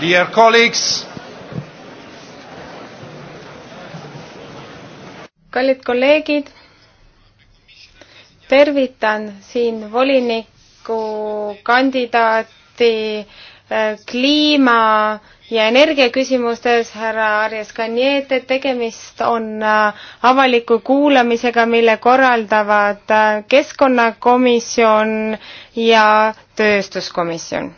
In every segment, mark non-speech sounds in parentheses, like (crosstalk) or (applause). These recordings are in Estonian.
Dear colleagues. kallid kolleegid, tervitan siin volinikukandidaati äh, kliima ja energiaküsimustes härra Arias Kanjete, tegemist on äh, avaliku kuulamisega, mille korraldavad äh, Keskkonnakomisjon ja Tööstuskomisjon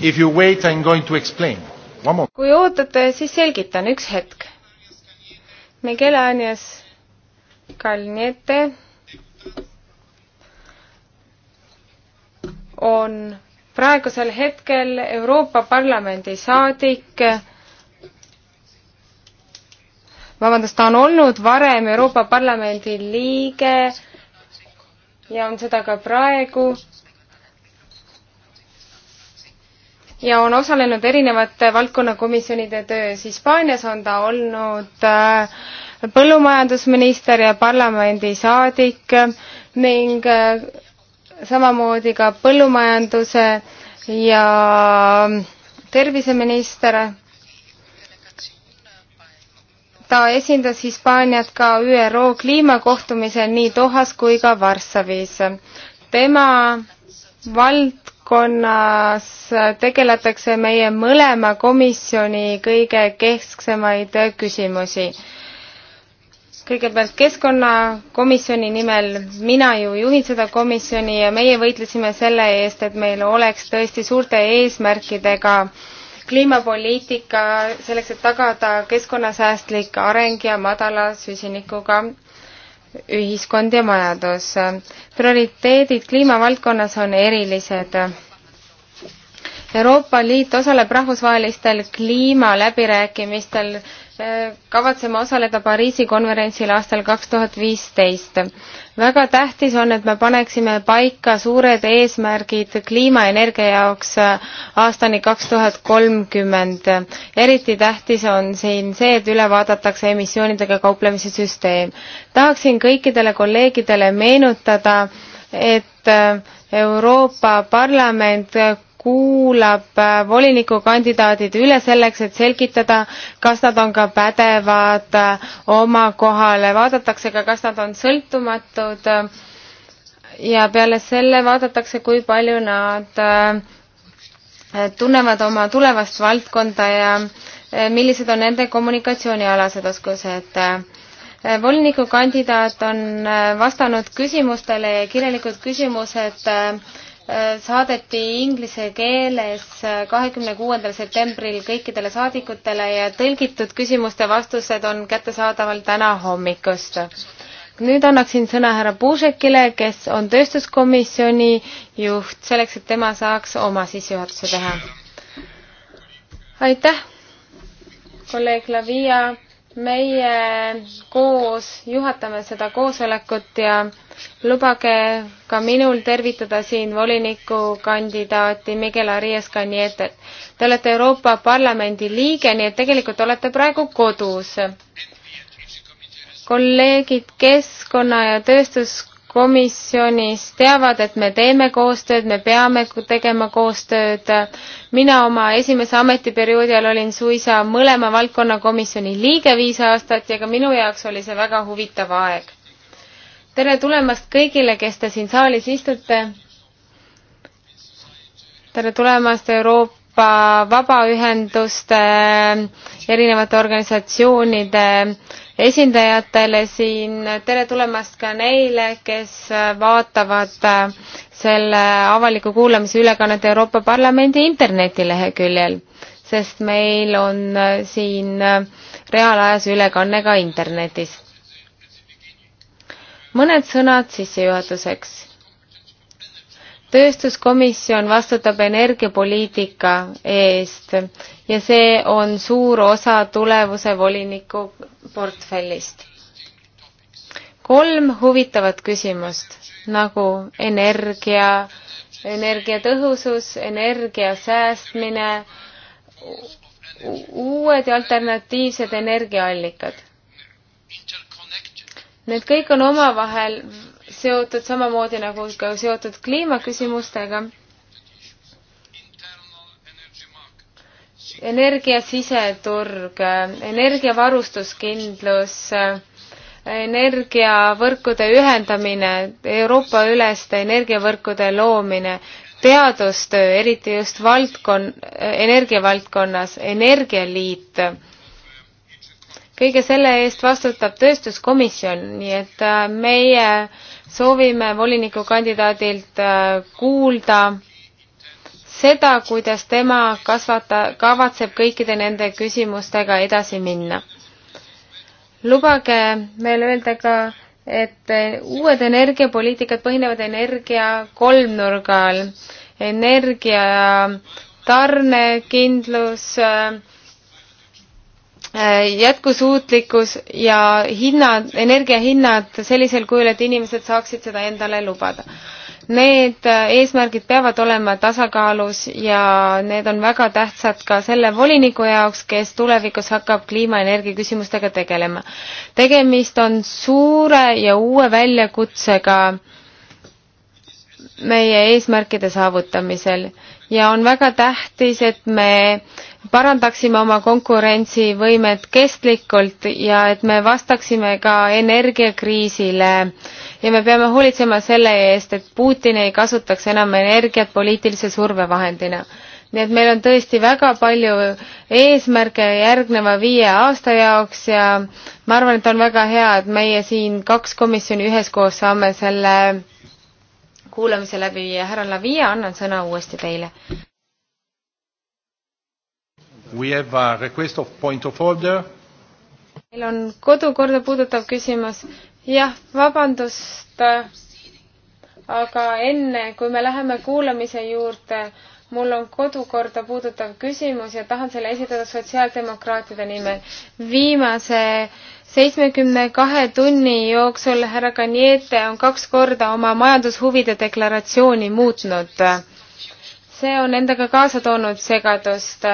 If you wait, I am going to explain. kui ootate, siis selgitan, üks hetk. Miguel Anjas Kalniete on praegusel hetkel Euroopa Parlamendi saadik. vabandust, ta on olnud varem Euroopa Parlamendi liige ja on seda ka praegu ja on osalenud erinevate valdkonnakomisjonide töös. Hispaanias on ta olnud äh, põllumajandusminister ja parlamendisaadik ning äh, samamoodi ka põllumajanduse ja terviseminister. ta esindas Hispaaniat ka ÜRO kliimakohtumisel nii Dohas kui ka Varssavis. tema vald valdkonnas tegeletakse meie mõlema komisjoni kõige kesksemaid küsimusi. kõigepealt keskkonnakomisjoni nimel, mina ju juhin seda komisjoni ja meie võitlesime selle eest, et meil oleks tõesti suurte eesmärkidega kliimapoliitika selleks, et tagada keskkonnasäästlik areng ja madala süsinikuga ühiskond ja majandus. prioriteedid kliimavaldkonnas on erilised. Euroopa Liit osaleb rahvusvahelistel kliimaläbirääkimistel, kavatseme osaleda Pariisi konverentsil aastal kaks tuhat viisteist väga tähtis on, et me paneksime paika suured eesmärgid kliimaenergia jaoks äh, aastani kaks tuhat kolmkümmend. eriti tähtis on siin see, et üle vaadatakse emissioonidega kauplemise süsteem. tahaksin kõikidele kolleegidele meenutada, et äh, Euroopa Parlament kuulab äh, volinikukandidaadid üle selleks, et selgitada, kas nad on ka pädevad äh, oma kohale, vaadatakse ka, kas nad on sõltumatud ja peale selle vaadatakse, kui palju nad äh, tunnevad oma tulevast valdkonda ja millised on nende kommunikatsioonialased oskused volinikukandidaat on vastanud küsimustele ja kirjalikud küsimused äh, Äh, saadeti inglise keeles äh, kahekümne kuuendal septembril kõikidele saadikutele ja tõlgitud küsimuste-vastused on kättesaadaval täna hommikust. nüüd annaksin sõna härra Puusekile, kes on tööstuskomisjoni juht, selleks et tema saaks oma sissejuhatuse teha. aitäh, kolleeg Lavia, meie koos juhatame seda koosolekut ja lubage ka minul tervitada siin volinikukandidaati Miguel Arias Canietet. Te olete Euroopa Parlamendi liige, nii et tegelikult olete praegu kodus. kolleegid Keskkonna- ja Tööstuskomisjonis teavad, et me teeme koostööd, me peame tegema koostööd. mina oma esimese ametiperioodi ajal olin suisa mõlema valdkonna komisjoni liige viis aastat ja ka minu jaoks oli see väga huvitav aeg tere tulemast kõigile, kes te siin saalis istute. tere tulemast Euroopa Vabaühenduste äh, erinevate organisatsioonide esindajatele siin, tere tulemast ka neile, kes äh, vaatavad äh, selle avaliku kuulamise ülekannet Euroopa Parlamendi internetileheküljel, sest meil on siin reaalajas ülekanne ka internetis mõned sõnad sissejuhatuseks. tööstuskomisjon vastutab energiapoliitika eest ja see on suur osa tulevuse voliniku portfellist. kolm huvitavat küsimust nagu energia, energiatõhusus, energia säästmine, uued ja alternatiivsed energiaallikad. Need kõik on omavahel seotud samamoodi nagu ka seotud kliimaküsimustega. energia siseturg, energiavarustuskindlus, energiavõrkude ühendamine, Euroopa-üleste energiavõrkude loomine, teadustöö, eriti just valdkon-, energiavaldkonnas, energialiit kõige selle eest vastutab tööstuskomisjon, nii et äh, meie soovime volinikukandidaadilt äh, kuulda seda, kuidas tema kasvata, kavatseb kõikide nende küsimustega edasi minna. lubage veel öelda ka, et äh, uued energiapoliitikad põhinevad energia kolmnurgal, energia tarnekindlus äh,, Äh, jätkusuutlikkus ja hinnad, energiahinnad sellisel kujul, et inimesed saaksid seda endale lubada. Need äh, eesmärgid peavad olema tasakaalus ja need on väga tähtsad ka selle voliniku jaoks, kes tulevikus hakkab kliimaenergia küsimustega tegelema. tegemist on suure ja uue väljakutsega meie eesmärkide saavutamisel ja on väga tähtis, et me parandaksime oma konkurentsivõimet kestlikult ja et me vastaksime ka energiakriisile ja me peame hoolitsema selle eest, et Putin ei kasutaks enam energiat poliitilise survevahendina. nii et meil on tõesti väga palju eesmärke järgneva viie aasta jaoks ja ma arvan, et on väga hea, et meie siin kaks komisjoni üheskoos saame selle kuulamise läbi ja härra Lavia, annan sõna uuesti teile. We have a request of point of order. meil on kodukorda puudutav küsimus. jah, vabandust, aga enne, kui me läheme kuulamise juurde, mul on kodukorda puudutav küsimus ja tahan selle esitada sotsiaaldemokraatide nimel. viimase äh, seitsmekümne kahe tunni jooksul härra Kaniete on kaks korda oma majandushuvide deklaratsiooni muutnud. see on endaga kaasa toonud segadust.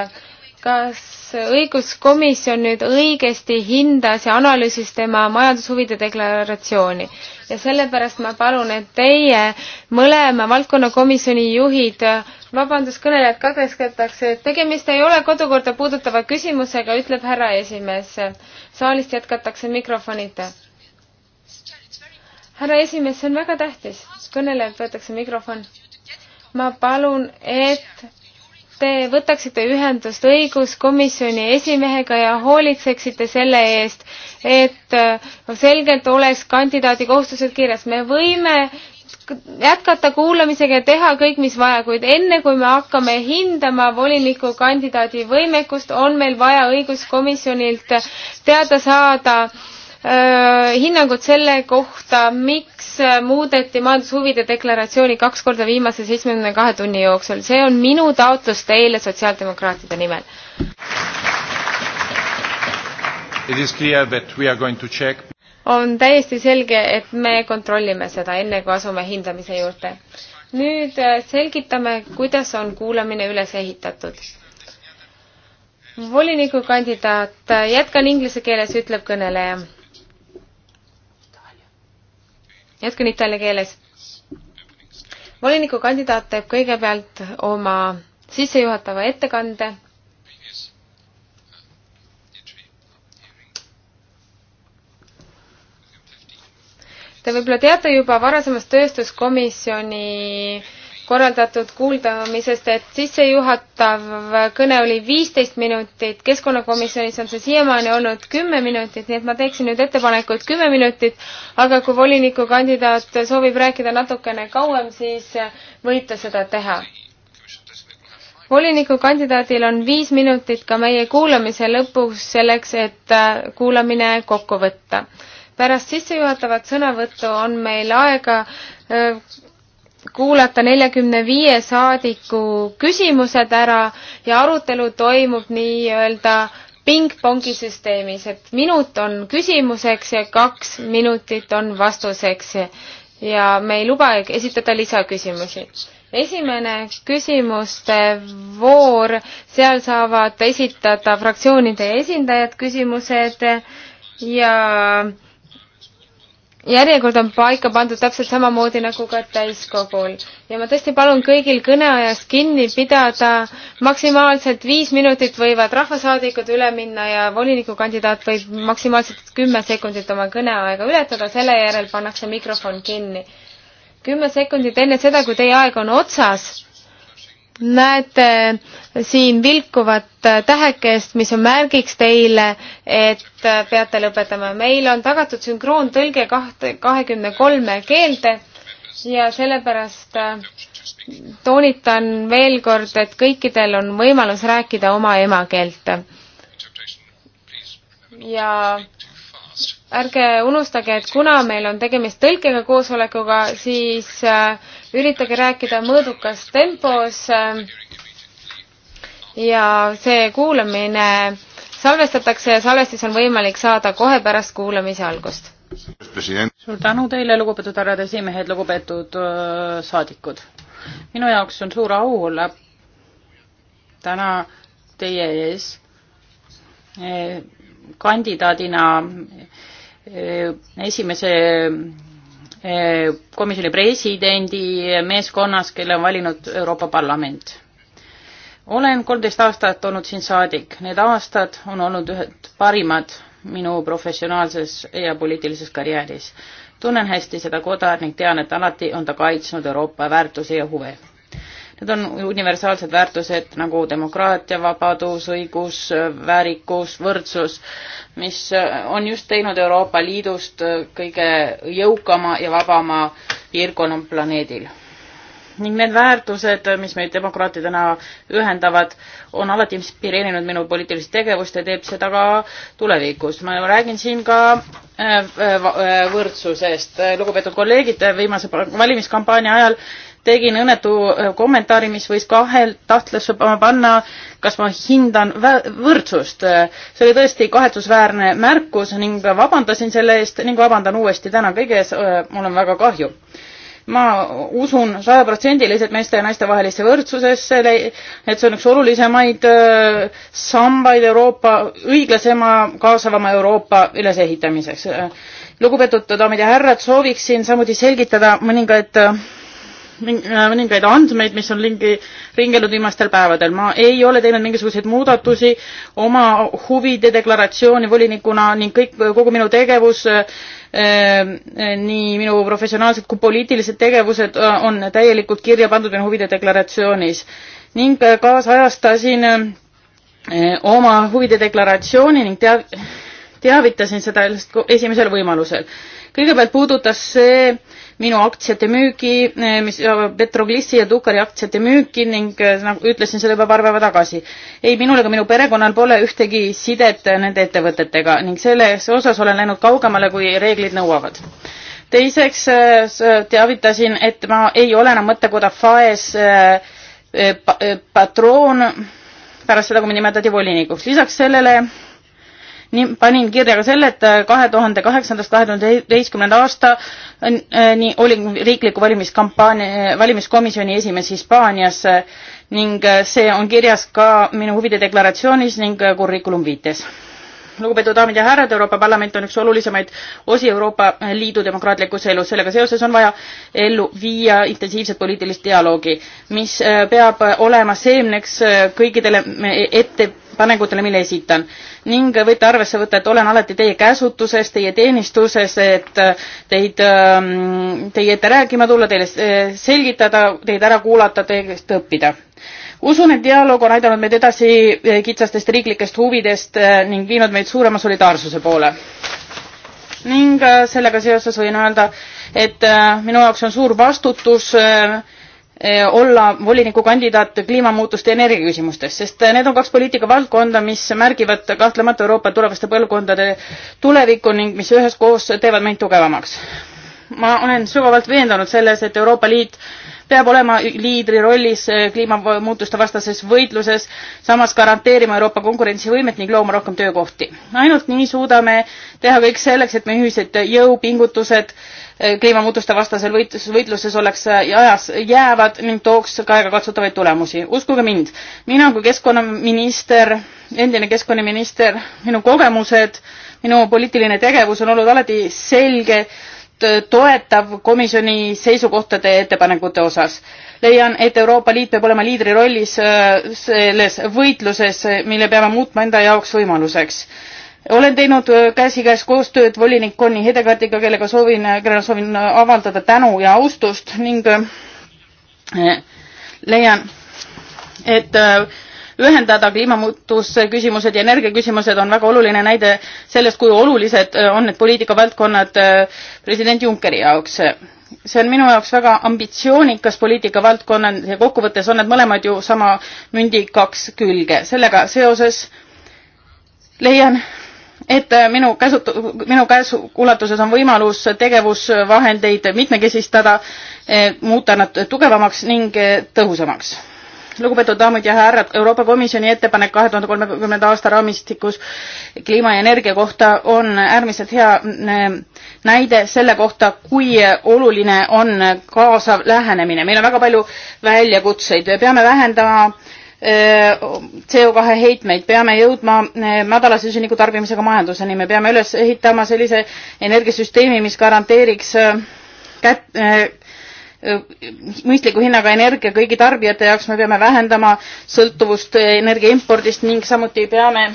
kas õiguskomisjon nüüd õigesti hindas ja analüüsis tema majandushuvide deklaratsiooni? ja sellepärast ma palun, et teie mõlema valdkonnakomisjoni juhid vabandust, kõnelejad katkestatakse. tegemist ei ole kodukorda puudutava küsimusega, ütleb härra esimees. saalist jätkatakse mikrofonita. härra esimees, see on väga tähtis. kõnelejalt võetakse mikrofon. ma palun, et te võtaksite ühendust õiguskomisjoni esimehega ja hoolitseksite selle eest, et selgelt oleks kandidaadi kohustused kirjas. me võime jätkata kuulamisega ja teha kõik, mis vaja, kuid enne kui me hakkame hindama volinikukandidaadi võimekust, on meil vaja õiguskomisjonilt teada saada öö, hinnangut selle kohta, miks muudeti majandushuvide deklaratsiooni kaks korda viimase seitsmekümne kahe tunni jooksul. see on minu taotlus teile sotsiaaldemokraatide nimel. It is clear that we are going to check on täiesti selge, et me kontrollime seda, enne kui asume hindamise juurde. nüüd äh, selgitame, kuidas on kuulamine üles ehitatud. volinikukandidaat, äh, jätkan inglise keeles, ütleb kõneleja. jätkan itaalia keeles. volinikukandidaat teeb kõigepealt oma sissejuhatava ettekande Te võib-olla teate juba varasemast tööstuskomisjoni korraldatud kuuldamisest, et sissejuhatav kõne oli viisteist minutit, keskkonnakomisjonis on see siiamaani olnud kümme minutit, nii et ma teeksin nüüd ettepaneku, et kümme minutit, aga kui volinikukandidaat soovib rääkida natukene kauem, siis võib ta seda teha. volinikukandidaadil on viis minutit ka meie kuulamise lõpus selleks, et kuulamine kokku võtta pärast sissejuhatavat sõnavõttu on meil aega äh, kuulata neljakümne viie saadiku küsimused ära ja arutelu toimub nii-öelda pingpongi süsteemis, et minut on küsimuseks ja kaks minutit on vastuseks ja me ei luba esitada lisaküsimusi. esimene küsimuste voor, seal saavad esitada fraktsioonide esindajad küsimused ja järjekord on paika pandud täpselt samamoodi nagu ka täiskogul ja ma tõesti palun kõigil kõneajast kinni pidada. maksimaalselt viis minutit võivad rahvasaadikud üle minna ja volinikukandidaat võib maksimaalselt kümme sekundit oma kõneaega ületada, selle järel pannakse mikrofon kinni. kümme sekundit enne seda, kui teie aeg on otsas, näete siin vilkuvat tähekest, mis on märgiks teile, et peate lõpetama. meil on tagatud sünkroontõlge kahte, kahekümne kolme keelde ja sellepärast äh, toonitan veel kord, et kõikidel on võimalus rääkida oma emakeelt. ja ärge unustage, et kuna meil on tegemist tõlkega koosolekuga, siis äh, üritage rääkida mõõdukas tempos ja see kuulamine salvestatakse ja salvestis on võimalik saada kohe pärast kuulamise algust. suur tänu teile, lugupeetud härrad esimehed, lugupeetud öö, äh, saadikud. minu jaoks on suur au olla täna teie ees äh, kandidaadina äh, esimese Eh, komisjoni presidendi meeskonnas, kelle on valinud Euroopa Parlament. olen kolmteist aastat olnud siin saadik, need aastad on olnud ühed parimad minu professionaalses ja poliitilises karjääris. tunnen hästi seda koda ning tean, et alati on ta kaitsnud Euroopa väärtusi ja huve Need on universaalsed väärtused nagu demokraatia, vabadus, õigus, väärikus, võrdsus, mis äh, on just teinud Euroopa Liidust äh, kõige jõukama ja vabama piirkonna planeedil ning need väärtused, mis meid demokraatidena ühendavad, on alati inspireerinud minu poliitilist tegevust ja teeb seda ka tulevikus. ma räägin siin ka äh, võrdsusest. lugupeetud kolleegid, viimase valimiskampaania ajal tegin õnnetu äh, kommentaari, mis võis kahel tahtlasse panna, kas ma hindan võrdsust. see oli tõesti kahetsusväärne märkus ning vabandasin selle eest ning vabandan uuesti täna kõige ees, äh, mul on väga kahju ma usun sajaprotsendiliselt meeste ja naiste vahelisse võrdsusesse, et see on üks olulisemaid äh, sambaid Euroopa, õiglasema, kaasavama Euroopa ülesehitamiseks. lugupeetud daamid ja härrad, sooviksin samuti selgitada mõningaid Äh, mõningaid andmeid, mis on lingi, ringelnud viimastel päevadel. ma ei ole teinud mingisuguseid muudatusi oma huvide deklaratsiooni volinikuna ning kõik, kogu minu tegevus äh, äh, nii minu professionaalsed kui poliitilised tegevused on täielikult kirja pandud minu huvide deklaratsioonis ning kaasajastasin oma huvide deklaratsiooni ning teav- teavitasin seda esimesel võimalusel kõigepealt puudutas see minu aktsiate müügi, eh, mis Petroglissi ja Tukari aktsiate müüki ning eh, nagu ütlesin selle juba paar päeva tagasi. ei, minul ega minu perekonnal pole ühtegi sidet eh, nende ettevõtetega ning selles osas olen läinud kaugemale, kui reeglid nõuavad. teiseks teavitasin, et ma ei ole enam mõttekoda FAES patroon pärast seda, kui mind nimetati volinikuks. lisaks sellele nii panin kirja ka selle, et äh, kahe tuhande kaheksandast kahe tuhande üheteistkümnenda aastani äh, olin riikliku valimiskampaania, äh, valimiskomisjoni esimees Hispaanias ning see on kirjas ka minu huvide deklaratsioonis ning curriculum vites lugupeetud daamid ja härrad, Euroopa Parlament on üks olulisemaid osi Euroopa Liidu demokraatlikus elus, sellega seoses on vaja ellu viia intensiivset poliitilist dialoogi, mis peab olema seemneks kõikidele ette panekutele, mille esitan ning võite arvesse võtta, et olen alati teie käsutuses, teie teenistuses, et äh, teid, ähm, teie ette rääkima tulla, teile äh, selgitada, teid ära kuulata, teie käest õppida. usun, et dialoog on aidanud meid edasi äh, kitsastest riiklikest huvidest ning viinud meid suurema solidaarsuse poole. ning sellega seoses võin öelda, et minu jaoks on suur vastutus äh, Eh, olla volinikukandidaat kliimamuutuste ja energiaküsimustes, sest eh, need on kaks poliitikavaldkonda, mis märgivad kahtlemata Euroopa tulevaste põlvkondade tulevikku ning mis üheskoos teevad meid tugevamaks. ma olen sügavalt veendunud selles, et Euroopa Liit peab olema liidri rollis eh, kliimamuutuste vastases võitluses, samas garanteerima Euroopa konkurentsivõimet ning looma rohkem töökohti. ainult nii suudame teha kõik selleks, et meie ühised jõupingutused Äh, kliimamuutuste vastasel võitlus, võitluses oleks äh, ajas jäävad ning tooks käegakatsutavaid tulemusi. uskuge mind, mina kui keskkonnaminister, endine keskkonnaminister, minu kogemused, minu poliitiline tegevus on olnud alati selge, toetav komisjoni seisukohtade ja ettepanekute osas. leian, et Euroopa Liit peab olema liidri rollis äh, selles võitluses, mille peame muutma enda jaoks võimaluseks olen teinud äh, käsikäes koostööd volinik Conny Hedegaardiga, kellega soovin, äh, kellele soovin äh, avaldada tänu ja austust ning leian, et ühendada kliimamuutuse küsimused ja energiaküsimused on väga oluline näide sellest, kui olulised on need poliitikavaldkonnad president Junckeri jaoks. see on minu jaoks väga ambitsioonikas poliitikavaldkonnad ja kokkuvõttes on need mõlemad ju sama mündi kaks külge. sellega seoses leian, et äh, minu käsutu-, minu käsu-, ulatuses on võimalus tegevusvahendeid mitmekesistada, äh, muuta nad tugevamaks ning äh, tõhusamaks. lugupeetud daamid ja härrad, Euroopa Komisjoni ettepanek kahe tuhande kolmekümnenda aasta raamistikus kliima ja energia kohta on äärmiselt hea näide selle kohta, kui oluline on kaasav lähenemine. meil on väga palju väljakutseid, peame vähendama äh, CO2 heitmeid, peame jõudma e, madala süsiniku tarbimisega majanduseni, me peame üles ehitama sellise energiasüsteemi, mis garanteeriks e, kät-, e, mõistliku hinnaga energia kõigi tarbijate jaoks, me peame vähendama sõltuvust energia impordist ning samuti peame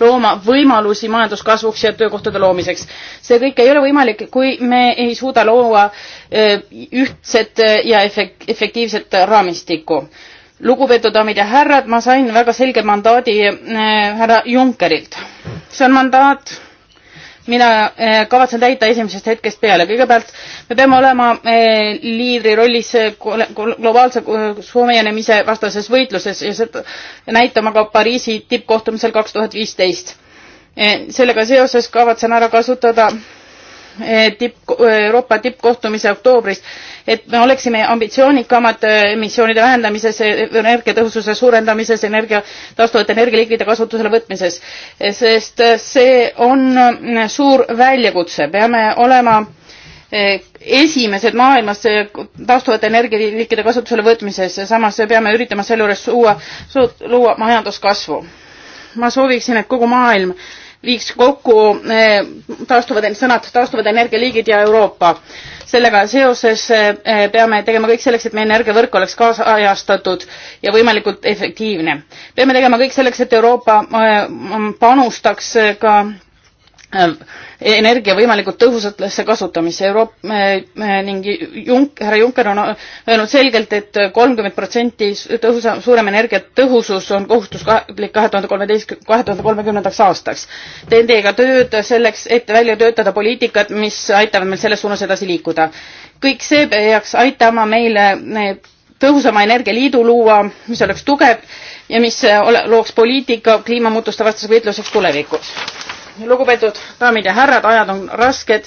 looma võimalusi majanduskasvuks ja töökohtade loomiseks. see kõik ei ole võimalik, kui me ei suuda luua ühtset ja efektiivset raamistikku lugupeetud daamid ja härrad, ma sain väga selge mandaadi eh, härra Junckerilt. see on mandaat, mina eh, kavatsen täita esimesest hetkest peale. kõigepealt me peame olema eh, liidri rollis globaalse soojenemise vastases võitluses ja seda näitama ka Pariisi tippkohtumisel kaks tuhat viisteist. sellega seoses kavatsen ära kasutada Eh, tipp, eh, Euroopa tippkohtumise oktoobris, et me oleksime ambitsioonikamad eh, emissioonide vähendamises, energiatõhususe suurendamises, energia, taastuvate energialiikide kasutusele võtmises, sest see on mm, suur väljakutse, peame olema esimesed maailmas taastuvate energialiikide kasutusele võtmises ja samas peame üritama selle juures luua, luua majanduskasvu. ma sooviksin, et kogu maailm viiks kokku eh, taastuvad sõnad taastuvad energialiigid ja Euroopa. sellega seoses eh, peame tegema kõik selleks, et meie energiavõrk oleks kaasajastatud ja võimalikult efektiivne. peame tegema kõik selleks, et Euroopa eh, panustaks ka Ähm, energia võimalikult tõhusatesse kasutamisse. Euroop- ning Junk-, härra Juncker on öelnud selgelt et, et kolmkümmend protsenti tõhusa, suurem energiatõhusus on kohustus kahe tuhande kolmeteist, kahe tuhande kolmekümnendaks aastaks. teen teiega tööd selleks, et välja töötada poliitikat, mis aitavad meil selles suunas edasi liikuda. kõik see peaks aitama meile tõhusama energialiidu luua, mis oleks tugev ja mis ole, looks poliitika kliimamuutuste vastaseks võitluseks tulevikus lugupeetud daamid ja härrad, ajad on rasked.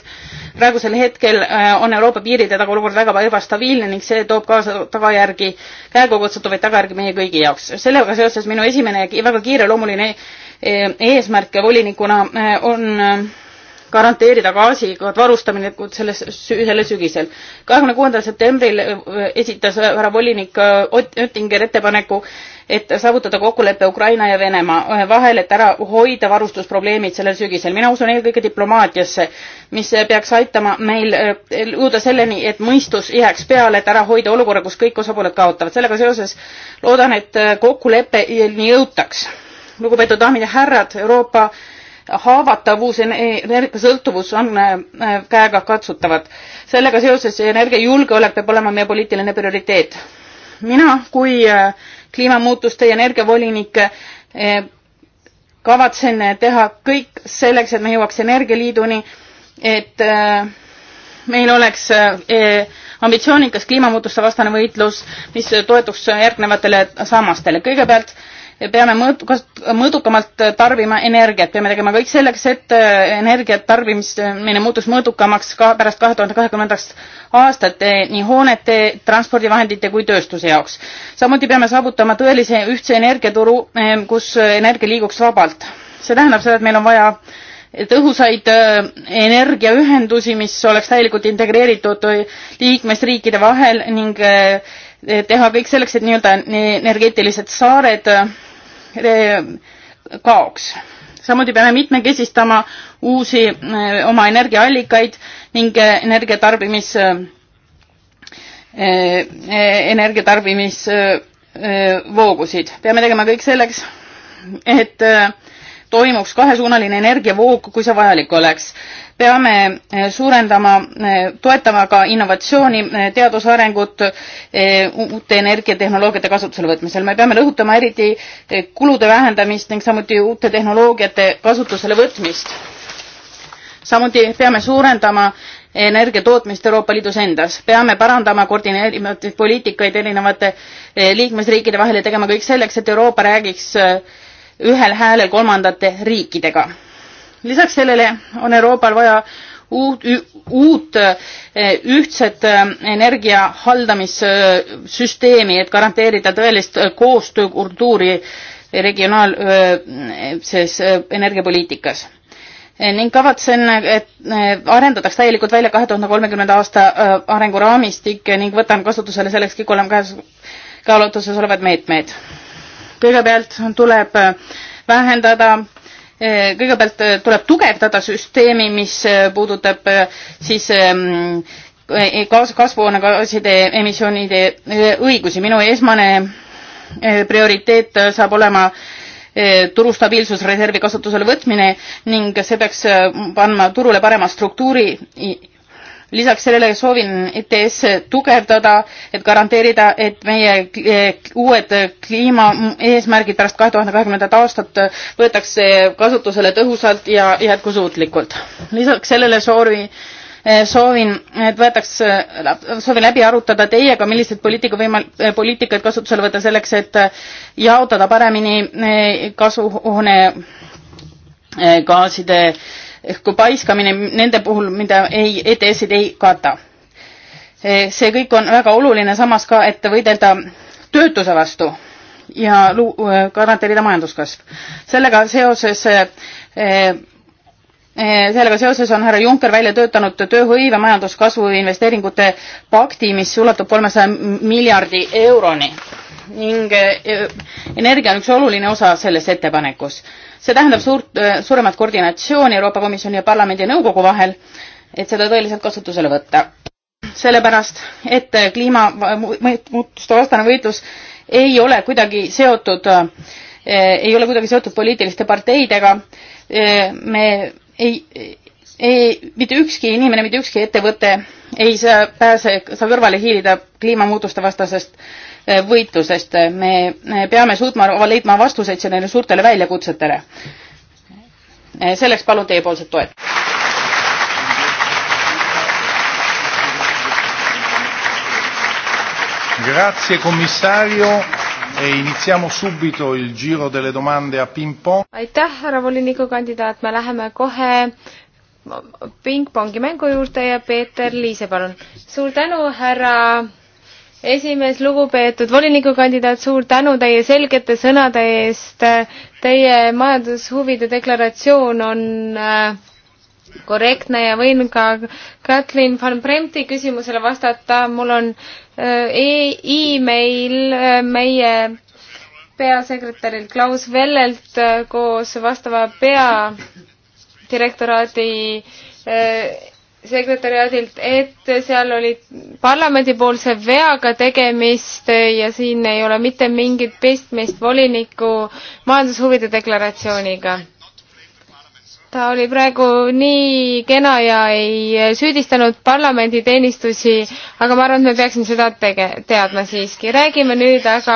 praegusel hetkel äh, on Euroopa piiride taga olukord väga ebastabiilne ning see toob kaasa tagajärgi, käegukutsutavaid tagajärgi meie kõigi jaoks. sellega seoses minu esimene väga kiireloomuline äh, eesmärk volinikuna äh, on garanteerida gaasiga varustamine selles, sellel sügisel. kahekümne kuuendal septembril esitas härra volinik Ott Oettinger ettepaneku et saavutada kokkulepe Ukraina ja Venemaa vahel, et ära hoida varustusprobleemid sellel sügisel. mina usun eelkõige diplomaatiasse, mis peaks aitama meil eh, jõuda selleni, et mõistus jääks peale, et ära hoida olukorra, kus kõik osapooled kaotavad. sellega seoses loodan, et eh, kokkuleppeni jõutaks. lugupeetud daamid ja härrad, Euroopa haavatavus energiasõltuvus on eh, käegakatsutavad. sellega seoses energiajulgeolek peab olema meie poliitiline prioriteet. mina kui kliimamuutuste ja energiavolinik eh, kavatsen teha kõik selleks, et me jõuaks energialiiduni, et eh, meil oleks eh, ambitsioonikas kliimamuutuste vastane võitlus, mis toetuks järgnevatele sammastele. kõigepealt peame mõõt-, mõõdukamalt tarbima energiat, peame tegema kõik selleks, et äh, energiat tarbimine muutuks mõõdukamaks ka pärast kahe tuhande kahekümnendast aastat eh, nii hoonete, transpordivahendite kui tööstuse jaoks. samuti peame saavutama tõelise ühtse energiaturu, eh, kus energia liiguks vabalt. see tähendab seda, et meil on vaja tõhusaid äh, energiaühendusi, mis oleks täielikult integreeritud liikmesriikide vahel ning äh, teha kõik selleks, et nii-öelda energeetilised saared kaoks. samuti peame mitmekesistama uusi eh, oma energiaallikaid ning eh, energiatarbimis, eh, energiatarbimisvoogusid. peame tegema kõik selleks, et toimuks kahesuunaline energiavoog, kui see vajalik oleks peame eh, suurendama, eh, toetama ka innovatsiooni, eh, teadusarengut uute energiatehnoloogiate kasutusele võtmisel. me peame rõhutama eriti kulude vähendamist ning samuti uute tehnoloogiate kasutusele võtmist. samuti peame suurendama energia tootmist euroopa liidus endas peame parandama koordineerivaid poliitikaid erinevate liikmesriikide vahel ja tegema kõik selleks et euroopa räägiks ühel häälel kolmandate riikidega lisaks sellele on Euroopal vaja uut, uut e, ühtset e, energia haldamissüsteemi, et garanteerida tõelist koostöökultuuri regionaalses e, energiapoliitikas ning kavatsen, et arendataks täielikult välja kahe tuhande kolmekümnenda aasta arenguraamistik ning võtan kasutusele selleks kõik olema käes, kaalutuses olevad meetmed. kõigepealt tuleb vähendada Eh, kõigepealt eh, tuleb tugevdada süsteemi, mis eh, puudutab siis ehm, kas-, kasvuhoonegaaside emissioonide õigusi. minu esmane prioriteet saab olema turu stabiilsusreservi kasutusele võtmine ning see peaks panema turule parema struktuuri lisaks sellele soovin ETS tugevdada, et garanteerida, et meie eh, uued kliimaeesmärgid pärast kahe tuhande kahekümnendat aastat võetakse kasutusele tõhusalt ja jätkusuutlikult. lisaks sellele soovi eh, soovin, et võetaks, soovin läbi arutada teiega, millised poliitika võimal-, eh, poliitikaid kasutusele võtta selleks, et jaotada paremini kasvuhoonegaaside ehk kui paiskamine nende puhul, mida ei, ETS-id ei kata. Eh, see kõik on väga oluline, samas ka, et võidelda töötuse vastu ja luu-, eh, garanteerida majanduskasv. sellega seoses eh, sellega seoses on härra Juncker välja töötanud tööhõive, majanduskasvu investeeringute pakti, mis ulatub kolmesaja miljardi euroni ning eh, energia on üks oluline osa selles ettepanekus. see tähendab suurt, eh, suuremat koordinatsiooni Euroopa Komisjoni ja parlamendi ja nõukogu vahel, et seda tõeliselt kasutusele võtta. sellepärast, et eh, kliimamuutuste vastane võitlus ei ole kuidagi seotud, ei ole kuidagi seotud poliitiliste parteidega, me ei, ei, mitte ükski inimene, mitte ükski ettevõte ei saa, pääse, saa kõrvale hiilida kliimamuutuste vastasest äh, Eh, võitlusest. me peame suutma leidma vastuseid sellele suurtele väljakutsetele. Eh, selleks palun teiepoolset toet. Grazie commissario e iniziamo subito il giro delle domande a ping pong. aitäh, härra volinikukandidaat, me läheme kohe pingpongi mängu juurde ja Peeter Liise, palun. suur tänu, härra esimees, lugupeetud volinikukandidaat, suur tänu teie selgete sõnade eest. Teie majandushuvide deklaratsioon on äh, korrektne ja võin ka Katlin van Bremti küsimusele vastata. mul on äh, email e meie peasekretärilt Klaus Vellelt koos vastava peadirektoraadi sekretäriaadilt, et seal oli parlamendipoolse veaga tegemist ja siin ei ole mitte mingit pistmist voliniku majandushuvide deklaratsiooniga. ta oli praegu nii kena ja ei süüdistanud parlamenditeenistusi, aga ma arvan, et me peaksime seda tege-, teadma siiski. räägime nüüd aga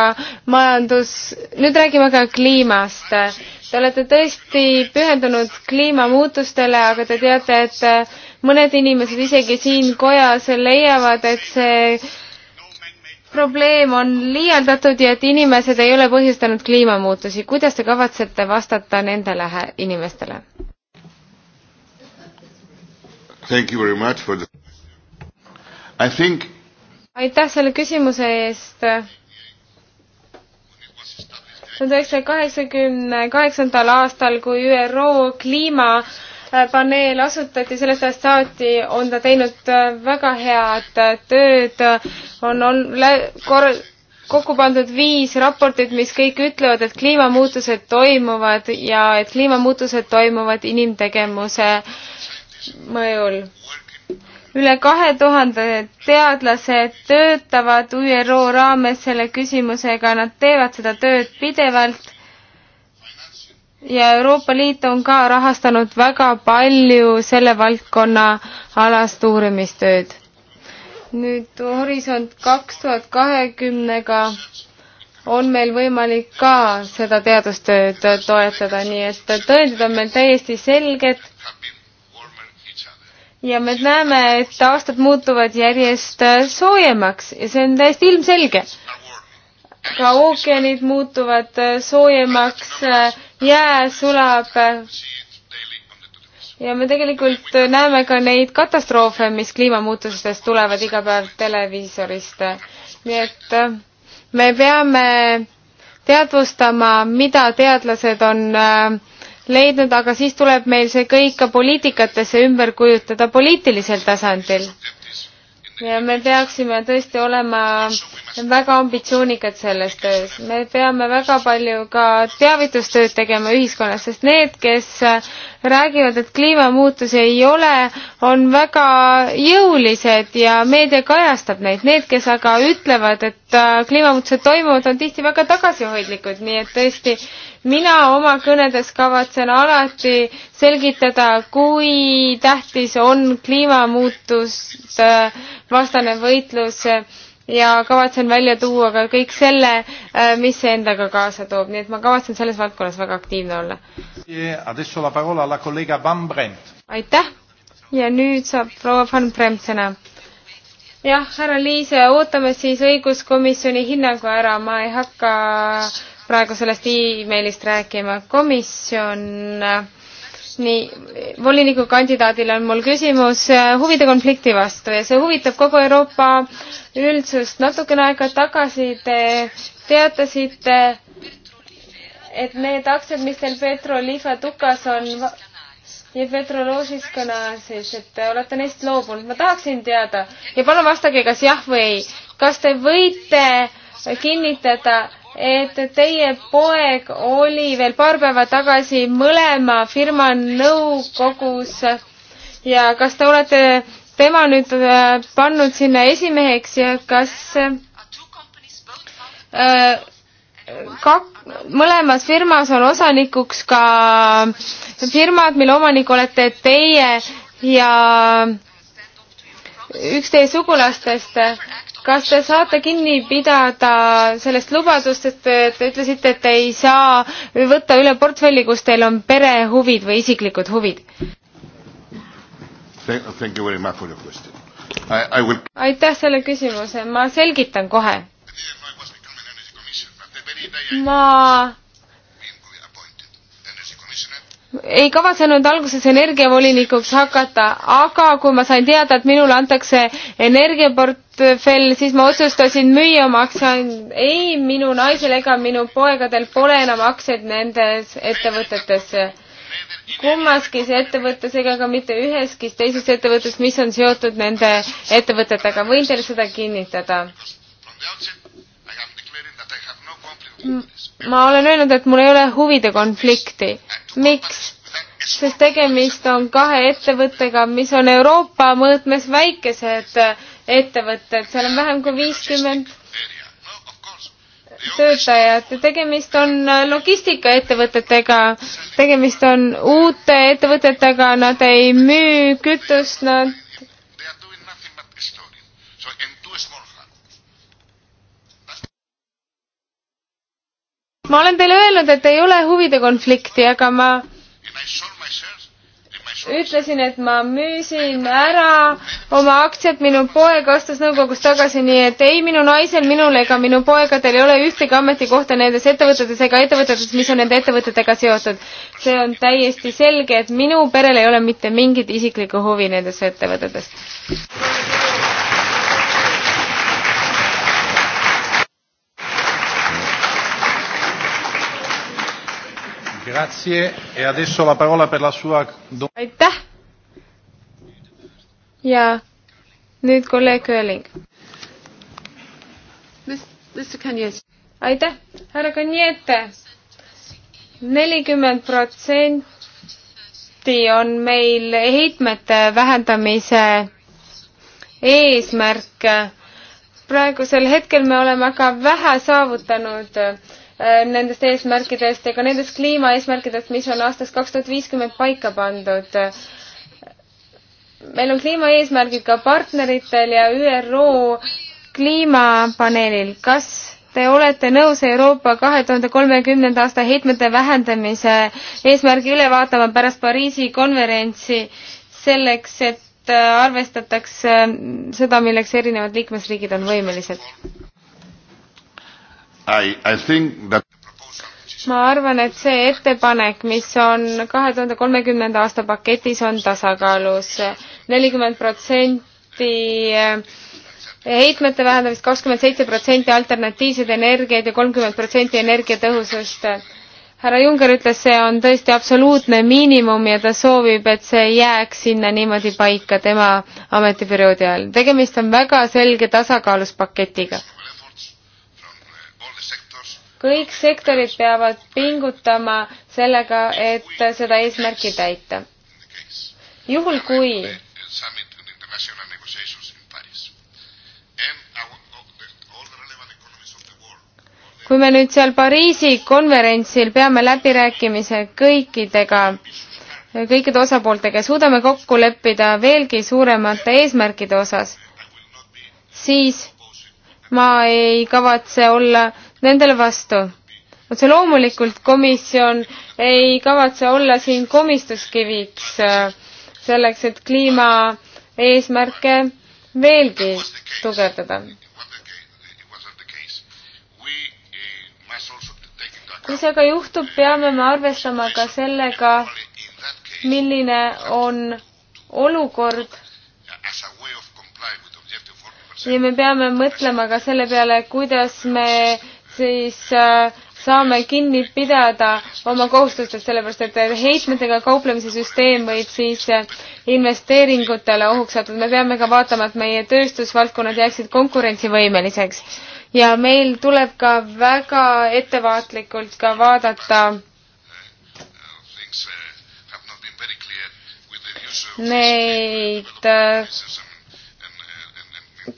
majandus, nüüd räägime aga kliimast Te olete tõesti pühendunud kliimamuutustele, aga te teate, et mõned inimesed isegi siin kojas leiavad, et see probleem on liialdatud ja et inimesed ei ole põhjustanud kliimamuutusi. kuidas te kavatsete vastata nendele inimestele? The... Think... aitäh selle küsimuse eest tuhande üheksasaja kaheksakümne kaheksandal aastal, kui ÜRO kliima Äh, paneel asutati, sellest ajast saati on ta teinud äh, väga head äh, tööd, on, on kor-, kokku pandud viis raportit, mis kõik ütlevad, et kliimamuutused toimuvad ja et kliimamuutused toimuvad inimtegevuse mõjul. üle kahe tuhande teadlase töötavad ÜRO raames selle küsimusega, nad teevad seda tööd pidevalt ja Euroopa Liit on ka rahastanud väga palju selle valdkonna alast uurimistööd. nüüd Horisont kaks tuhat kahekümnega on meil võimalik ka seda teadustööd toetada, nii et tõendid on meil täiesti selged. ja me näeme, et aastad muutuvad järjest soojemaks ja see on täiesti ilmselge. ka ookeanid muutuvad soojemaks jää sulab ja me tegelikult näeme ka neid katastroofe, mis kliimamuutustest tulevad iga päev televiisorist. nii et äh, me peame teadvustama, mida teadlased on äh, leidnud, aga siis tuleb meil see kõik ka poliitikatesse ümber kujutada poliitilisel tasandil. ja me peaksime tõesti olema väga ambitsioonikad selles töös. me peame väga palju ka teavitustööd tegema ühiskonnas, sest need, kes räägivad, et kliimamuutusi ei ole, on väga jõulised ja meedia kajastab neid. Need, kes aga ütlevad, et äh, kliimamuutused toimuvad, on tihti väga tagasihoidlikud, nii et tõesti, mina oma kõnedes kavatsen alati selgitada, kui tähtis on kliimamuutus, vastane võitlus ja kavatsen välja tuua ka kõik selle, äh, mis see endaga kaasa toob, nii et ma kavatsen selles valdkonnas väga aktiivne olla. aitäh ja nüüd saab proua Van Bremt sõna. jah, härra Liise, ootame siis õiguskomisjoni hinnangu ära, ma ei hakka praegu sellest emailist rääkima. komisjon äh, nii, volinikukandidaadile on mul küsimus äh, huvide konflikti vastu ja see huvitab kogu Euroopa üldsust. natukene aega tagasi te teatasite, et need aktsiad, mis teil Petrolifa tukas on ja Petroloosis kõnases, et te olete neist loobunud. ma tahaksin teada ja palun vastage, kas jah või ei. kas te võite kinnitada, et teie poeg oli veel paar päeva tagasi mõlema firma nõukogus ja kas te olete tema nüüd äh, pannud sinna esimeheks ja kas äh, kak-, mõlemas firmas on osanikuks ka firmad, mille omanik olete teie ja üks teie sugulastest kas te saate kinni pidada sellest lubadust, et te, te ütlesite, et te ei saa võtta üle portfelli, kus teil on perehuvid või isiklikud huvid? Will... aitäh selle küsimuse, ma selgitan kohe. ma ei kavatsenud alguses energiavolinikuks hakata, aga kui ma sain teada, et minule antakse energiaportfell, siis ma otsustasin müüa oma aktsiaid. ei, minu naisel ega minu poegadel pole enam aktsiaid nendes ettevõtetes. kummaski ettevõttes ega ka mitte üheski teises ettevõttes, mis on seotud nende ettevõtetega. võin teile seda kinnitada ma olen öelnud, et mul ei ole huvide konflikti miks? sest tegemist on kahe ettevõttega, mis on Euroopa mõõtmes väikesed ettevõtted, seal on vähem kui viiskümmend töötajat ja tegemist on logistikaettevõtetega, tegemist on uute ettevõtetega, nad ei müü kütust, nad ma olen teile öelnud, et ei ole huvide konflikti, aga ma ütlesin, et ma müüsin ära oma aktsiad, minu poeg ostas nõukogust tagasi, nii et ei minu naisel, minul ega minu poegadel ei ole ühtegi ametikohta nendes ettevõtetes ega ettevõtetes, mis on nende ettevõtetega seotud. see on täiesti selge, et minu perel ei ole mitte mingit isiklikku huvi nendes ettevõtetes. E aitäh! ja nüüd kolleeg Kööling. aitäh, härra Kaniete. nelikümmend protsenti on meil heitmete vähendamise eesmärk. praegusel hetkel me oleme aga vähe saavutanud Äh, nendest eesmärkidest ja ka nendest kliimaeesmärkidest, mis on aastast kaks tuhat viiskümmend paika pandud. meil on kliimaeesmärgid ka partneritel ja ÜRO kliimapaneelil. kas te olete nõus Euroopa kahe tuhande kolmekümnenda aasta heitmete vähendamise eesmärgi üle vaatama pärast Pariisi konverentsi selleks, et äh, arvestataks äh, seda, milleks erinevad liikmesriigid on võimelised? That... ma arvan, et see ettepanek, mis on kahe tuhande kolmekümnenda aasta paketis, on tasakaalus. nelikümmend protsenti eh, heitmete vähendamist, kakskümmend seitse protsenti alternatiivseid energiaid ja kolmkümmend protsenti energiatõhusust. härra Juncker ütles, see on tõesti absoluutne miinimum ja ta soovib, et see jääks sinna niimoodi paika tema ametiperioodi ajal. tegemist on väga selge tasakaalus paketiga kõik sektorid peavad pingutama sellega, et seda eesmärki täita. juhul, kui kui me nüüd seal Pariisi konverentsil peame läbirääkimise kõikidega, kõikide osapooltega ja suudame kokku leppida veelgi suuremate eesmärkide osas, siis ma ei kavatse olla äh, nendele vastu. otse loomulikult komisjon ei kavatse olla siin komistuskiviks äh, selleks, et kliimaeesmärke veelgi tugevdada. mis aga juhtub, peame me arvestama ka sellega, milline on olukord ja me peame mõtlema ka selle peale, kuidas me siis äh, saame kinni pidada oma kohustustest, sellepärast et äh, heitmetega kauplemise süsteem võib siis äh, investeeringutele ohuks sattuda. me peame ka vaatama, et meie tööstusvaldkonnad jääksid konkurentsivõimeliseks ja meil tuleb ka väga ettevaatlikult ka vaadata neid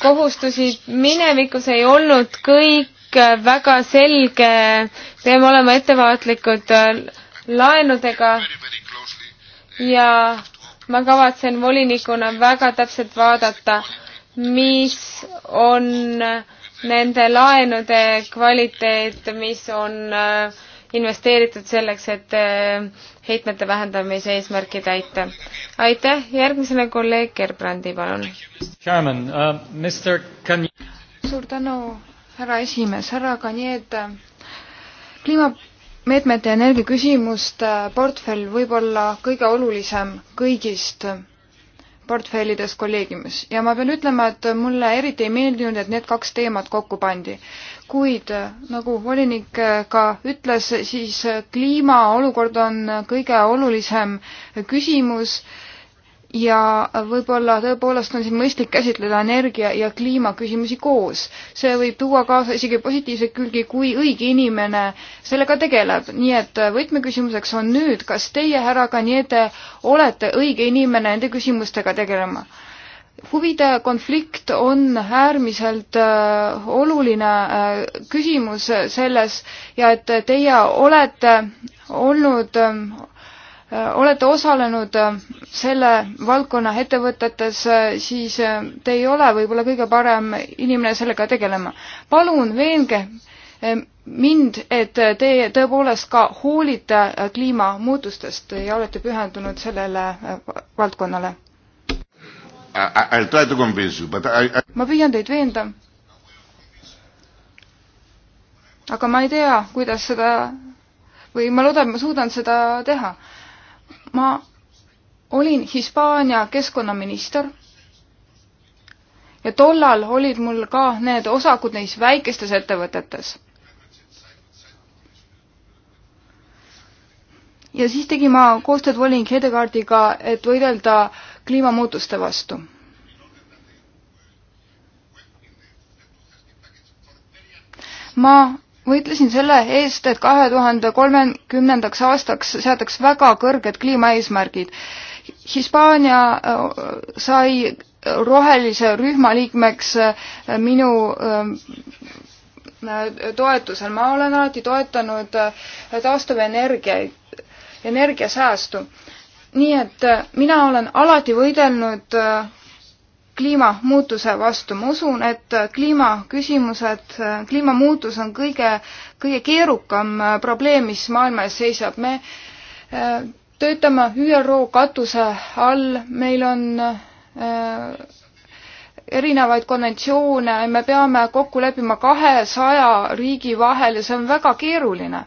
kohustusi minevikus ei olnud kõik Äh, väga selge, peame olema ettevaatlikud äh, laenudega ja ma kavatsen volinikuna väga täpselt vaadata, mis on nende laenude kvaliteet, mis on äh, investeeritud selleks, et heitmete vähendamise eesmärki täita. aitäh, järgmisena kolleeg Gerbrandi, palun. Uh, suur tänu, härra esimees, härra Kanied, äh, kliimameetmete ja energiaküsimuste äh, portfell võib olla kõige olulisem kõigist äh, portfellides kolleegiumis ja ma pean ütlema, et mulle eriti ei meeldinud, et need kaks teemat kokku pandi. kuid nagu volinik ka ütles, siis kliimaolukord on kõige olulisem küsimus äh, ja võib-olla tõepoolest on siin mõistlik käsitleda energia ja kliimaküsimusi koos. see võib tuua kaasa isegi positiivseid külgi, kui õige inimene sellega tegeleb. nii et võtmeküsimuseks on nüüd, kas teie, härra Kaniete, olete õige inimene nende küsimustega tegelema? huvide konflikt on äärmiselt äh, oluline äh, küsimus selles ja et teie olete olnud äh, olete osalenud äh, selle valdkonna ettevõtetes, äh, siis äh, te ei ole võib-olla kõige parem inimene sellega tegelema. palun veenge mind, et te tõepoolest ka hoolite kliimamuutustest ja olete pühendunud sellele valdkonnale. ma püüan teid veenda. aga ma ei tea, kuidas seda või ma loodan, et ma suudan seda teha ma olin Hispaania keskkonnaminister ja tollal olid mul ka need osakud neis väikestes ettevõtetes. ja siis tegin ma koostööd volinik Hedegaardiga, et võidelda kliimamuutuste vastu. ma võitlesin selle eest, et kahe tuhande kolmekümnendaks aastaks seataks väga kõrged kliimaeesmärgid. Hispaania äh, sai rohelise rühma liikmeks äh, minu äh, toetusel, ma olen alati toetanud taastuvenergiaid, energiasäästu. nii et mina olen alati võidelnud kliimamuutuse vastu. ma usun, et kliimaküsimused, kliimamuutus on kõige, kõige keerukam probleem, mis maailma ees seisab. me äh, töötame ÜRO katuse all, meil on äh, erinevaid konventsioone, me peame kokku leppima kahesaja riigi vahel ja see on väga keeruline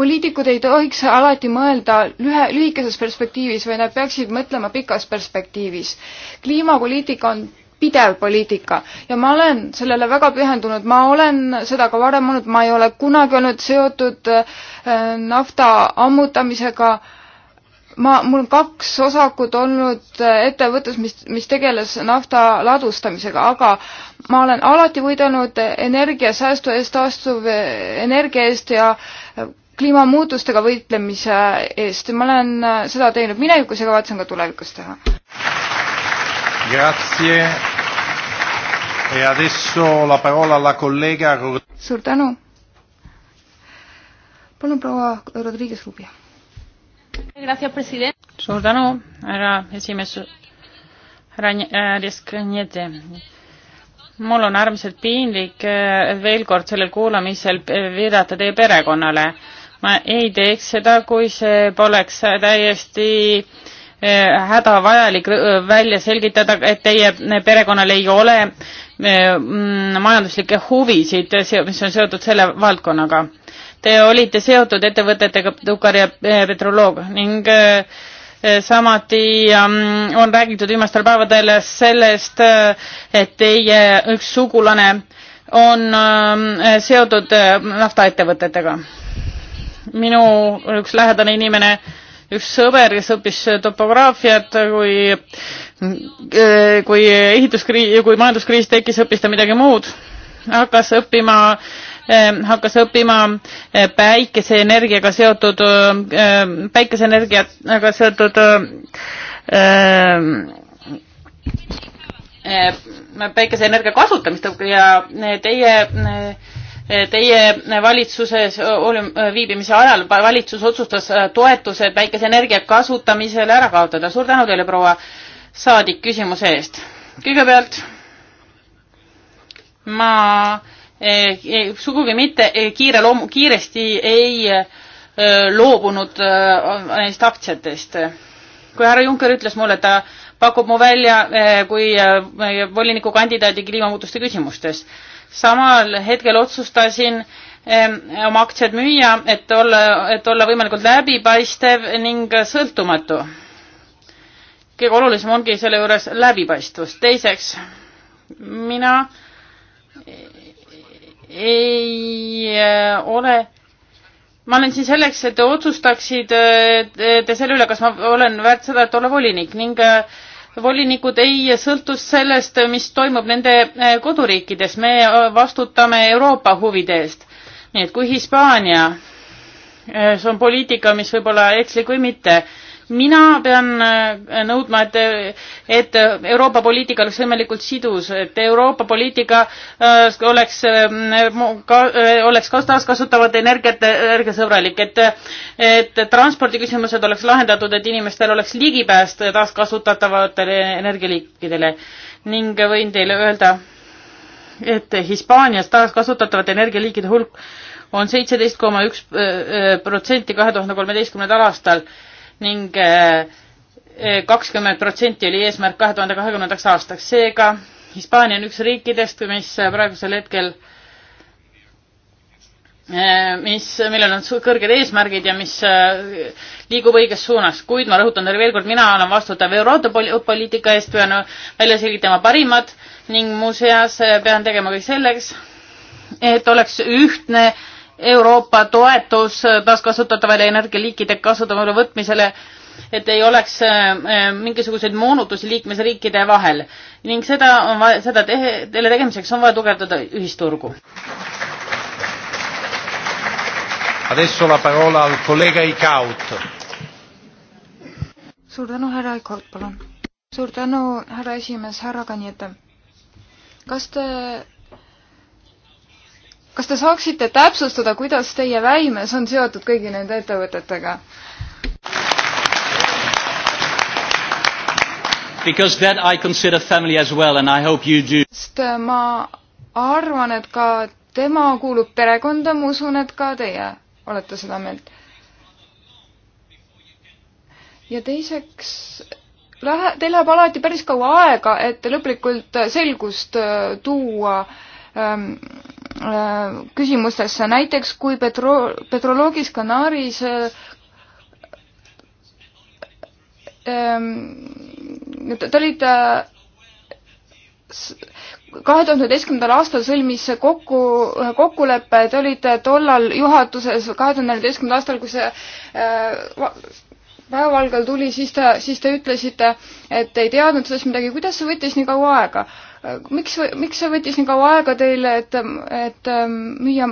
poliitikud ei tohiks alati mõelda lühe, lühikeses perspektiivis, vaid nad peaksid mõtlema pikas perspektiivis. kliimapoliitika on pidev poliitika ja ma olen sellele väga pühendunud, ma olen seda ka varem olnud, ma ei ole kunagi olnud seotud äh, nafta ammutamisega. ma, mul kaks osakut olnud äh, ettevõttes, mis, mis tegeles nafta ladustamisega, aga ma olen alati võidelnud energiasäästu eest, taastuvenergia äh, eest ja kliimamuutustega võitlemise eest ja ma olen äh, seda teinud minevikus ja kavatsen ka tulevikus teha. E suur tänu. palun, proua Rodriguez Rubia. suur tänu, härra esimees, härra äh, Riskaniete mul on äärmiselt piinlik äh, veel kord sellel kuulamisel viidata teie perekonnale ma ei teeks seda, kui see poleks täiesti eh, hädavajalik välja selgitada, et teie perekonnal ei ole eh, mm, majanduslikke huvisid, mis on seotud selle valdkonnaga. Te olite seotud ettevõtetega Tukar ja eh, Petroloog ning samuti mm, on räägitud viimastel päevadel sellest, et teie üks sugulane on mm, seotud naftaettevõtetega minu üks lähedane inimene, üks sõber, kes õppis topograafiat, kui, eh, kui ehituskriis, kui majanduskriis tekkis, õppis ta midagi muud. hakkas õppima eh, hakkas õppima eh, päikeseenergiaga seotud, päikeseenergiaga seotud päikeseenergia kasutamist ja teie Teie valitsuses viibimise ajal valitsus otsustas äh, toetused päikeseenergia kasutamisele ära kaotada. suur tänu teile, proua saadik, küsimuse eest. kõigepealt ma eh, eh, sugugi mitte eh, kiire loom-, kiiresti ei loobunud neist aktsiatest. kui härra Juncker ütles mulle, et ta pakub mu välja kui volinikukandidaadi kliimamuutuste küsimustes samal hetkel otsustasin oma aktsiad müüa, et olla, et olla võimalikult läbipaistev ning sõltumatu. kõige olulisem ongi selle juures läbipaistvus. teiseks, mina ei eh, ole, ma olen siin selleks, et te otsustaksid te selle üle, kas ma olen väärt seda, et olla volinik ning äh, volinikud ei sõltu sellest, mis toimub nende eh, koduriikides, me eh, vastutame Euroopa huvide eest. nii et kui Hispaania, eh, see on poliitika, mis võib olla ekslik või mitte mina pean äh, nõudma, et, et Euroopa poliitika oleks võimalikult sidus, et Euroopa poliitika äh, oleks, äh, oleks ka taaskasutavate energiate, energiasõbralik, et, et transpordiküsimused oleks lahendatud, et inimestel oleks ligipääs taaskasutatavatele energialiikidele ning võin teile öelda, et Hispaanias taaskasutatavate energialiikide hulk on seitseteist koma üks protsenti kahe tuhande kolmeteistkümnendal aastal ning eh, eh, kakskümmend protsenti oli eesmärk kahe tuhande kahekümnendaks aastaks. seega Hispaania on üks riikidest, mis praegusel hetkel eh, mis, millel on kõrged eesmärgid ja mis liigub õiges suunas, kuid ma rõhutan teile veel kord, mina olen vastutav euroautopoliitika eest, pean välja selgitama parimad ning muuseas pean tegema kõik selleks, et oleks ühtne äh, Euroopa toetus taaskasutatavale energialiikide kasutamale võtmisele, et ei oleks äh, äh, mingisuguseid moonutusi liikmesriikide vahel ning seda on vaja, seda tehe, teile tegemiseks on vaja tugevdada ühisturgu. Adesso la parola al collega Icaut. suur tänu, härra Icaut, palun. suur tänu, härra esimees, härra Kanjete. kas te kas te saaksite täpsustada, kuidas teie väimes on seotud kõigi nende ettevõtetega? Because that I consider family as well and I hope you do. sest äh, ma arvan, et ka tema kuulub perekonda, ma usun, et ka teie olete seda meelt. ja teiseks, lähe-, teil läheb alati päris kaua aega, et lõplikult selgust äh, tuua äh, Ähm, äh, küsimustesse, näiteks kui petro-, petroloogis Kanaaris äh, ähm, te olite kahe tuhande üheteistkümnendal aastal sõlmis kokku, kokkulepe, te olite tollal juhatuses kahe tuhande neljateistkümnendal aastal, kui see äh, päevavalgel tuli, siis te, siis te ütlesite, et ei teadnud sellest midagi, kuidas see võttis nii kaua aega? miks, miks see võttis nii kaua aega teile, et, et ähm, müüa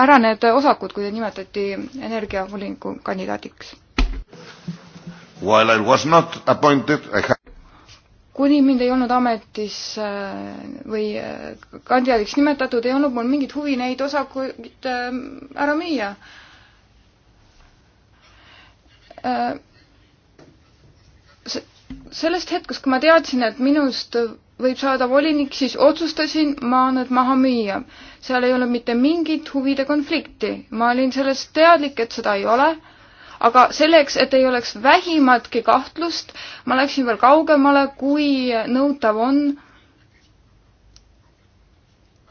ära need osakud, kui teid nimetati energiavoliniku kandidaadiks? kuni mind ei olnud ametis äh, või äh, kandidaadiks nimetatud, ei olnud mul mingit huvi neid osakuid ähm, ära müüa. Äh, sellest hetkest, kui ma teadsin, et minust võib saada volinik, siis otsustasin ma need maha müüa. seal ei olnud mitte mingit huvide konflikti, ma olin sellest teadlik, et seda ei ole, aga selleks, et ei oleks vähimatki kahtlust, ma läksin veel kaugemale, kui nõutav on,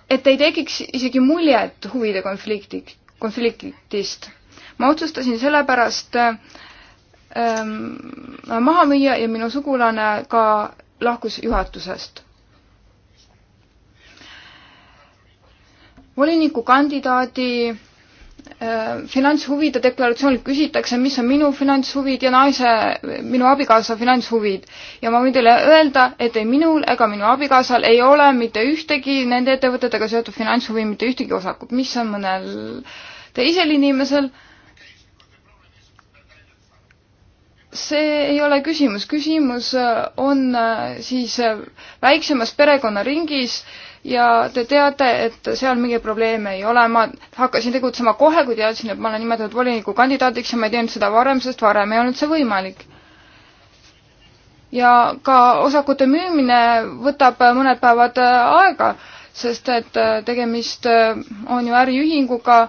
et ei tekiks isegi muljet huvide konflikti, konfliktist. ma otsustasin sellepärast ähm, maha müüa ja minu sugulane ka lahkus juhatusest. volinikukandidaadi äh, finantshuvide deklaratsioonil küsitakse, mis on minu finantshuvid ja naise, minu abikaasa finantshuvid. ja ma võin teile öelda, et ei minul ega minu abikaasal ei ole mitte ühtegi nende ettevõtetega seotud finantshuvi, mitte ühtegi osakut, mis on mõnel teisel inimesel äh, see ei ole küsimus, küsimus äh, on äh, siis äh, väiksemas perekonnaringis ja te teate, et seal mingeid probleeme ei ole, ma hakkasin tegutsema kohe, kui teadsin, et ma olen nimetatud volinikukandidaadiks ja ma ei teinud seda varem, sest varem ei olnud see võimalik. ja ka osakute müümine võtab mõned päevad aega, sest et tegemist on ju äriühinguga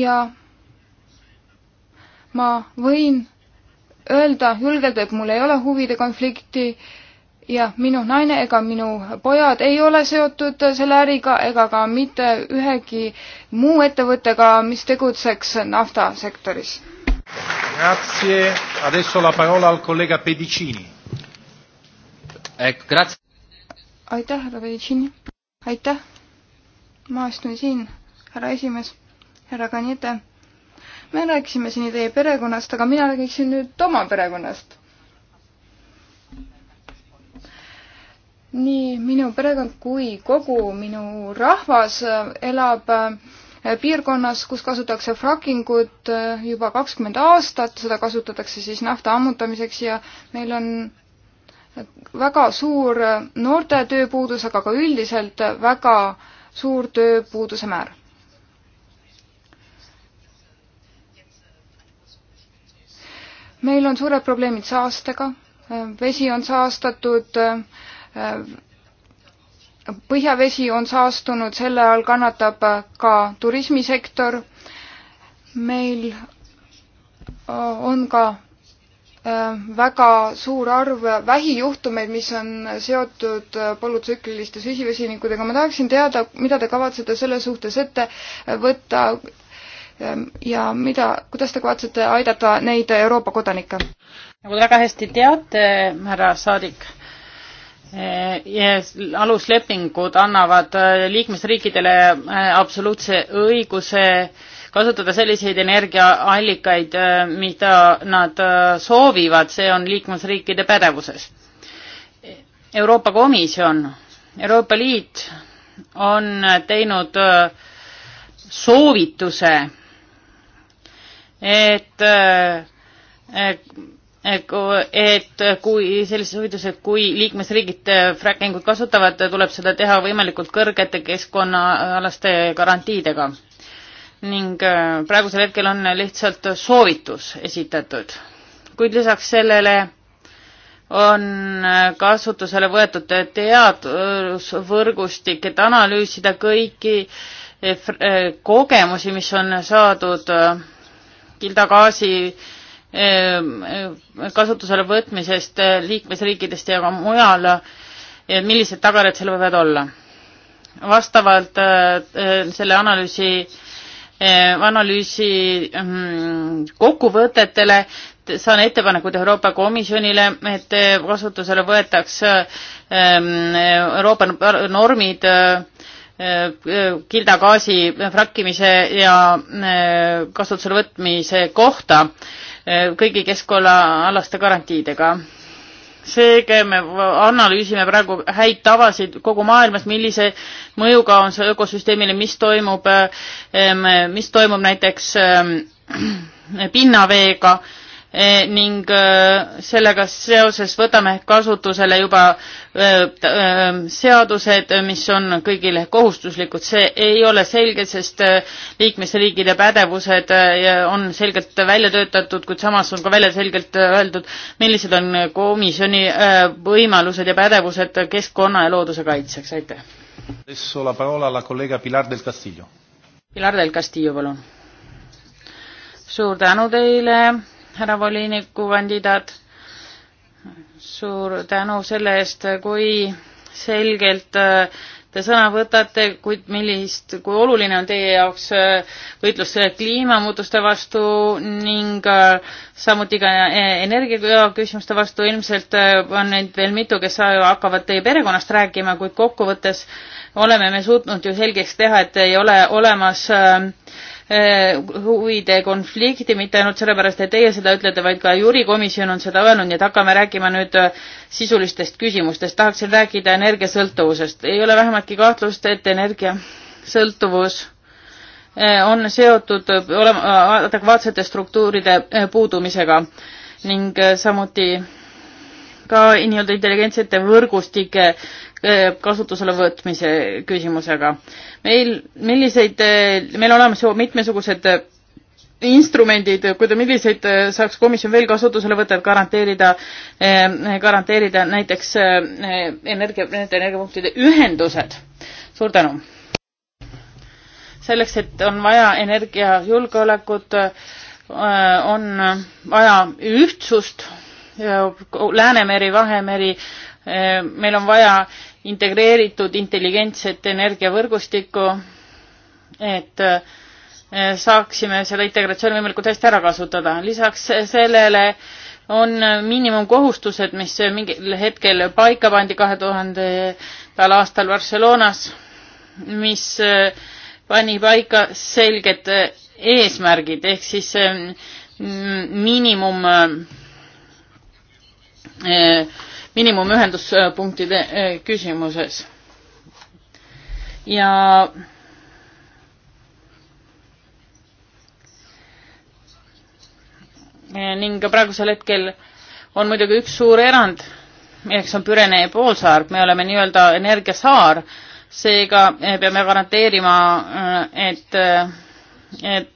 ja ma võin öelda julgelt, et mul ei ole huvide konflikti ja minu naine ega minu pojad ei ole seotud selle äriga ega ka mitte ühegi muu ettevõttega, mis tegutseks naftasektoris. Eh, aitäh, härra Pedicini. aitäh. ma istun siin, härra esimees härra Kanjete. me rääkisime siin teie perekonnast, aga mina räägiksin nüüd oma perekonnast. nii minu perekond kui kogu minu rahvas elab äh, piirkonnas, kus kasutatakse frackingut äh, juba kakskümmend aastat, seda kasutatakse siis nafta ammutamiseks ja meil on äh, väga suur noorte tööpuudus, aga ka üldiselt väga suur tööpuuduse määr meil on suured probleemid saastega, vesi on saastatud, põhjavesi on saastunud, selle all kannatab ka turismisektor. meil on ka äh, väga suur arv vähijuhtumeid, mis on seotud äh, polütsükliliste süsivesinikudega. ma tahaksin teada, mida te kavatsete selle suhtes ette võtta, Ehm, ja mida, kuidas te kavatsete aidata neid Euroopa kodanikke? nagu te väga hästi teate, härra saadik, eh, aluslepingud annavad eh, liikmesriikidele eh, absoluutse õiguse kasutada selliseid energiaallikaid, mida nad soovivad, see on liikmesriikide pädevuses. Euroopa Komisjon, Euroopa Liit on teinud soovituse et et kui sellises huvides, et kui liikmesriigid frackingut kasutavad, tuleb seda teha võimalikult kõrgete keskkonnaalaste garantiidega. ning praegusel hetkel on lihtsalt soovitus esitatud. kuid lisaks sellele on kasutusele võetud teadusvõrgustik, et analüüsida kõiki eh, eh, kogemusi, mis on saadud kildagaasi ehm, ehm, kasutusele võtmisest eh, liikmesriikidest ja ka mujal, eh, millised tagajärjed seal võivad olla. vastavalt eh, selle analüüsi, analüüsi mm, kokkuvõtetele saan ettepanekud Euroopa Komisjonile, et kasutusele võetaks ehm, Euroopa normid Äh, äh, kildagaasi frakkimise ja äh, kasutusele võtmise kohta kõigi keskkonnaalaste garantiidega. seega me analüüsime praegu häid tavasid kogu maailmas, millise mõjuga on see ökosüsteemile, mis toimub, mis toimub näiteks ähm, (clears throat) pinnaveega Eh, ning eh, sellega seoses võtame kasutusele juba eh, seadused, mis on kõigile kohustuslikud. see ei ole selge, sest liikmesriigide pädevused on selgelt välja töötatud, kuid samas on ka välja selgelt öeldud, millised on komisjoni võimalused ja pädevused keskkonna ja looduse kaitseks. aitäh. Pilar del Castillo, palun. suur tänu teile härra volinikukandidaat. suur tänu selle eest, kui selgelt äh, te sõna võtate, kuid millist, kui oluline on teie jaoks äh, võitlus kliimamuutuste vastu ning äh, samuti ka energiaküsimuste vastu, ilmselt on neid veel mitu, kes hakkavad teie perekonnast rääkima, kuid kokkuvõttes oleme me suutnud ju selgeks teha, et ei ole olemas äh, Eh, huvide konflikti, mitte ainult sellepärast, et teie seda ütlete, vaid ka juurikomisjon on seda öelnud, nii et hakkame rääkima nüüd äh, sisulistest küsimustest. tahaksin rääkida energiasõltuvusest. ei ole vähematki kahtlust, et energiasõltuvus äh, on seotud olema äh, adekvaatsete struktuuride puudumisega ning samuti ka nii-öelda intelligentsete võrgustike eh, kasutusele võtmise küsimusega. meil, milliseid, eh, meil on olemas ju mitmesugused eh, instrumendid, kuida milliseid saaks komisjon veel kasutusele võtta, et garanteerida, garanteerida näiteks energia, nende energiapunktide ühendused. suur tänu! selleks, et on vaja energiajulgeolekut, on vaja ühtsust Äh, Läänemeri, Vahemeri, äh, meil on vaja integreeritud intelligentset energiavõrgustikku, et äh, saaksime selle integratsiooni võimalikult hästi ära kasutada. lisaks sellele on miinimumkohustused, mis mingil hetkel paika pandi kahe tuhandendal aastal Barcelonas, mis pani paika selged eesmärgid ehk siis miinimum miinimumühenduspunktide eh, küsimuses. ja eh, ning praegusel hetkel on muidugi üks suur erand, milleks on Pürenee poolsaar, me oleme nii-öelda energiasaar, seega eh, peame garanteerima, et, et,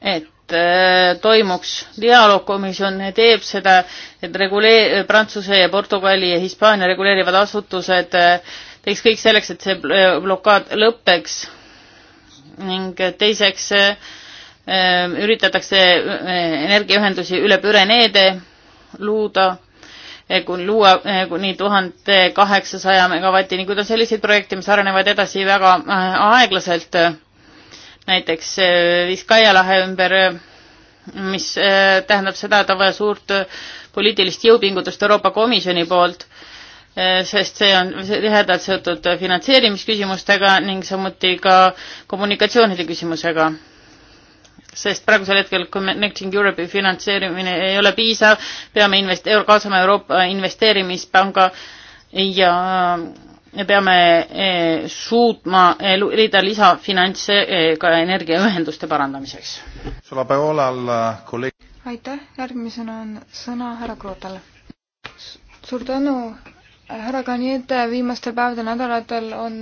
et Äh, toimuks dialoog, komisjon teeb seda, et regulee-, Prantsuse ja Portugali ja Hispaania reguleerivad asutused äh, teeks kõik selleks, et see äh, blokaad lõpeks ning teiseks üritatakse energiaühendusi üle Püreneede luuda, kuni luua kuni tuhande kaheksasaja megavatini, kui ta selliseid projekte, mis arenevad edasi väga aeglaselt näiteks äh, Viskaia lahe ümber, äh, mis äh, tähendab seda, et on vaja suurt poliitilist jõupingutust Euroopa Komisjoni poolt, sest see on tihedalt seotud finantseerimisküsimustega ning samuti ka kommunikatsioonide küsimusega. sest praegusel hetkel Connecting Europe'i finantseerimine ei ole piisav, peame invest-, kaasama Euroopa Investeerimispanga ja me peame eh, suutma eh, leida lisafinantse eh, ka energiaühenduste parandamiseks. aitäh, järgmisena on sõna härra Krootale. suur tänu, härra Kaniete, viimastel päevadel, nädalatel on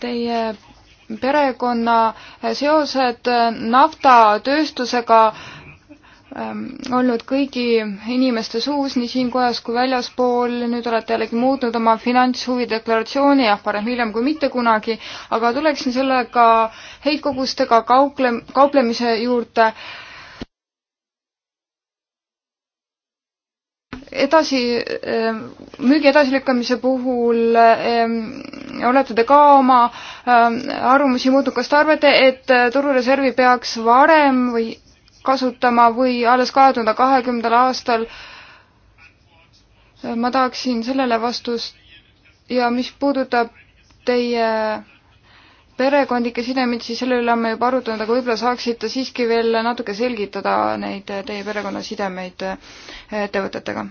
teie perekonna seosed naftatööstusega äh, Ähm, olnud kõigi inimeste suus nii siin kojas kui väljaspool, nüüd olete jällegi muutnud oma finantshuvi deklaratsiooni, jah, parem hiljem kui mitte kunagi, aga tuleksin sellega heitkogustega kauple-, kauplemise juurde. edasi, ähm, müügi edasilükkamise puhul ähm, olete te ka oma arvamusi muutnud, kas te arvate, et äh, turureservi peaks varem või kasutama või alles kahe tuhande kahekümnendal aastal. ma tahaksin sellele vastust ja mis puudutab teie perekondlikke sidemeid, siis selle üle me juba arutanud, aga võib-olla saaksite siiski veel natuke selgitada neid teie perekonnasidemeid ettevõtetega.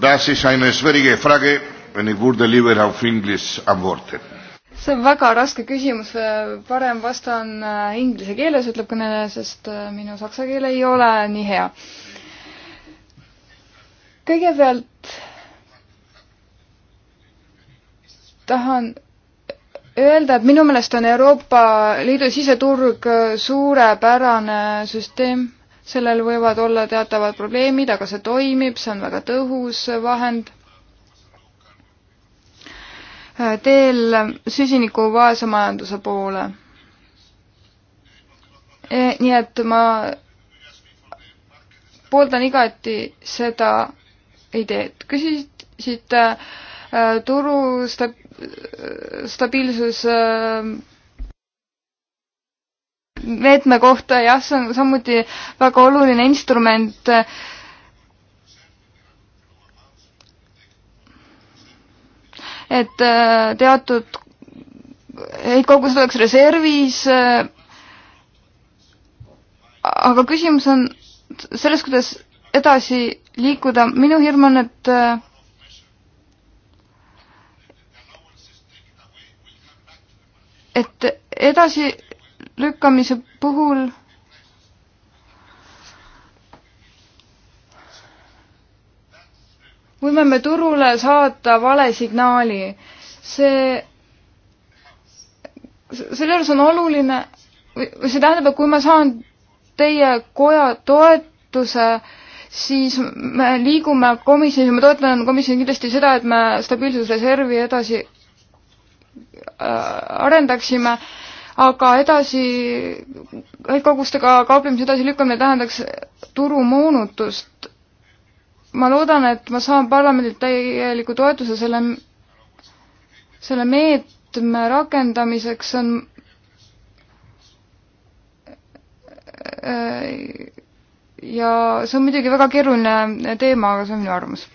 Das ist eine schwierige Frage, wenn ich würde lieber auf Englisch antworten see on väga raske küsimus, parem vastan äh, inglise keeles, ütleb kõneleja, sest äh, minu saksa keel ei ole nii hea. kõigepealt tahan öelda, et minu meelest on Euroopa Liidu siseturg äh, suurepärane süsteem, sellel võivad olla teatavad probleemid, aga see toimib, see on väga tõhus vahend Äh, teel süsiniku vaese majanduse poole. E, nii et ma pooldan igati seda ideed. küsisite äh, turu sta-, stabiilsus äh, meetme kohta, jah, see on samuti väga oluline instrument äh, et äh, teatud heitkogused oleks reservis. Äh, aga küsimus on selles, kuidas edasi liikuda. minu hirm on, et äh, et edasilükkamise puhul võime me turule saata vale signaali. see, selle juures on oluline, või see tähendab, et kui ma saan teie koja toetuse, siis me liigume komisjonis, ma toetan komisjoni kindlasti seda, et me stabiilsusreservi edasi äh, arendaksime, aga edasi, kogustega kauplemise edasilükkamine tähendaks turumoonutust ma loodan, et ma saan parlamendilt täieliku toetuse selle, selle meetme rakendamiseks on ja see on muidugi väga keeruline teema, aga see on minu arvamus.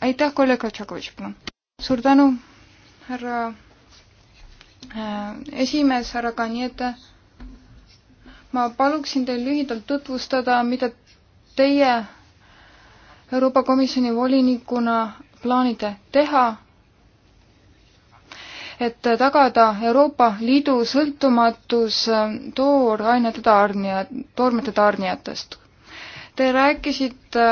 aitäh, kolleeg Katšakovitš, palun. suur tänu, härra äh, esimees, härra Kaniete ma paluksin teil lühidalt tutvustada, mida teie Euroopa Komisjoni volinikuna plaanite teha, et tagada Euroopa Liidu sõltumatus toorainete tarnija, toormete tarnijatest. Te rääkisite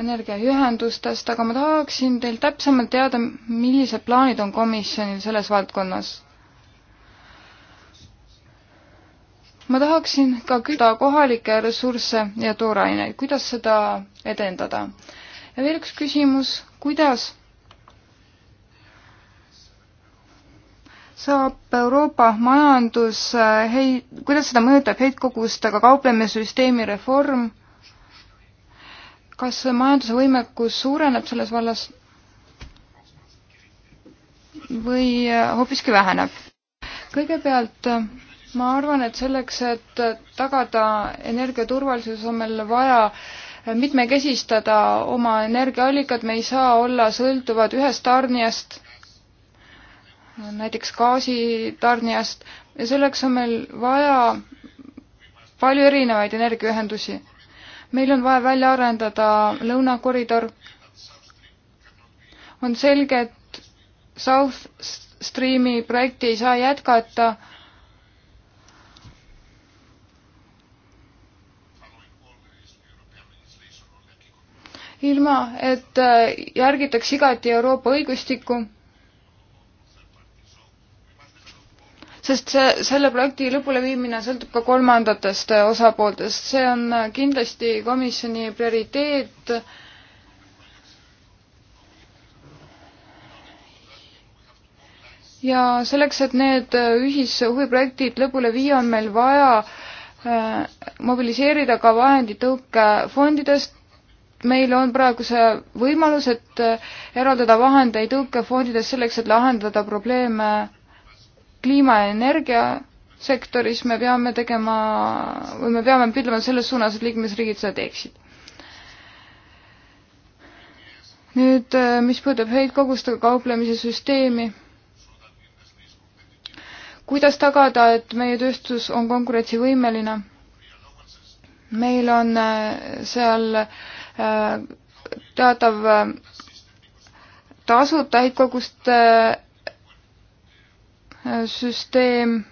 energiaühendustest, aga ma tahaksin teil täpsemalt teada, millised plaanid on komisjonil selles valdkonnas ma tahaksin ka küsida kohalikke ressursse ja tooraineid, kuidas seda edendada. ja veel üks küsimus, kuidas saab Euroopa majandus eh, hei-, kuidas seda mõjutab heitkogustega kauplemissüsteemi reform? kas majanduse võimekus suureneb selles vallas või eh, hoopiski väheneb? kõigepealt ma arvan, et selleks, et tagada energiaturvalisus, on meil vaja mitmekesistada oma energiaallikad, me ei saa olla sõltuvad ühest tarnijast, näiteks gaasitarnijast, ja selleks on meil vaja palju erinevaid energiaühendusi. meil on vaja välja arendada lõunakoridor. on selge, et South Streami projekti ei saa jätkata ilma et äh, järgitaks igati Euroopa õigustikku. sest see, selle projekti lõpuleviimine sõltub ka kolmandatest äh, osapooltest, see on äh, kindlasti komisjoni prioriteet ja selleks, et need ühishuviprojektid lõpule viia, on meil vaja mobiliseerida ka vahendid tõukefondidest, meil on praegu see võimalus, et äh, eraldada vahendeid tõukefondidest selleks, et lahendada probleeme kliima ja energiasektoris, me peame tegema või me peame püüdlema selles suunas, et liikmesriigid seda teeksid. nüüd, äh, mis puudutab heitkogustega kauplemise süsteemi, kuidas tagada, et meie tööstus on konkurentsivõimeline? meil on äh, seal äh, Äh, teatav äh, tasuta heitkoguste äh, süsteem,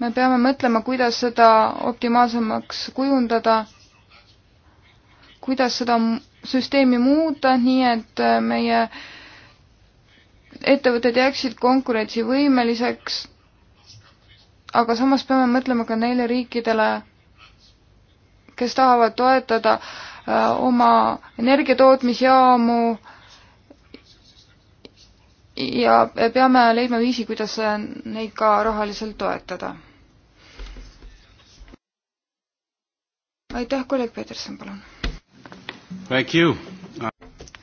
me peame mõtlema, kuidas seda optimaalsemaks kujundada, kuidas seda süsteemi muuta, nii et meie ettevõtted jääksid konkurentsivõimeliseks, aga samas peame mõtlema ka neile riikidele, kes tahavad toetada äh, Äh, oma energiatootmisjaamu ja peame leidma viisi, kuidas neid ka rahaliselt toetada. aitäh, kolleeg Peterson, palun.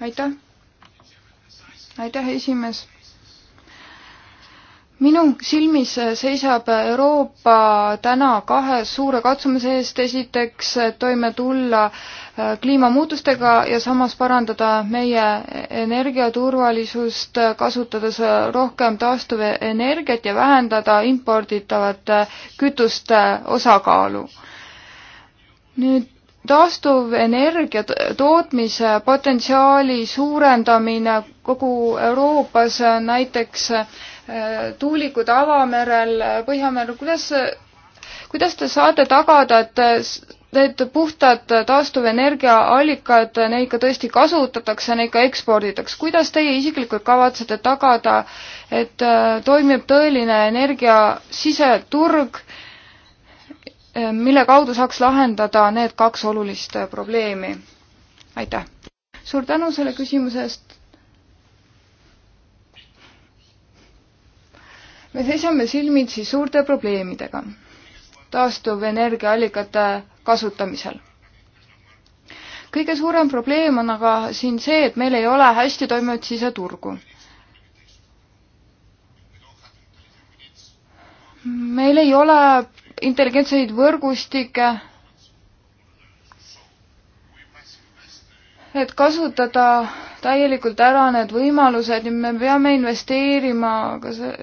aitäh. aitäh, esimees minu silmis seisab Euroopa täna kahe suure katsumuse eest, esiteks toime tulla äh, kliimamuutustega ja samas parandada meie energiaturvalisust, kasutades rohkem taastuvenergiat ja vähendada imporditavate kütuste osakaalu. nüüd taastuvenergia tootmise potentsiaali suurendamine kogu Euroopas näiteks äh, tuulikud avamerel, Põhjamerel, kuidas, kuidas te saate tagada, et need puhtad taastuvenergiaallikad, neid ka tõesti kasutatakse, neid ka eksporditakse. kuidas teie isiklikult kavatsete tagada, et äh, toimib tõeline energia siseturg, äh, mille kaudu saaks lahendada need kaks olulist äh, probleemi? aitäh! suur tänu selle küsimuse eest. me seisame silmitsi suurte probleemidega taastuvenergiaallikate kasutamisel. kõige suurem probleem on aga siin see, et meil ei ole hästi toimivat siseturgu. meil ei ole intelligentseid võrgustikke, et kasutada täielikult ära need võimalused ja me peame investeerima ka see,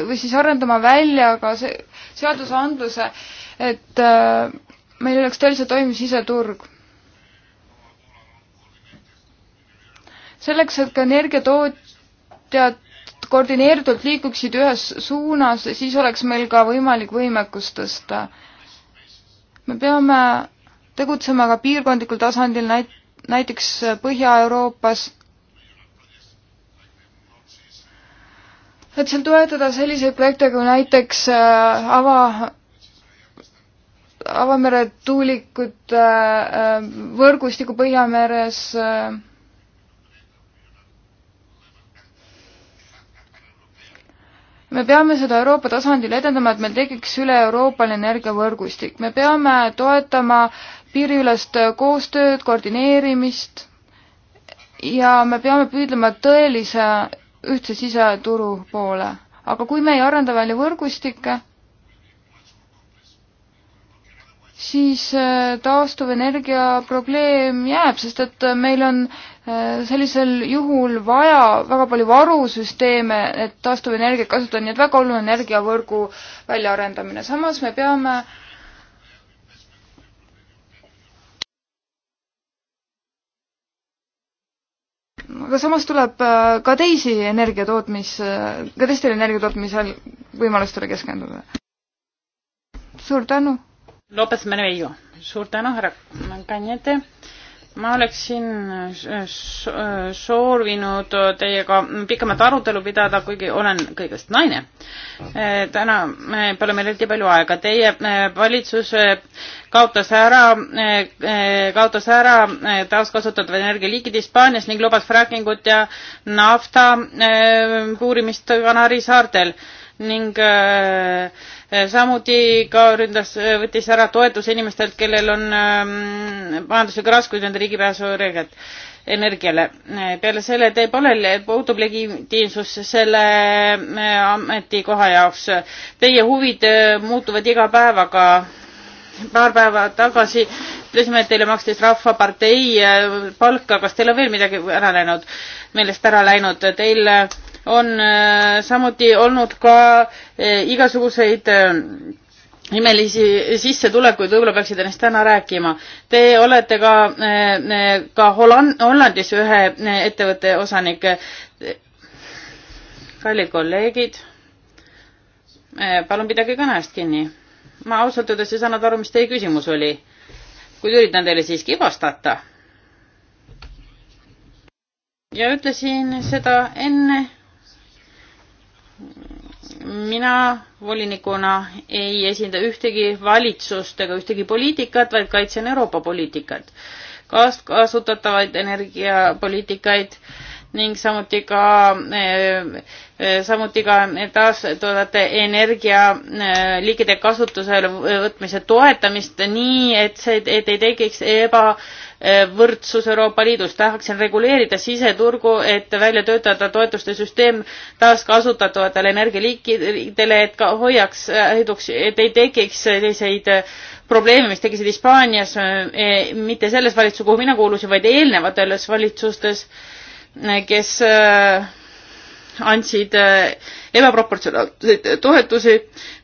või siis arendama välja ka see seadusandluse, et äh, meil oleks tõeliselt toimiv siseturg. selleks, et ka energiatootjad koordineeritult liikuksid ühes suunas, siis oleks meil ka võimalik võimekust tõsta. me peame tegutsema ka piirkondlikul tasandil, näiteks Põhja-Euroopas et seal toetada selliseid projekte kui näiteks äh, ava, avameretuulikute äh, äh, võrgustiku Põhjameres. me peame seda Euroopa tasandil edendama, et meil tekiks üle-Euroopaline energiavõrgustik. me peame toetama piiriülest koostööd, koordineerimist ja me peame püüdlema tõelise ühtse siseturu poole. aga kui me ei arenda välja võrgustikke, siis äh, taastuvenergia probleem jääb, sest et meil on äh, sellisel juhul vaja väga palju varusüsteeme, et taastuvenergiat kasutada, nii et väga oluline energiavõrgu väljaarendamine. samas me peame äh, aga samas tuleb äh, ka teisi energiatootmis, ka teistele energiatootmisel võimalustele keskenduda. suur tänu! Lopez Menello, suur tänu, härra Kanjete! ma oleksin äh, äh, soovinud teiega pikemat arutelu pidada, kuigi olen kõigest naine. Äh, täna pole meil eriti palju aega. Teie valitsus kaotas ära, kaotas ära taaskasutatava energialiigid Hispaanias ning lubas frackingut ja nafta puurimist Kanaari saartel ning äh, Eh, samuti ka ründas, eh, võttis ära toetuse inimestelt, kellel on ehm, majanduslikke raskusi nende ligipääsu reeglid energiale. Eh, peale selle teeb olele, puudub legitiimsus selle ametikoha jaoks. Teie huvid muutuvad iga päevaga. paar päeva tagasi ütlesime, et teile makstis Rahvapartei palka, kas teil on veel midagi ära läinud, meelest ära läinud? Teil on äh, samuti olnud ka äh, igasuguseid äh, imelisi sissetulekuid, võib-olla peaksid ennast täna rääkima. Te olete ka, ka Holland, Hollandis ühe ettevõtte osanik. kallid kolleegid, palun pidage kõne eest kinni. ma ausalt öeldes ei saanud aru, mis teie küsimus oli, kuid üritan teile siiski vastata. ja ütlesin seda enne mina volinikuna ei esinda ühtegi valitsust ega ühtegi poliitikat, vaid kaitsen Euroopa poliitikat, kasutatavaid energiapoliitikaid äh, ning samuti ka, eh, eh, samuti ka taastoodete energialiigide eh, kasutusele võtmise toetamist nii, et see, et ei tekiks ebavõrdsus Euroopa Liidus. tahaksin reguleerida siseturgu, et välja töötada toetuste süsteem taaskasutatavatele energialiikidele, et ka hoiaks, heiduks, et ei tekiks selliseid probleeme, mis tekkisid Hispaanias, mitte selles valitsuse, kuhu mina kuulusin, vaid eelnevates valitsustes kes äh, andsid äh, ebaproportsionaalseid toetusi,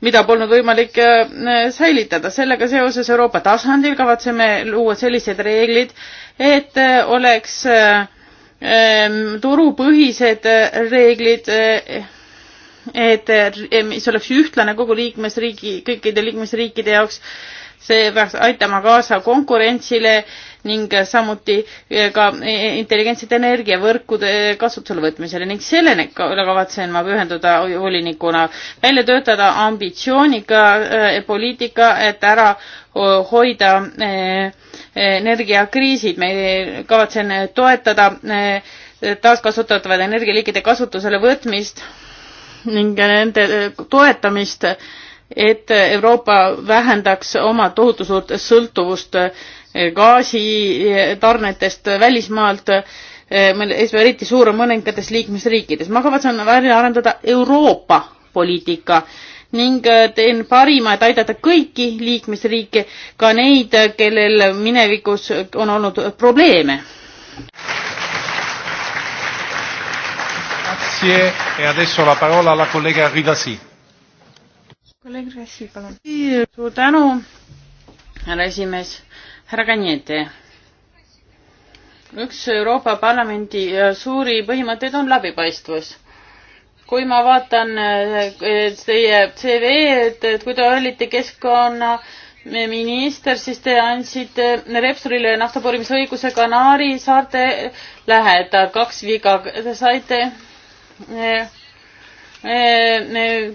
mida polnud võimalik äh, säilitada. sellega seoses Euroopa tasandil kavatseme luua sellised reeglid, et oleks ähm, turupõhised reeglid, et mis oleks ühtlane kogu liikmesriigi, kõikide liikmesriikide jaoks, see peaks aitama kaasa konkurentsile ning samuti eh, ka eh, intelligentsete energiavõrkude eh, kasutusele võtmisele ning sellele kavatsen ma pühenduda volinikuna, välja töötada ambitsiooniga poliitika, et ära hoida energiakriisid, me kavatsen toetada taaskasutatavate energialiikide kasutusele võtmist ning nende toetamist, et Euroopa vähendaks oma tohutu suurt sõltuvust gaasitarnetest eh, välismaalt, eh, eriti suur on mõningates liikmesriikides. ma kavatsen välja arendada Euroopa poliitika ning eh, teen parima, et aidata kõiki liikmesriike, ka neid, kellel minevikus on olnud probleeme. kolleeg e Rassi, palun. suur tänu, härra esimees härra Kanjete, üks Euroopa Parlamendi äh, suuri põhimõtteid on läbipaistvus. kui ma vaatan äh, teie CV-d, et kui te olite keskkonnaminister, siis te andsite Repsolile naftapurimise õiguse Kanaari saarte lähedal, kaks viga, te saite äh,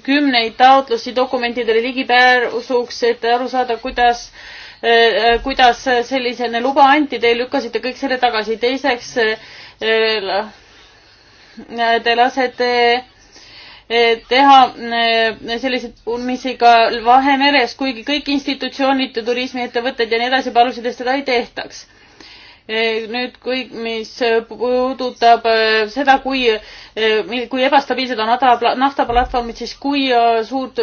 kümneid taotlusi dokumentidele ligipääsuks, et aru saada, kuidas äh, Äh, äh, kuidas selline luba anti, te lükkasite kõik selle tagasi. teiseks, äh, te lasete teha selliseid ummisi ka Vahemeres, kuigi kõik institutsioonid, turismiettevõtted ja nii edasi palusid, et seda ei tehtaks nüüd, kui, mis puudutab seda, kui, kui ebastabiilsed on nafta, naftaplatvormid, siis kui suurt,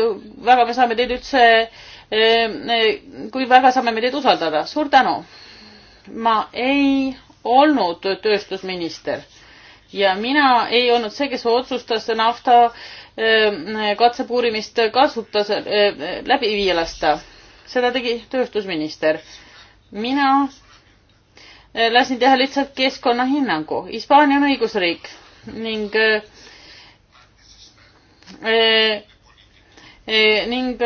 väga me saame teid üldse äh, Ehm, eh, kui väga saame me teid usaldada. suur tänu. ma ei olnud tööstusminister ja mina ei olnud see, kes otsustas nafta ehm, katsepuurimist kasutas, ehm, läbi viia lasta. seda tegi tööstusminister. mina eh, lasin teha lihtsalt keskkonnahinnangu. Hispaania on õigusriik ning eh, ning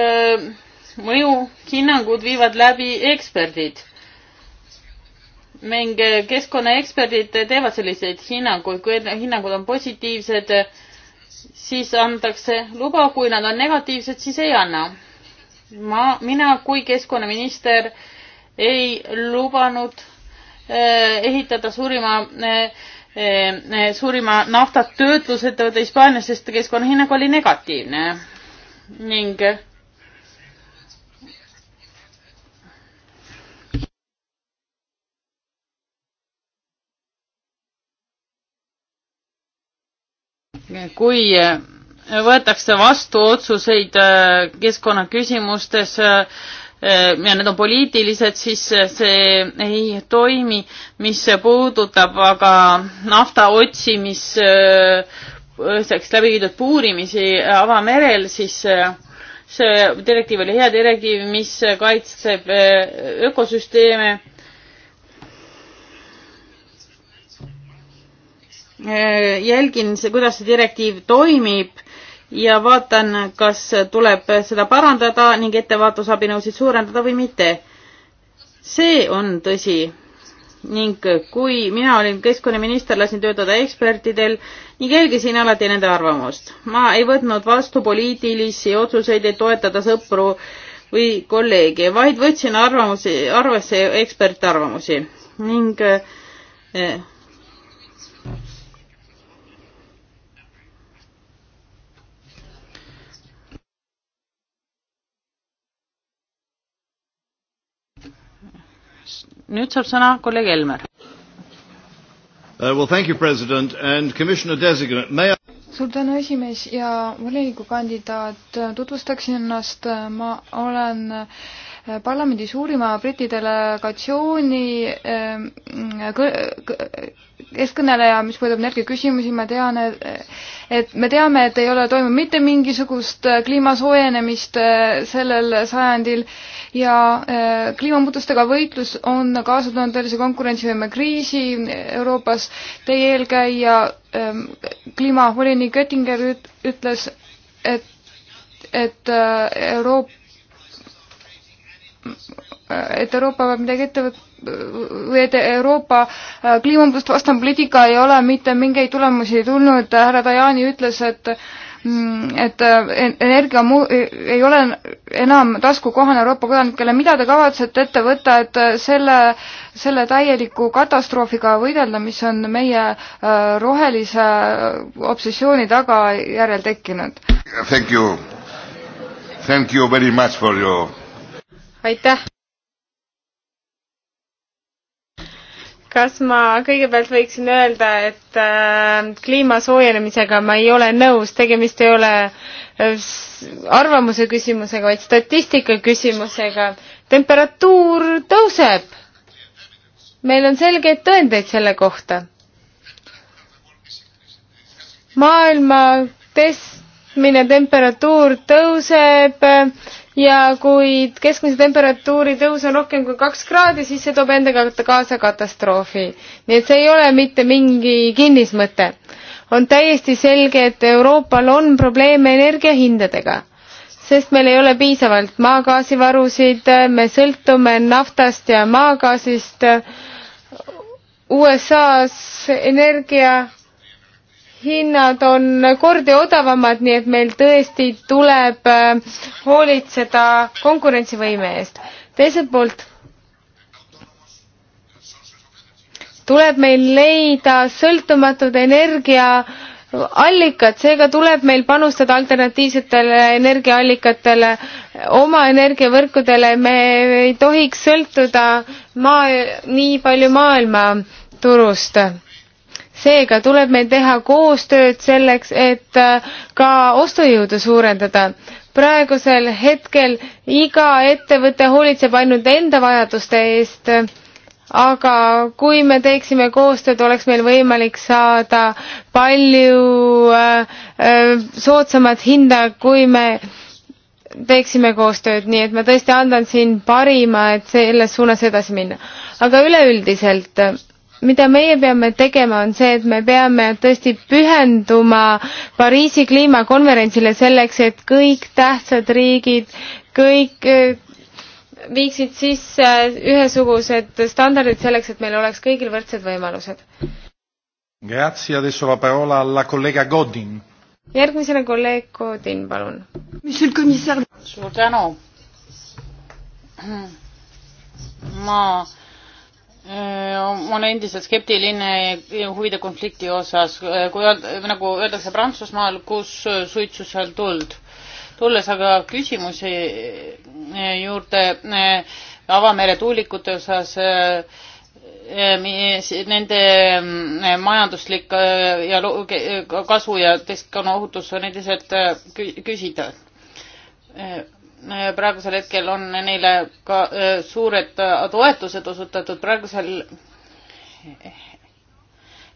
mõjuhinnangud viivad läbi eksperdid ning eh, keskkonnaeksperdid teevad selliseid hinnanguid, kui hinnangud on positiivsed, siis antakse luba, kui nad on negatiivsed, siis ei anna. ma, mina kui keskkonnaminister ei lubanud eh, ehitada suurima eh, eh, suurima naftatöötlusettevõtte Hispaanias, sest keskkonnahinnang oli negatiivne ning eh, kui äh, võetakse vastu otsuseid äh, keskkonnaküsimustes äh, ja need on poliitilised, siis see ei toimi. mis puudutab aga nafta otsimiseks läbi viidud puurimisi avamerel, siis see direktiiv oli hea direktiiv, mis kaitseb ökosüsteeme Äh, jälgin, kuidas see direktiiv toimib ja vaatan, kas tuleb seda parandada ning ettevaatusabinõusid suurendada või mitte. see on tõsi. ning kui mina olin keskkonnaminister, lasin töötada ekspertidel ning jälgisin alati nende arvamust. ma ei võtnud vastu poliitilisi otsuseid, et toetada sõpru või kolleege, vaid võtsin arvamusi, arvesse ekspertarvamusi ning eh, nüüd saab sõna kolleeg Helmer uh,. Well, thank you, president and commissioner designate. May I suur tänu, esimees ja volinikukandidaat, tutvustaksin ennast, ma olen parlamendi suurima Briti delegatsiooni ähm, eeskõneleja, mis puudutab energiaküsimusi, ma tean, et me teame, et ei ole toimunud mitte mingisugust äh, kliima soojenemist äh, sellel sajandil ja äh, kliimamuutustega võitlus on kaasa toonud tõelise konkurentsivõime kriisi Euroopas. Teie eelkäija ähm, kliimavolinik Göttinger ütles, et, et Euroopa et Euroopa peab midagi ette võtma või et Euroopa äh, kliimamuutust vastane poliitika ei ole mitte mingeid tulemusi tulnud, härra Tajani ütles, et mm, et äh, energia mu-, ei ole enam taskukohane Euroopa kodanikele, mida te kavatsete ette võtta, et äh, selle, selle täieliku katastroofiga võidelda, mis on meie rohelise obsessiooni tagajärjel tekkinud? Thank you, thank you very much for your aitäh! kas ma kõigepealt võiksin öelda, et äh, kliima soojenemisega ma ei ole nõus, tegemist ei ole äh, arvamuse küsimusega, vaid statistika küsimusega. temperatuur tõuseb. meil on selgeid tõendeid selle kohta. maailma keskmine temperatuur tõuseb äh, ja kui keskmise temperatuuri tõus on rohkem kui kaks kraadi, siis see toob endaga kaasa katastroofi. nii et see ei ole mitte mingi kinnismõte. on täiesti selge, et Euroopal on probleeme energiahindadega, sest meil ei ole piisavalt maagaasivarusid, me sõltume naftast ja maagaasist. USA-s energia hinnad on kordi odavamad, nii et meil tõesti tuleb äh, hoolitseda konkurentsivõime eest. teiselt poolt tuleb meil leida sõltumatud energiaallikad, seega tuleb meil panustada alternatiivsetele energiaallikatele, oma energiavõrkudele, me ei tohiks sõltuda maa, nii palju maailmaturust seega tuleb meil teha koostööd selleks, et äh, ka ostujõudu suurendada. praegusel hetkel iga ettevõte hoolitseb ainult enda vajaduste eest, aga kui me teeksime koostööd, oleks meil võimalik saada palju äh, äh, soodsamat hinda, kui me teeksime koostööd, nii et ma tõesti andan siin parima, et selles suunas edasi minna. aga üleüldiselt mida meie peame tegema, on see, et me peame tõesti pühenduma Pariisi kliimakonverentsile selleks, et kõik tähtsad riigid, kõik eh, viiksid sisse ühesugused standardid selleks, et meil oleks kõigil võrdsed võimalused. järgmisena kolleeg Godin, palun. suur tänu. ma Äh, on endiselt skeptiline huvide konflikti osas, äh, kui öelda, nagu öeldakse Prantsusmaal, kus suitsu seal tuld. tulles aga küsimuse äh, juurde avamere tuulikute osas, nende majanduslik ja kasu ja keskkonnaohutus on endiselt küsida Äh, praegusel hetkel on neile ka äh, suured äh, toetused osutatud, praegusel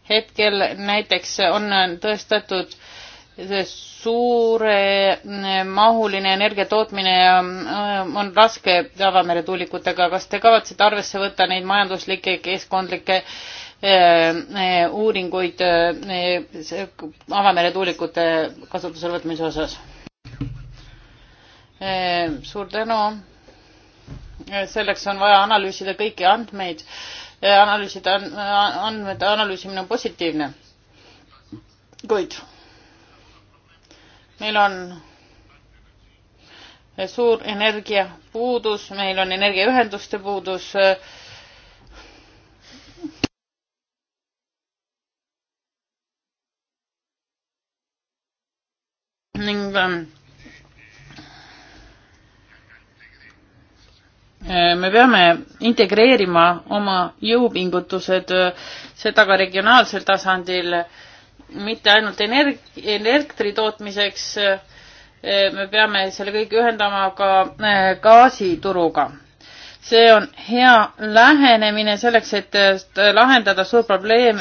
hetkel näiteks on tõestatud suuremahuline energia tootmine on raske avamere tuulikutega, kas te kavatsete arvesse võtta neid majanduslikke keskkondlikke uuringuid avamere tuulikute kasutusele võtmise osas? Eh, suur tänu. Eh, selleks on vaja analüüsida kõiki andmeid, eh, analüüsida andmete analüüsimine on positiivne. kuid meil on suur energiapuudus, meil on energiaühenduste puudus. ning ähm, Äh, me peame integreerima oma jõupingutused, äh, seda ka regionaalsel tasandil, mitte ainult energ-, elektri tootmiseks, äh, me peame selle kõik ühendama ka gaasituruga. see on hea lähenemine selleks, et lahendada suur probleem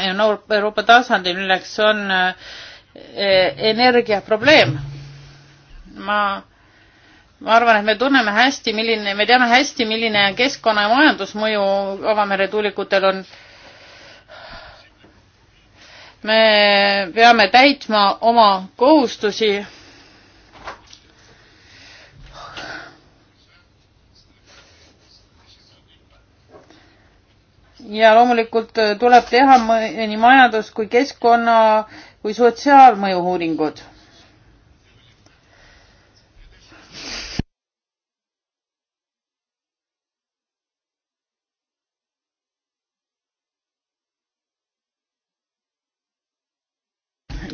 Euroopa tasandil, milleks on energiaprobleem. ma ma arvan, et me tunneme hästi, milline, me teame hästi, milline keskkonna ja majandusmõju avamere tuulikutel on. me peame täitma oma kohustusi. ja loomulikult tuleb teha nii majandus kui keskkonna kui sotsiaalmõju uuringud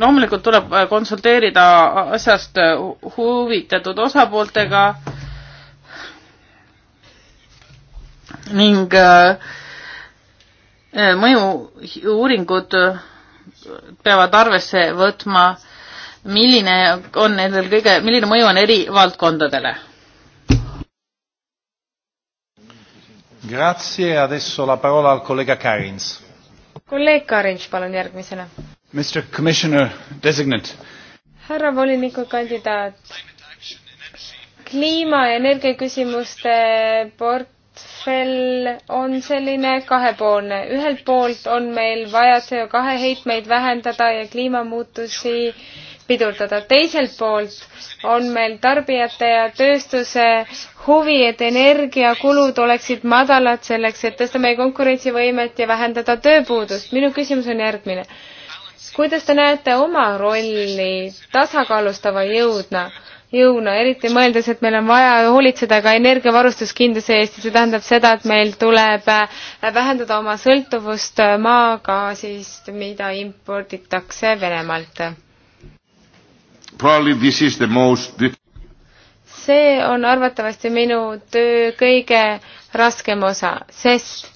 loomulikult tuleb äh, konsulteerida asjast äh, huvitatud osapooltega ning äh, mõju-uuringud peavad arvesse võtma, milline on nendel kõige, milline mõju on eri valdkondadele. Grazie, adesso la parola al kolleeg Karins. kolleeg Karins, palun järgmisena härra volinikukandidaat, kliima ja energiaküsimuste portfell on selline kahepoolne. ühelt poolt on meil vaja CO2 heitmeid vähendada ja kliimamuutusi pidurdada. teiselt poolt on meil tarbijate ja tööstuse huvi, et energiakulud oleksid madalad selleks, et tõsta meie konkurentsivõimet ja vähendada tööpuudust. minu küsimus on järgmine kuidas te näete oma rolli tasakaalustava jõudna, jõuna, eriti mõeldes, et meil on vaja hoolitseda ka energiavarustuskindluse eest ja see tähendab seda, et meil tuleb äh, vähendada oma sõltuvust äh, maagaasist, mida imporditakse Venemaalt? see on arvatavasti minu töö kõige raskem osa, sest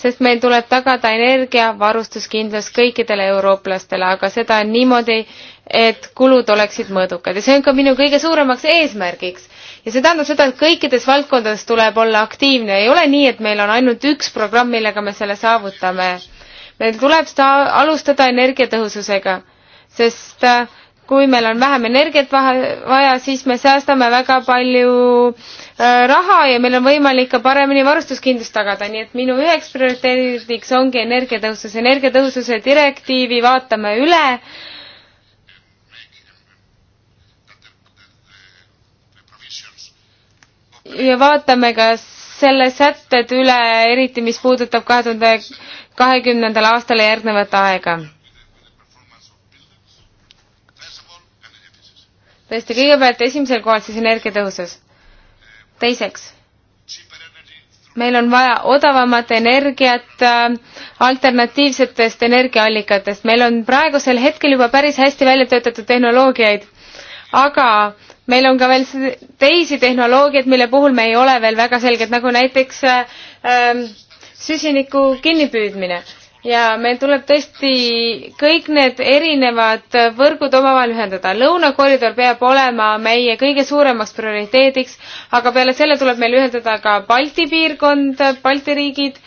sest meil tuleb tagada energiavarustuskindlus kõikidele eurooplastele, aga seda niimoodi, et kulud oleksid mõõdukad ja see on ka minu kõige suuremaks eesmärgiks. ja see tähendab seda, et kõikides valdkondades tuleb olla aktiivne, ei ole nii, et meil on ainult üks programm, millega me selle saavutame. meil tuleb seda alustada energiatõhususega, sest äh, kui meil on vähem energiat vaja, siis me säästame väga palju äh, raha ja meil on võimalik ka paremini varustuskindlust tagada, nii et minu üheks prioriteediks ongi energiatõhusus. energiatõhususe direktiivi vaatame üle ja vaatame ka selle sätted üle, eriti mis puudutab kahe tuhande kahekümnendal aastal järgnevat aega. tõesti, kõigepealt esimesel kohal siis energiatõhusus. teiseks, meil on vaja odavamat energiat äh, alternatiivsetest energiaallikatest. meil on praegusel hetkel juba päris hästi välja töötatud tehnoloogiaid, aga meil on ka veel teisi tehnoloogiaid, mille puhul me ei ole veel väga selged, nagu näiteks ähm, süsiniku kinnipüüdmine ja meil tuleb tõesti kõik need erinevad võrgud omavahel ühendada. lõunakoridor peab olema meie kõige suuremaks prioriteediks, aga peale selle tuleb meil ühendada ka Balti piirkond, Balti riigid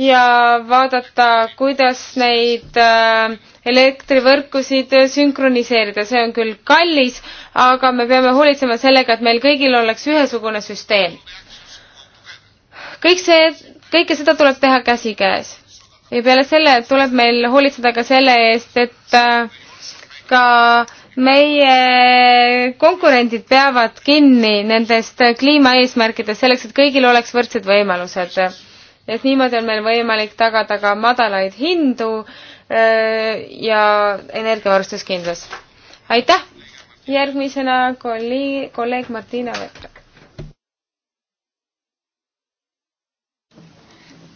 ja vaadata, kuidas neid äh, elektrivõrkusid sünkroniseerida. see on küll kallis, aga me peame hoolitsema sellega, et meil kõigil oleks ühesugune süsteem. kõik see, kõike seda tuleb teha käsikäes ja peale selle tuleb meil hoolitseda ka selle eest, et äh, ka meie konkurendid peavad kinni nendest kliimaeesmärkidest selleks, et kõigil oleks võrdsed võimalused. et niimoodi on meil võimalik tagada ka madalaid hindu äh, ja energiavarustuskindlus. aitäh! järgmisena kolleeg, kolleeg Martina Vetrak.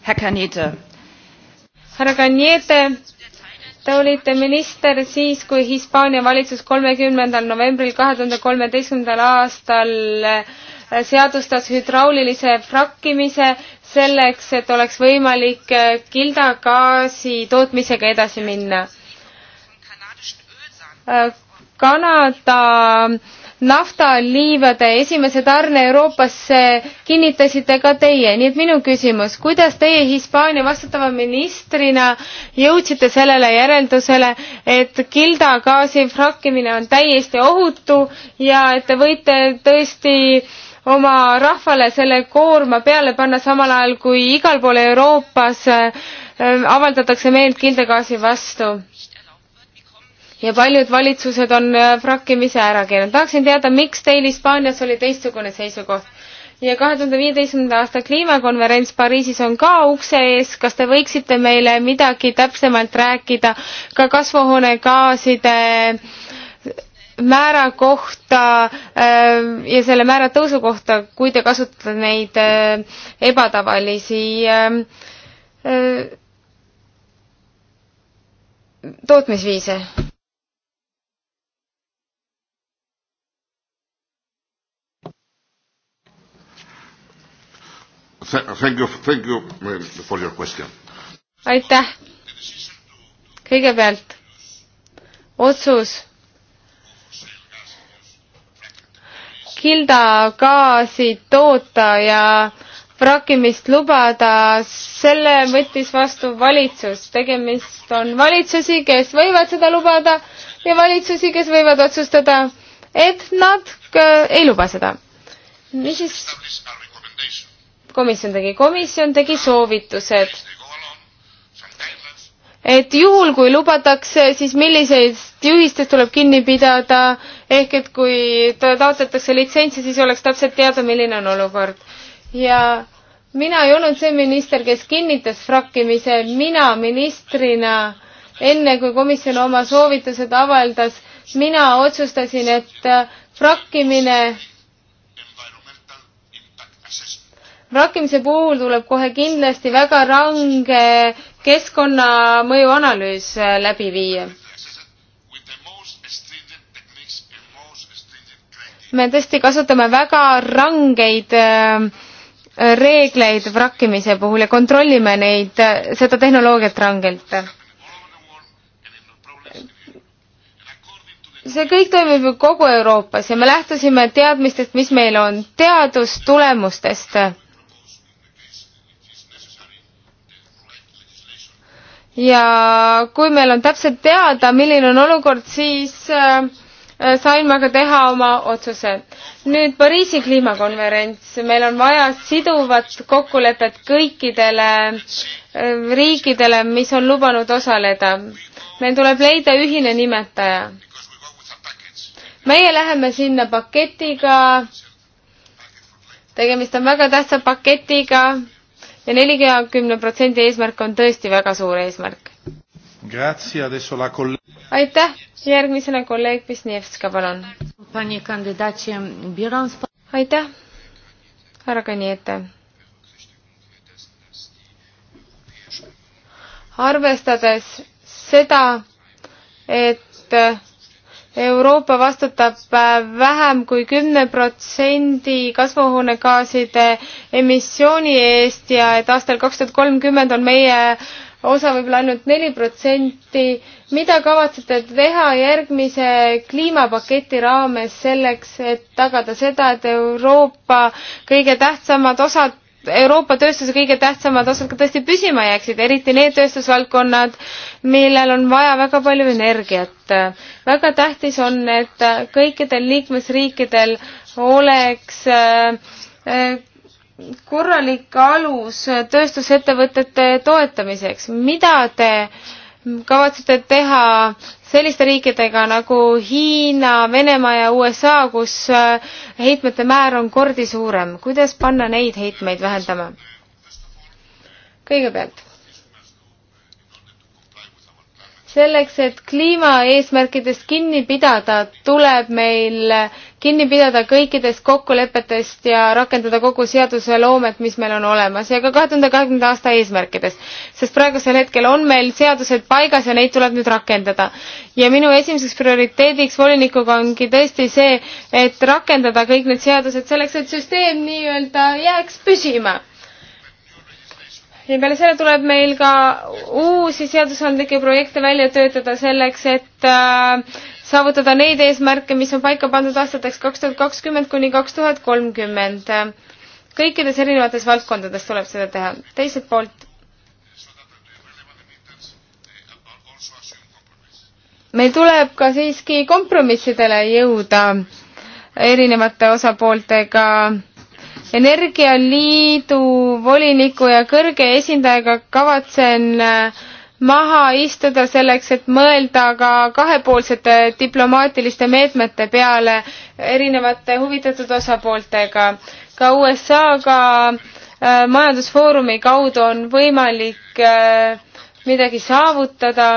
Herr Kanete, härra Kanjete, te olite minister siis, kui Hispaania valitsus kolmekümnendal novembril kahe tuhande kolmeteistkümnendal aastal eh, seadustas hüdraulilise frakkimise selleks, et oleks võimalik eh, kildagaasi tootmisega edasi minna. Eh, Kanada naftaliivade esimese tarne Euroopasse kinnitasite ka teie, nii et minu küsimus, kuidas teie Hispaania vastutava ministrina jõudsite sellele järeldusele, et Gilda gaasi frakkimine on täiesti ohutu ja et te võite tõesti oma rahvale selle koorma peale panna, samal ajal kui igal pool Euroopas äh, avaldatakse meelt kildagaasi vastu ja paljud valitsused on äh, frakkimise ära keelanud. tahaksin teada, miks teil Hispaanias oli teistsugune seisukoht? ja kahe tuhande viieteistkümnenda aasta kliimakonverents Pariisis on ka ukse ees. kas te võiksite meile midagi täpsemalt rääkida ka kasvuhoonegaaside äh, määra kohta äh, ja selle määra tõusu kohta, kui te kasutate neid ebatavalisi tootmisviise? Thank you, thank you for your question. aitäh. kõigepealt otsus Hilda gaasi toota ja vrakimist lubada, selle võttis vastu valitsus. tegemist on valitsusi, kes võivad seda lubada ja valitsusi, kes võivad otsustada, et nad äh, ei luba seda. niisiis komisjon tegi, komisjon tegi soovitused et juhul, kui lubatakse, siis millisest juhistest tuleb kinni pidada, ehk et kui taotletakse litsentsi, siis oleks täpselt teada, milline on olukord. ja mina ei olnud see minister, kes kinnitas frakkimise, mina ministrina, enne kui komisjon oma soovitused avaldas, mina otsustasin, et frakkimine vrakkimise puhul tuleb kohe kindlasti väga range keskkonnamõju analüüs äh, läbi viia. me tõesti kasutame väga rangeid äh, reegleid vrakkimise puhul ja kontrollime neid, äh, seda tehnoloogiat rangelt see kõik toimib ju kogu Euroopas ja me lähtusime teadmistest, mis meil on, teadustulemustest. ja kui meil on täpselt teada, milline on olukord, siis äh, sain ma ka teha oma otsuse. nüüd Pariisi kliimakonverents, meil on vaja siduvat kokkulepet kõikidele äh, riikidele, mis on lubanud osaleda. meil tuleb leida ühine nimetaja. meie läheme sinna paketiga, tegemist on väga tähtsa paketiga ja nelikümmend protsendi eesmärk on tõesti väga suur eesmärk. aitäh, järgmisena kolleeg Pisnevska, palun. aitäh, härra Kaniete. arvestades seda, et Euroopa vastutab äh, vähem kui kümne protsendi kasvuhoonegaaside emissiooni eest ja et aastal kaks tuhat kolmkümmend on meie osa võib-olla ainult neli protsenti. mida kavatsete teha järgmise kliimapaketi raames selleks, et tagada seda, et Euroopa kõige tähtsamad osad Euroopa tööstuse kõige tähtsamad osad ka tõesti püsima jääksid, eriti need tööstusvaldkonnad, millel on vaja väga palju energiat. väga tähtis on, et kõikidel liikmesriikidel oleks äh, äh, korralik alus tööstusettevõtete toetamiseks. mida te kavatsete teha selliste riikidega nagu Hiina, Venemaa ja USA, kus äh, heitmete määr on kordi suurem. kuidas panna neid heitmeid vähendama? kõigepealt selleks, et kliimaeesmärkidest kinni pidada, tuleb meil kinni pidada kõikidest kokkulepetest ja rakendada kogu seaduseloomet, mis meil on olemas ja ka kahe tuhande kahekümnenda aasta eesmärkidest. sest praegusel hetkel on meil seadused paigas ja neid tuleb nüüd rakendada. ja minu esimeseks prioriteediks volinikuga ongi tõesti see, et rakendada kõik need seadused selleks, et süsteem nii-öelda jääks püsima ja peale selle tuleb meil ka uusi seadusandlikke projekte välja töötada selleks, et äh, saavutada neid eesmärke, mis on paika pandud aastateks kaks tuhat kakskümmend kuni kaks tuhat kolmkümmend. kõikides erinevates valdkondades tuleb seda teha. teiselt poolt meil tuleb ka siiski kompromissidele jõuda erinevate osapooltega Energialiidu voliniku ja kõrge esindajaga kavatsen äh, maha istuda selleks, et mõelda ka kahepoolsete diplomaatiliste meetmete peale erinevate huvitatud osapooltega. ka USA-ga äh, majandusfoorumi kaudu on võimalik äh, midagi saavutada.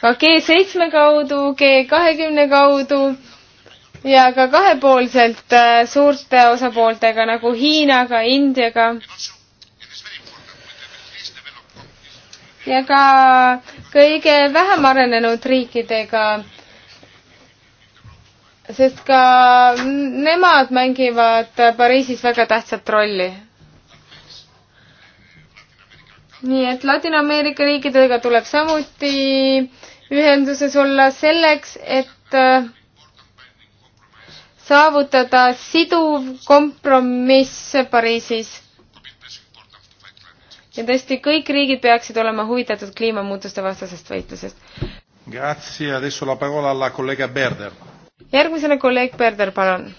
ka G7 kaudu, G20 kaudu ja ka kahepoolselt äh, suurte osapooltega nagu Hiinaga, Indiaga. ja ka kõige vähem arenenud riikidega sest ka nemad mängivad Pariisis väga tähtsat rolli. nii et Ladina-Ameerika riikidega tuleb samuti ühenduses olla selleks, et äh, saavutada siduv kompromiss Pariisis. ja tõesti, kõik riigid peaksid olema huvitatud kliimamuutuste vastasest võitlusest. järgmisena kolleeg Berder, palun.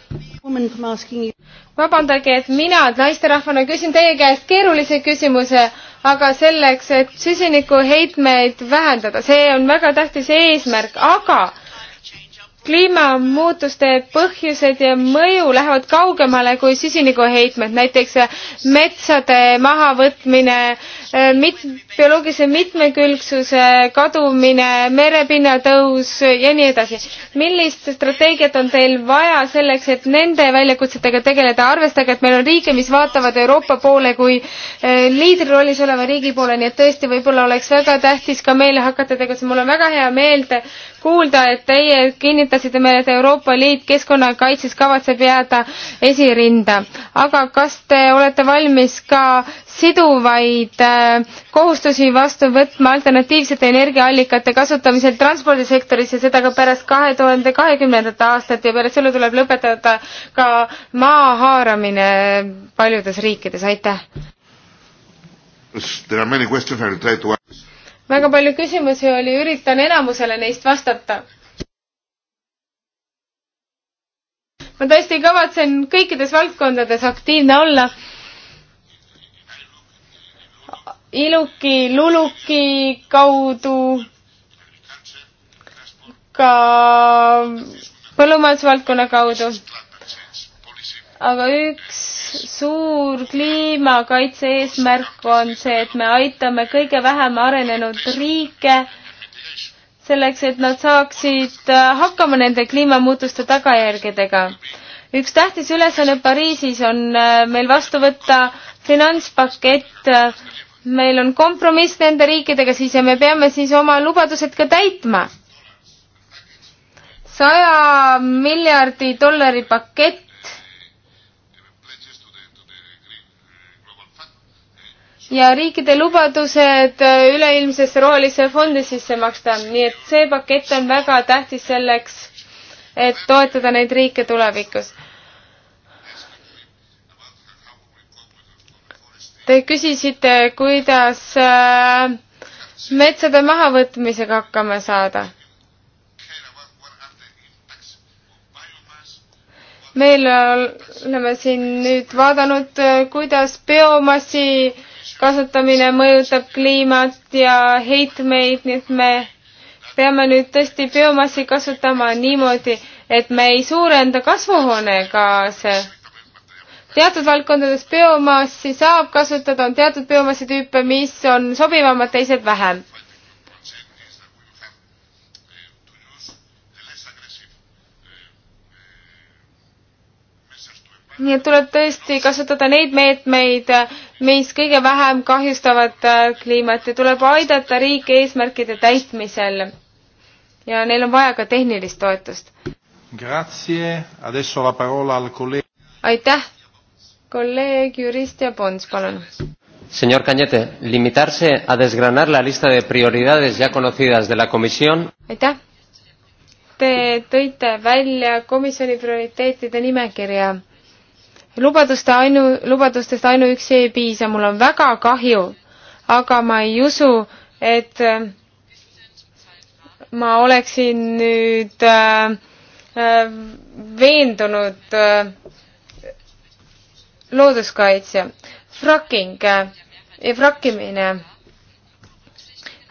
vabandage, et mina naisterahvana küsin teie käest keerulise küsimuse, aga selleks, et süsinikuheitmeid vähendada, see on väga tähtis eesmärk, aga kliimamuutuste põhjused ja mõju lähevad kaugemale kui süsinikuheitmed, näiteks metsade mahavõtmine, mit-, bioloogilise mitmekülgsuse kadumine, merepinna tõus ja nii edasi. millist strateegiat on teil vaja selleks, et nende väljakutsetega tegeleda, arvestage, et meil on riike, mis vaatavad Euroopa poole kui eh, liidrirollis oleva riigi poole, nii et tõesti, võib-olla oleks väga tähtis ka meile hakata tegutsema, mul on väga hea meel, kuulda, et teie kinnitasite meile, et Euroopa Liit keskkonnakaitses kavatseb jääda esirinda. aga kas te olete valmis ka siduvaid äh, kohustusi vastu võtma alternatiivsete energiaallikate kasutamisel transpordisektoris ja seda ka pärast kahe tuhande kahekümnendat aastat ja pärast selle tuleb lõpetada ka maa haaramine paljudes riikides, aitäh! There are many questions I will try to answer väga palju küsimusi oli, üritan enamusele neist vastata. ma tõesti kavatsen kõikides valdkondades aktiivne olla. iluki, luluki kaudu ka põllumajandusvaldkonna kaudu. aga üks suur kliimakaitse eesmärk on see, et me aitame kõige vähem arenenud riike selleks, et nad saaksid äh, hakkama nende kliimamuutuste tagajärgedega. üks tähtis ülesanne Pariisis on äh, meil vastu võtta finantspakett, meil on kompromiss nende riikidega siis ja me peame siis oma lubadused ka täitma. saja miljardi dollari pakett ja riikide lubadused üleilmsesse rohelisse fondi sisse maksta, nii et see pakett on väga tähtis selleks, et toetada neid riike tulevikus. Te küsisite, kuidas äh, metsade mahavõtmisega hakkama saada. meil oleme siin nüüd vaadanud, äh, kuidas biomassi kasutamine mõjutab kliimat ja heitmeid, nii et me peame nüüd tõesti biomassi kasutama niimoodi, et me ei suurenda kasvuhoonegaase. teatud valdkondades biomassi saab kasutada, on teatud biomassi tüüpe, mis on sobivamad, teised vähem. nii et tuleb tõesti kasutada neid meetmeid, mis kõige vähem kahjustavad äh, kliimat ja tuleb aidata riike eesmärkide täitmisel. ja neil on vaja ka tehnilist toetust. aitäh, kolleeg jurist ja Pons, palun. Señor Cañete, limitarse a desgranar la lista de prioridades ya conocidas de la Comisión. Aitäh. Te tõite välja komisjoni prioriteetide nimekirja lubaduste ainu, lubadustest ainuüksi ei piisa, mul on väga kahju, aga ma ei usu, et äh, ma oleksin nüüd äh, äh, veendunud äh, looduskaitsja. Fracking äh, ja frakkimine.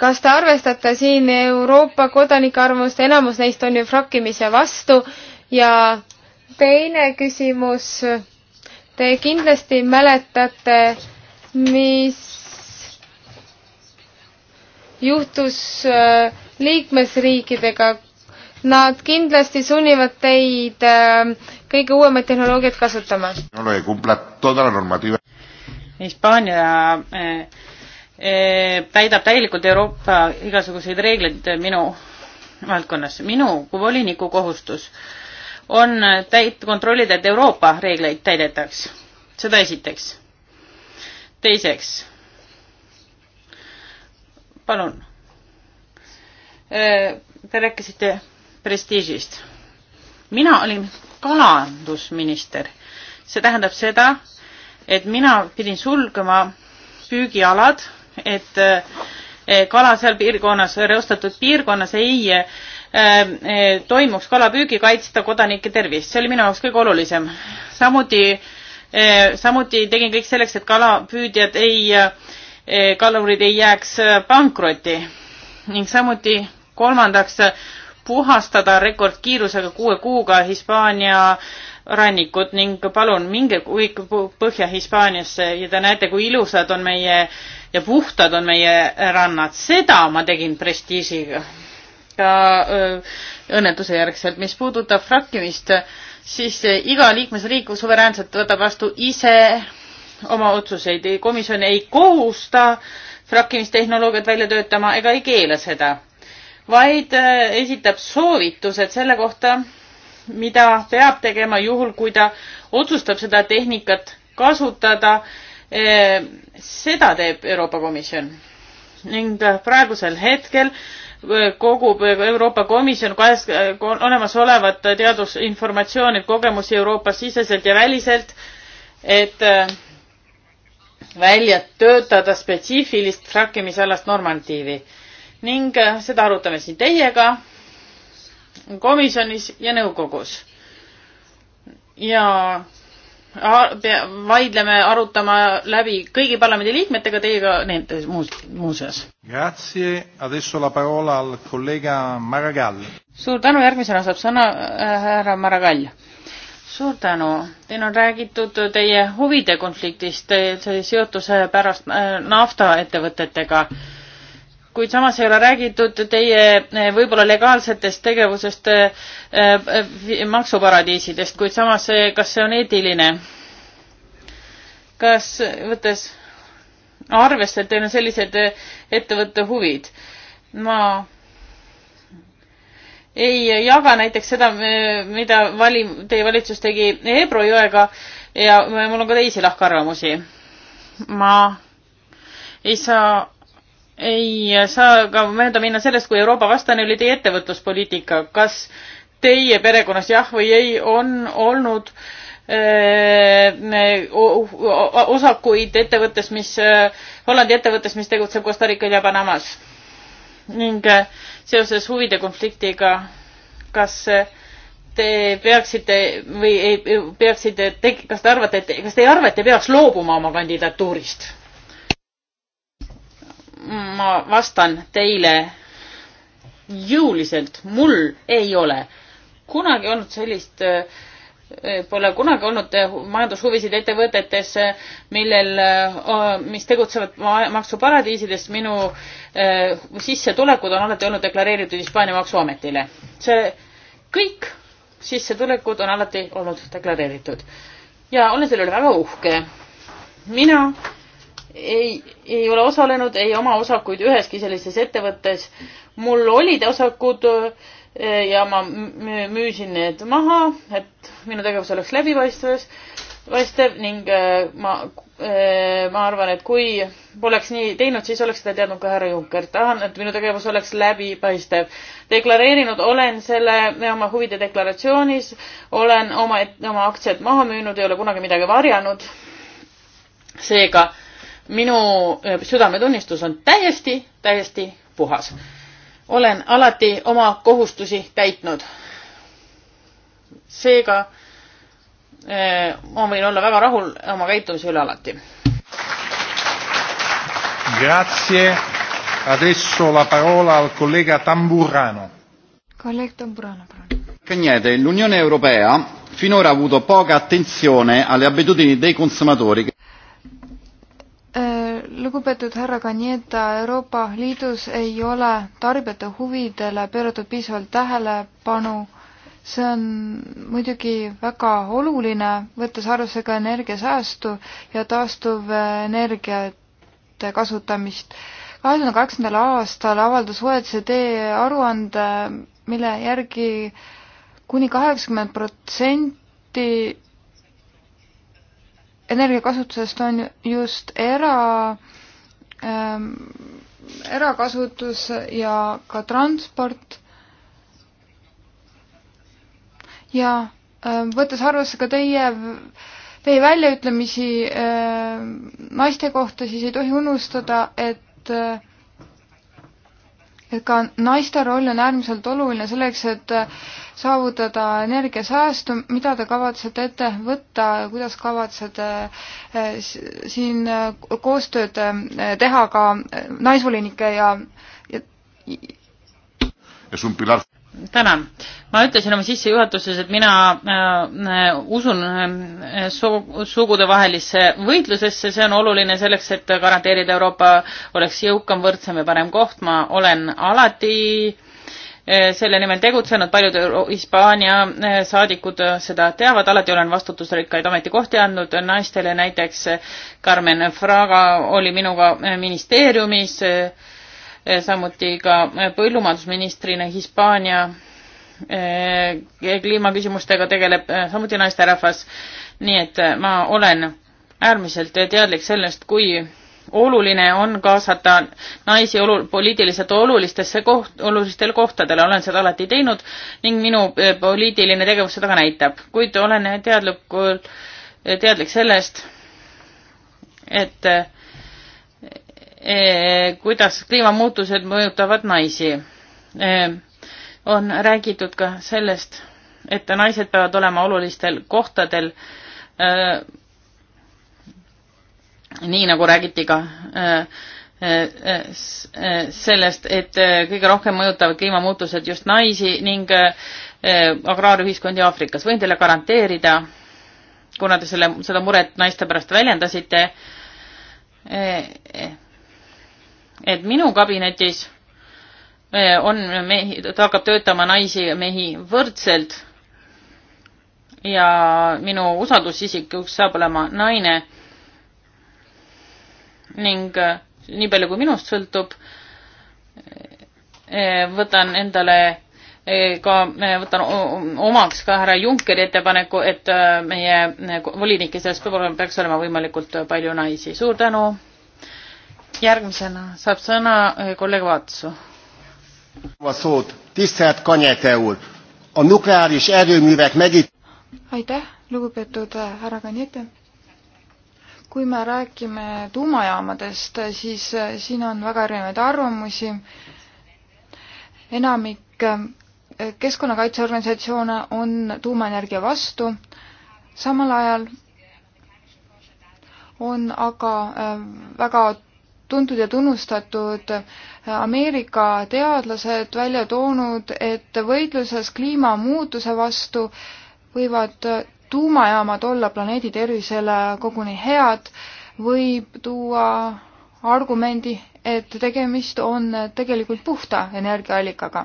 kas te arvestate siin Euroopa kodanike arvamust, enamus neist on ju frakkimise vastu ja teine küsimus äh, Te kindlasti mäletate, mis juhtus äh, liikmesriikidega. Nad kindlasti sunnivad teid äh, kõige uuemaid tehnoloogiat kasutama no,. Hispaania eh, eh, täidab täielikult Euroopa igasuguseid reegleid minu valdkonnas. minu kui voliniku kohustus eh, on täit-, kontrollida, et Euroopa reegleid täidetaks. seda esiteks. teiseks, palun. Te rääkisite prestiižist. mina olin kalandusminister, see tähendab seda, et mina pidin sulgema püügialad, et eh, kala seal piirkonnas, reostatud piirkonnas ei Äh, äh, toimuks kalapüügi kaitsta kodanike tervist, see oli minu jaoks kõige olulisem. samuti, äh, samuti tegin kõik selleks, et kalapüüdjad ei, kalurid ei jääks pankrotti ning samuti kolmandaks puhastada rekordkiirusega kuue kuuga Hispaania rannikud ning palun minge kõik Põhja-Hispaaniasse ja te näete, kui ilusad on meie ja puhtad on meie rannad. seda ma tegin prestiižiga ka õnnetuse järgselt. mis puudutab frakkimist, siis e, iga liikmesriik suveräänselt võtab vastu ise oma otsuseid. komisjon ei kohusta frakkimistehnoloogiat välja töötama ega ei keela seda, vaid e, esitab soovitused selle kohta, mida peab tegema juhul, kui ta otsustab seda tehnikat kasutada. E, seda teeb Euroopa Komisjon ning praegusel hetkel kogub Euroopa Komisjon kahes, olemasolevat teadusinformatsiooni, kogemusi Euroopas siseselt ja väliselt, et äh, välja töötada spetsiifilist trakkimisalast normatiivi ning äh, seda arutame siin teiega komisjonis ja nõukogus. ja vaidleme, arutama läbi kõigi parlamendiliikmetega, teiega nende muuseas. suur tänu, järgmisena saab sõna äh, härra Maragall. suur tänu, teil on räägitud teie huvide konfliktist, see seotuse äh, pärast äh, naftaettevõtetega äh, kuid samas ei ole räägitud teie eh, võib-olla legaalsetest tegevusest eh, eh, maksuparadiisidest, kuid samas, kas see on eetiline? kas võttes arvesse, et teil on sellised ettevõtte huvid, ma ei jaga näiteks seda, mida vali-, teie valitsus tegi Ebro jõega ja mul on ka teisi lahkarvamusi. ma ei saa ei saa ka mööda minna sellest, kui Euroopa vastane oli teie ettevõtluspoliitika. kas teie perekonnas jah või ei on olnud äh, osakuid ettevõttes, mis, äh, Hollandi ettevõttes, mis tegutseb Costa Rical ja Panamas. ning äh, seoses huvide konfliktiga, kas te peaksite või ei peaksite, kas te arvate, et, kas te ei arva, et te peaks loobuma oma kandidatuurist? ma vastan teile jõuliselt, mul ei ole kunagi olnud sellist äh, Pole kunagi olnud äh, majandushuvisid ettevõtetes, äh, millel, mis tegutsevad maksuparadiisides, minu sissetulekud on alati olnud deklareeritud Hispaania maksuametile. see kõik sissetulekud on alati olnud deklareeritud ja olen selle üle väga uhke. mina ei, ei ole osalenud, ei oma osakuid üheski sellises ettevõttes. mul olid osakud eh, ja ma müüsin need maha, et minu tegevus oleks läbipaistvus, paistev ning eh, ma, eh, ma arvan, et kui poleks nii teinud, siis oleks seda teadnud ka härra Juncker. tahan, et minu tegevus oleks läbipaistev. deklareerinud olen selle oma huvide deklaratsioonis, olen oma, oma aktsiad maha müünud, ei ole kunagi midagi varjanud. seega minu äh, südametunnistus on täiesti, täiesti puhas. olen alati oma kohustusi täitnud. seega äh, ma võin olla väga rahul oma käitumise üle alati. Grazie. Adesso la parola al collega Tamburrano. Collega Tamburrano, prego. Cagnete, l'Unione Europea finora ha avuto poca attenzione alle abitudini dei consumatori. Che lugupeetud härra Kanieta, Euroopa Liidus ei ole tarbijate huvidele pööratud piisavalt tähelepanu. see on muidugi väga oluline, võttes arvesse ka energiasäästu ja taastuvenergiate kasutamist. kahe tuhande kaheksandal aastal avaldas OECD aruande, mille järgi kuni kaheksakümmend protsenti energiakasutusest on just era ähm,, erakasutus ja ka transport. ja ähm, võttes arvesse ka teie, teie väljaütlemisi ähm, naiste kohta, siis ei tohi unustada, et äh, ka naiste roll on äärmiselt oluline selleks, et äh, saavutada energiasäästu, mida te kavatsete ette võtta, kuidas kavatsete äh, äh, siin koostööd teha ka naisvolinike ja, ja... ja tänan. ma ütlesin oma sissejuhatuses, et mina äh, äh, usun äh, su sugudevahelisse võitlusesse, see on oluline selleks, et garanteerida Euroopa oleks jõukam, võrdsem ja parem koht. ma olen alati äh, selle nimel tegutsenud, paljud Hispaania äh, saadikud äh, seda teavad, alati olen vastutusrikkaid ametikohti andnud naistele, näiteks Carmen Fraga oli minuga äh, ministeeriumis äh, Eh, samuti ka eh, põllumajandusministrina Hispaania eh, kliimaküsimustega tegeleb samuti naisterahvas. nii et ma olen äärmiselt teadlik sellest, kui oluline on kaasata naisi olu-, poliitiliselt olulistesse koht-, olulistele kohtadele, olen seda alati teinud ning minu poliitiline tegevus seda ka näitab, kuid olen teadlik, teadlik sellest, et äh, Eh, kuidas kliimamuutused mõjutavad naisi. Eh, on räägitud ka sellest, et naised peavad olema olulistel kohtadel, eh, nii nagu räägiti ka sellest, et kõige rohkem mõjutavad kliimamuutused just naisi ning agraarühiskondi Aafrikas. võin teile garanteerida, kuna te selle, seda muret naiste pärast väljendasite, et minu kabinetis eh, on mehi, ta hakkab töötama naisi ja mehi võrdselt ja minu usaldusisikuks saab olema naine ning eh, nii palju kui minust sõltub, eh, võtan endale ka, võtan omaks ka härra Junckeri ettepaneku, et meie volinike seas peab olema, peaks olema võimalikult palju naisi. suur tänu järgmisena saab sõna eh, kolleeg Vaatsu. aitäh, lugupeetud eh, härra Kanjete. kui me räägime tuumajaamadest, eh, siis siin on väga erinevaid arvamusi. enamik keskkonnakaitseorganisatsioone on tuumaenergia vastu, samal ajal on aga väga tuntud ja tunnustatud äh, Ameerika teadlased välja toonud, et võitluses kliimamuutuse vastu võivad äh, tuumajaamad olla planeedi tervisele koguni head, võib tuua argumendi, et tegemist on tegelikult puhta energiaallikaga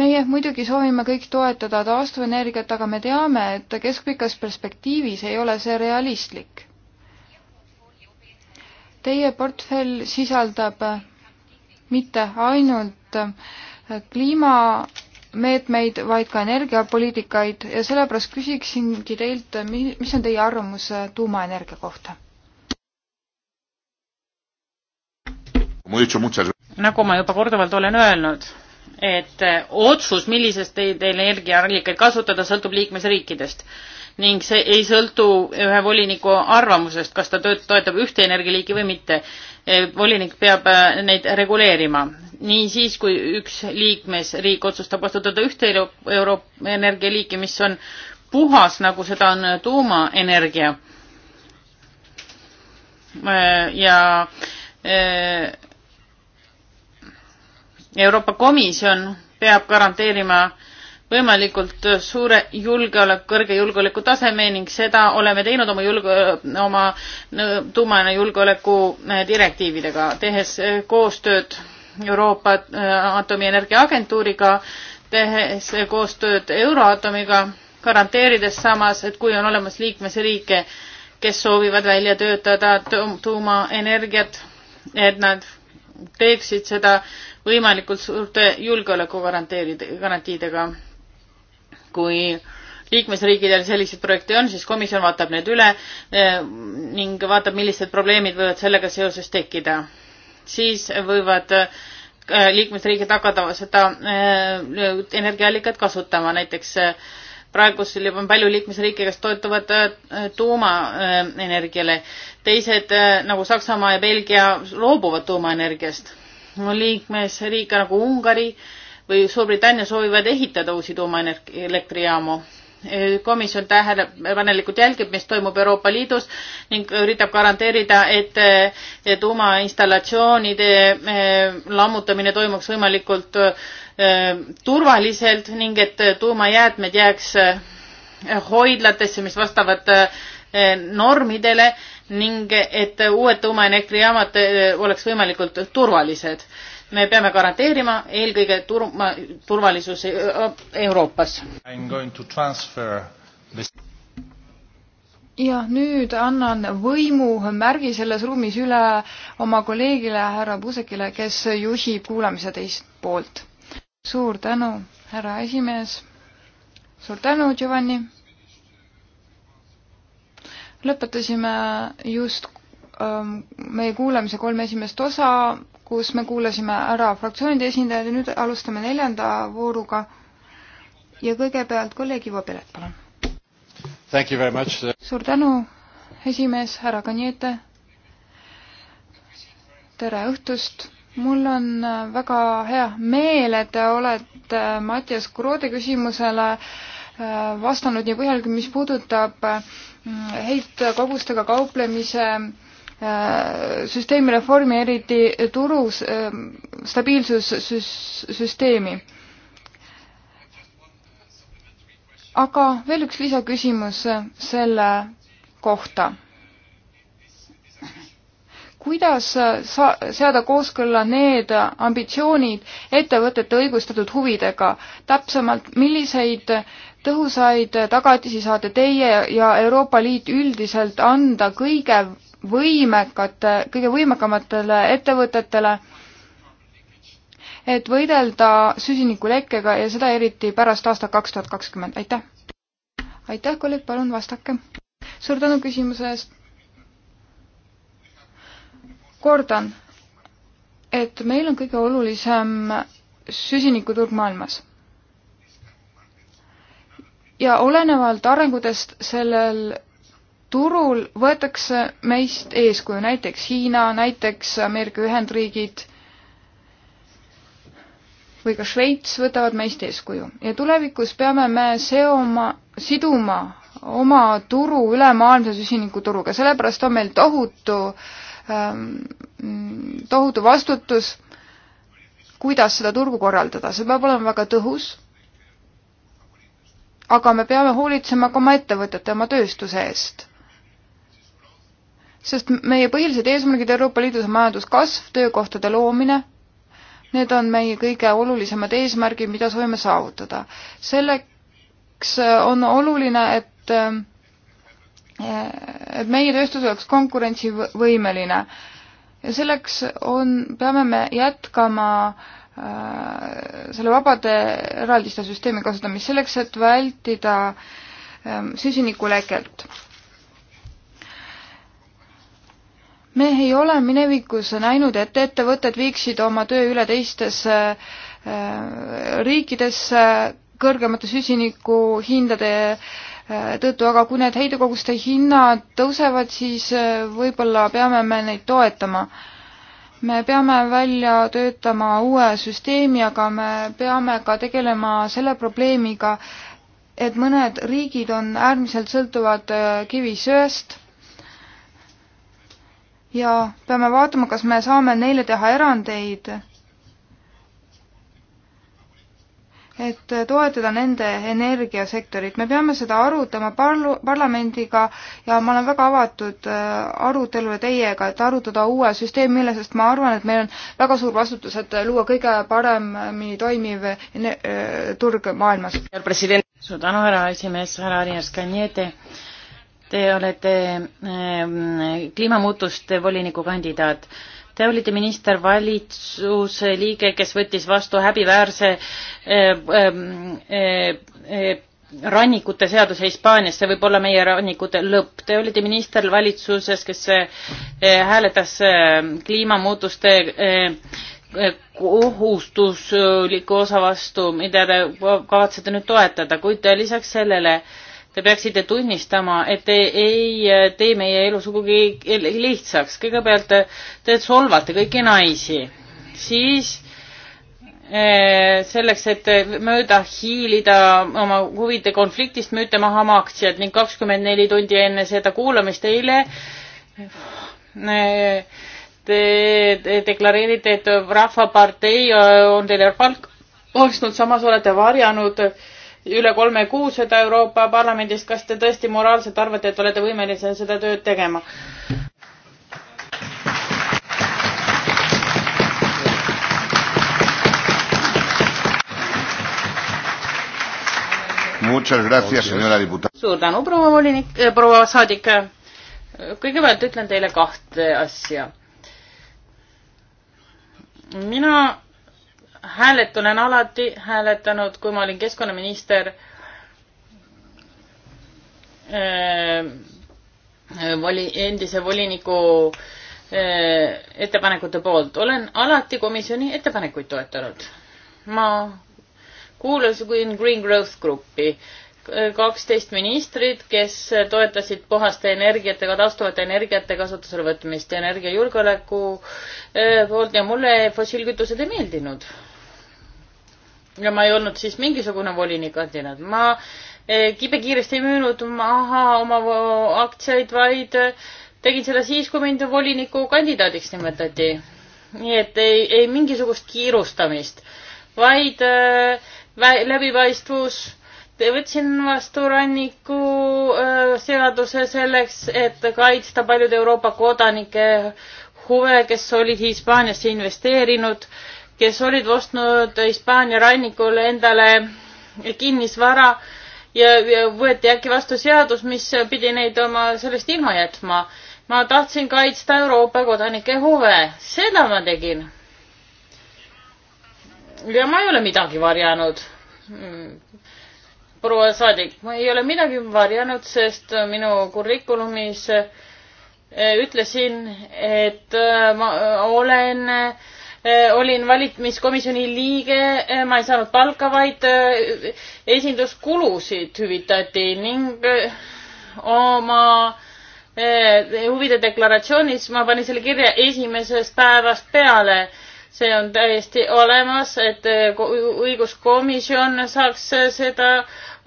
meie muidugi soovime kõik toetada taastuvenergiat, aga me teame, et keskpikas perspektiivis ei ole see realistlik Teie portfell sisaldab mitte ainult kliimameetmeid, vaid ka energiapoliitikaid ja sellepärast küsiksingi teilt, mis on teie arvamus tuumaenergia kohta? nagu ma juba korduvalt olen öelnud, et otsus, millisest e-, energiaallikaid kasutada, sõltub liikmesriikidest ning see ei sõltu ühe voliniku arvamusest, kas ta tööt-, toetab ühte energialiiki või mitte. E, volinik peab e, neid reguleerima. nii siis, kui üks liikmesriik otsustab vastutada ühte euro-, energialiiki, mis on puhas, nagu seda on tuumaenergia e, ja Euroopa Komisjon peab garanteerima äh, võimalikult suure julgeoleku, kõrge julgeoleku taseme ning seda oleme teinud oma julge-, oma tuumane julgeoleku äh, direktiividega, tehes äh, koostööd Euroopa äh, Atomienergia Agentuuriga, tehes koostööd Euroatomiga, garanteerides samas, et kui on olemas liikmesriike, kes soovivad välja töötada tuumaenergiat, et nad teeksid seda võimalikult suurte julgeoleku garanteeride, garantiidega kui liikmesriikidel selliseid projekte on, siis komisjon vaatab need üle eh, ning vaatab, millised probleemid võivad sellega seoses tekkida. siis võivad eh, liikmesriigid hakata seda eh, energiaallikat kasutama, näiteks praegusel juba on palju liikmesriike, kes toetuvad tuumaenergiale, teised nagu Saksamaa ja Belgia loobuvad tuumaenergiast. liikmesriike nagu Ungari äh, või Suurbritannia soovivad ehitada uusi tuumaelektrijaamu. komisjon tähelepanelikult jälgib, mis toimub Euroopa Liidus ning üritab garanteerida, et tuumainstallatsioonide eh, lammutamine toimuks võimalikult eh, turvaliselt ning et tuumajäätmed jääks eh, hoidlatesse, mis vastavad normidele ning et uued tuumaelektrijaamad oleks võimalikult turvalised me peame garanteerima eelkõige tur-, turvalisuse Euroopas. ja nüüd annan võimumärgi selles ruumis üle oma kolleegile härra Pusekile, kes juhib kuulamise teist poolt. suur tänu, härra esimees. suur tänu, Giovanni. lõpetasime just ähm, meie kuulamise kolm esimest osa kus me kuulasime ära fraktsioonide esindajad ja nüüd alustame neljanda vooruga. ja kõigepealt kolleeg Ivo Pelet, palun. suur tänu, esimees, härra Kaniete. tere õhtust mul on väga hea meel, et te olete Mattias Kurode küsimusele äh, vastanud nii põhjalikult, mis puudutab mm, heitkogustega kauplemise Äh, süsteemi reformi, eriti turu ähm, stabiilsussüsteemi. aga veel üks lisaküsimus selle kohta. kuidas sa-, seada kooskõlla need ambitsioonid ettevõtete õigustatud huvidega, täpsemalt milliseid tõhusaid tagatisi saate teie ja Euroopa Liit üldiselt anda kõige võimekate, kõige võimekamatele ettevõtetele, et võidelda süsinikulekkega ja seda eriti pärast aastat kaks tuhat kakskümmend, aitäh! aitäh, kolleeg, palun vastake! suur tänu küsimuse eest! kordan, et meil on kõige olulisem süsinikuturg maailmas ja olenevalt arengutest sellel turul võetakse meist eeskuju, näiteks Hiina, näiteks Ameerika Ühendriigid või ka Šveits võtavad meist eeskuju ja tulevikus peame me seoma, siduma oma turu ülemaailmse süsinikuturuga, sellepärast on meil tohutu ähm,, tohutu vastutus, kuidas seda turgu korraldada, see peab olema väga tõhus, aga me peame hoolitsema ka oma ettevõtete, oma tööstuse eest sest meie põhilised eesmärgid Euroopa Liidus on majanduskasv, töökohtade loomine, need on meie kõige olulisemad eesmärgid, mida soovime saavutada. selleks äh, on oluline, et äh, et meie tööstus oleks konkurentsivõimeline ja selleks on, peame me jätkama äh, selle vabade eraldiste süsteemi kasutamist selleks, et vältida äh, süsinikuleket me ei ole minevikus näinud, et ettevõtted viiksid oma töö üle teistesse äh, riikidesse kõrgemate süsinikuhindade äh, tõttu, aga kui need heidekoguste hinnad tõusevad, siis äh, võib-olla peame me neid toetama. me peame välja töötama uue süsteemi, aga me peame ka tegelema selle probleemiga, et mõned riigid on äärmiselt sõltuvad kivisöest ja peame vaatama, kas me saame neile teha erandeid, et toetada nende energiasektorit. me peame seda arutama parlu-, parlamendiga ja ma olen väga avatud äh, arutelule teiega, et arutada uue süsteemi üle, sest ma arvan, et meil on väga suur vastutus, et luua kõige paremini toimiv äh, turg maailmas. suur tänu, härra esimees, härra Arias Kanjete Te olete ehm, kliimamuutuste voliniku kandidaat. Te olite minister valitsuse liige, kes võttis vastu häbiväärse ehm, ehm, rannikute seaduse Hispaanias, see võib olla meie rannikute lõpp. Te olite minister valitsuses, kes hääletas kliimamuutuste kohustusliku osa vastu, mida te kavatsete nüüd toetada, kuid lisaks sellele äh, Te peaksite tunnistama, et te ei eh, tee meie elu sugugi lihtsaks. kõigepealt te solvate kõiki naisi, siis eh, selleks, et mööda hiilida oma huvide konfliktist, müüte maha maksjad ning kakskümmend neli tundi enne seda kuulamist eile eh, te, te deklareerite, et Rahvapartei on teile palk ostnud, samas olete varjanud äh, üle kolme kuu seda Euroopa Parlamendist, kas te tõesti moraalselt arvate, et olete võimeline seda tööd tegema? suur tänu, proua volinik, eh, proua saadik. kõigepealt ütlen teile kahte asja. mina häälet olen alati hääletanud, kui ma olin keskkonnaminister äh,. voli, endise voliniku äh, ettepanekute poolt, olen alati komisjoni ettepanekuid toetanud. ma kuulasin Green Growth Groupi kaksteist ministrit, kes toetasid puhaste energiatega, taastuvate energiate kasutusele võtmist ja energiajulgeoleku äh, poolt ja mulle fossiilkütused ei meeldinud ja ma ei olnud siis mingisugune volinikukandidaat, ma eh, kibekiiresti ei müünud maha oma aktsiaid, vaid eh, tegin seda siis, kui mind volinikukandidaadiks nimetati. nii et ei, ei mingisugust kiirustamist, vaid äh, läbipaistvus. võtsin vastu ranniku äh, seaduse selleks, et kaitsta paljude Euroopa kodanike huve, kes olid Hispaaniasse investeerinud äh, kes olid ostnud Hispaania rannikul endale kinnisvara ja, ja võeti äkki vastu seadus, mis pidi neid oma sellest ilma jätma. ma tahtsin kaitsta Euroopa kodanike huve, seda ma tegin. ja ma ei ole midagi varjanud. proua saadik, ma ei ole midagi varjanud, sest minu kurikulumis ütlesin, et ma olen äh, Äh, olin valimiskomisjoni liige, äh, ma ei saanud palka, vaid äh, esinduskulusid hüvitati ning oma huvide deklaratsioonis ma panin selle kirja esimesest päevast peale. see on täiesti olemas, et õiguskomisjon saaks seda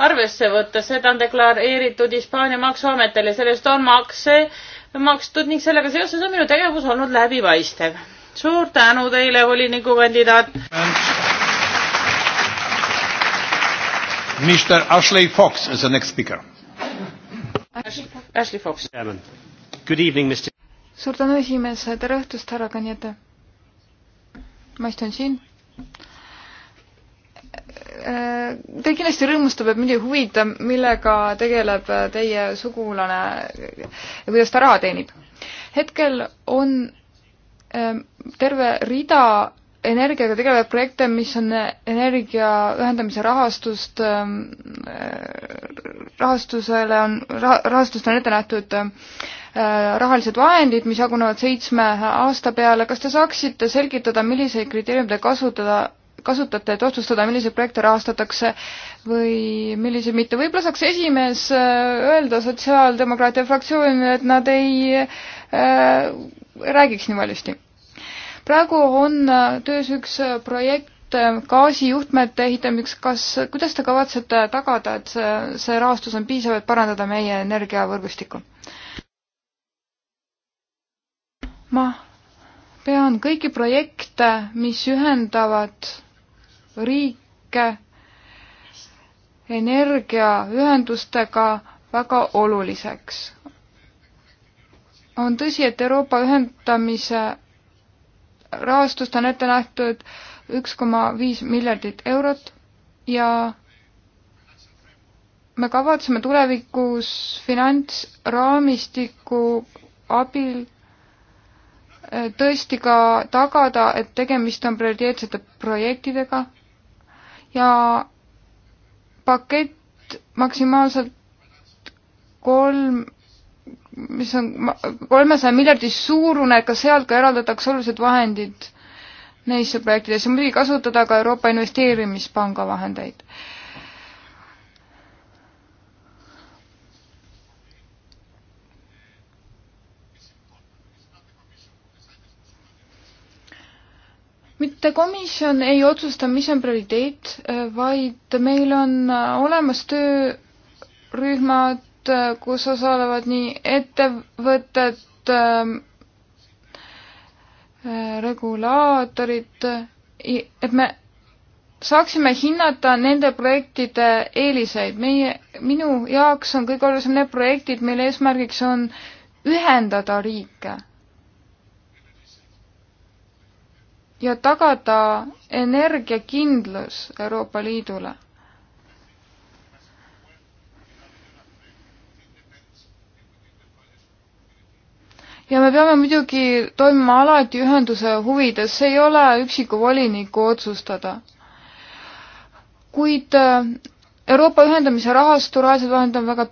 arvesse võtta, seda on deklareeritud Hispaania maksuametile, sellest on makse makstud ning sellega seoses on minu tegevus olnud läbipaistev suur tänu teile, volinikukandidaat. Mr Ashley Fox is the next speaker. Ashley, Ashley Fox. Good evening, Mr. suur tänu, esimees, tere õhtust, härra Kanjete. ma istun siin. Äh, teid kindlasti rõõmustab ja muidugi huvitab, millega tegeleb teie sugulane ja kuidas ta raha teenib. hetkel on Ehm, terve rida energiaga tegelevaid projekte, mis on energia ühendamise rahastust, ehm, eh, rahastusele on, rahastust on ette nähtud eh, rahalised vahendid, mis jagunevad seitsme aasta peale. kas te saaksite selgitada, milliseid kriteeriume te kasutada kasutate, et otsustada, milliseid projekte rahastatakse või milliseid mitte. võib-olla saaks esimees äh, öelda Sotsiaaldemokraatia fraktsioonile, et nad ei äh, räägiks nii valjusti. praegu on äh, töös üks äh, projekt, gaasijuhtmete ehitamiseks, kas, kuidas te kavatsete tagada, et see, see rahastus on piisav, et parandada meie energiavõrgustikku? ma pean kõiki projekte, mis ühendavad riike energiaühendustega väga oluliseks. on tõsi, et Euroopa ühendamise rahastust on ette nähtud üks koma viis miljardit eurot ja me kavatseme tulevikus finantsraamistiku abil eh, tõesti ka tagada, et tegemist on prioriteetsete projektidega ja pakett maksimaalselt kolm, mis on kolmesaja miljardi suurune, kas sealt ka eraldatakse olulised vahendid neisse projektidesse, muidugi kasutada ka Euroopa Investeerimispanga vahendeid mitte komisjon ei otsusta, mis on prioriteet, vaid meil on olemas töörühmad, kus osalevad nii ettevõtted, regulaatorid, et me saaksime hinnata nende projektide eeliseid. meie, minu jaoks on kõige olulisem need projektid, mille eesmärgiks on ühendada riike ja tagada energiakindlus Euroopa Liidule. ja me peame muidugi toimima alati ühenduse huvides, see ei ole üksiku voliniku otsustada. kuid Euroopa ühendamise rahastu rahalised vahendid on väga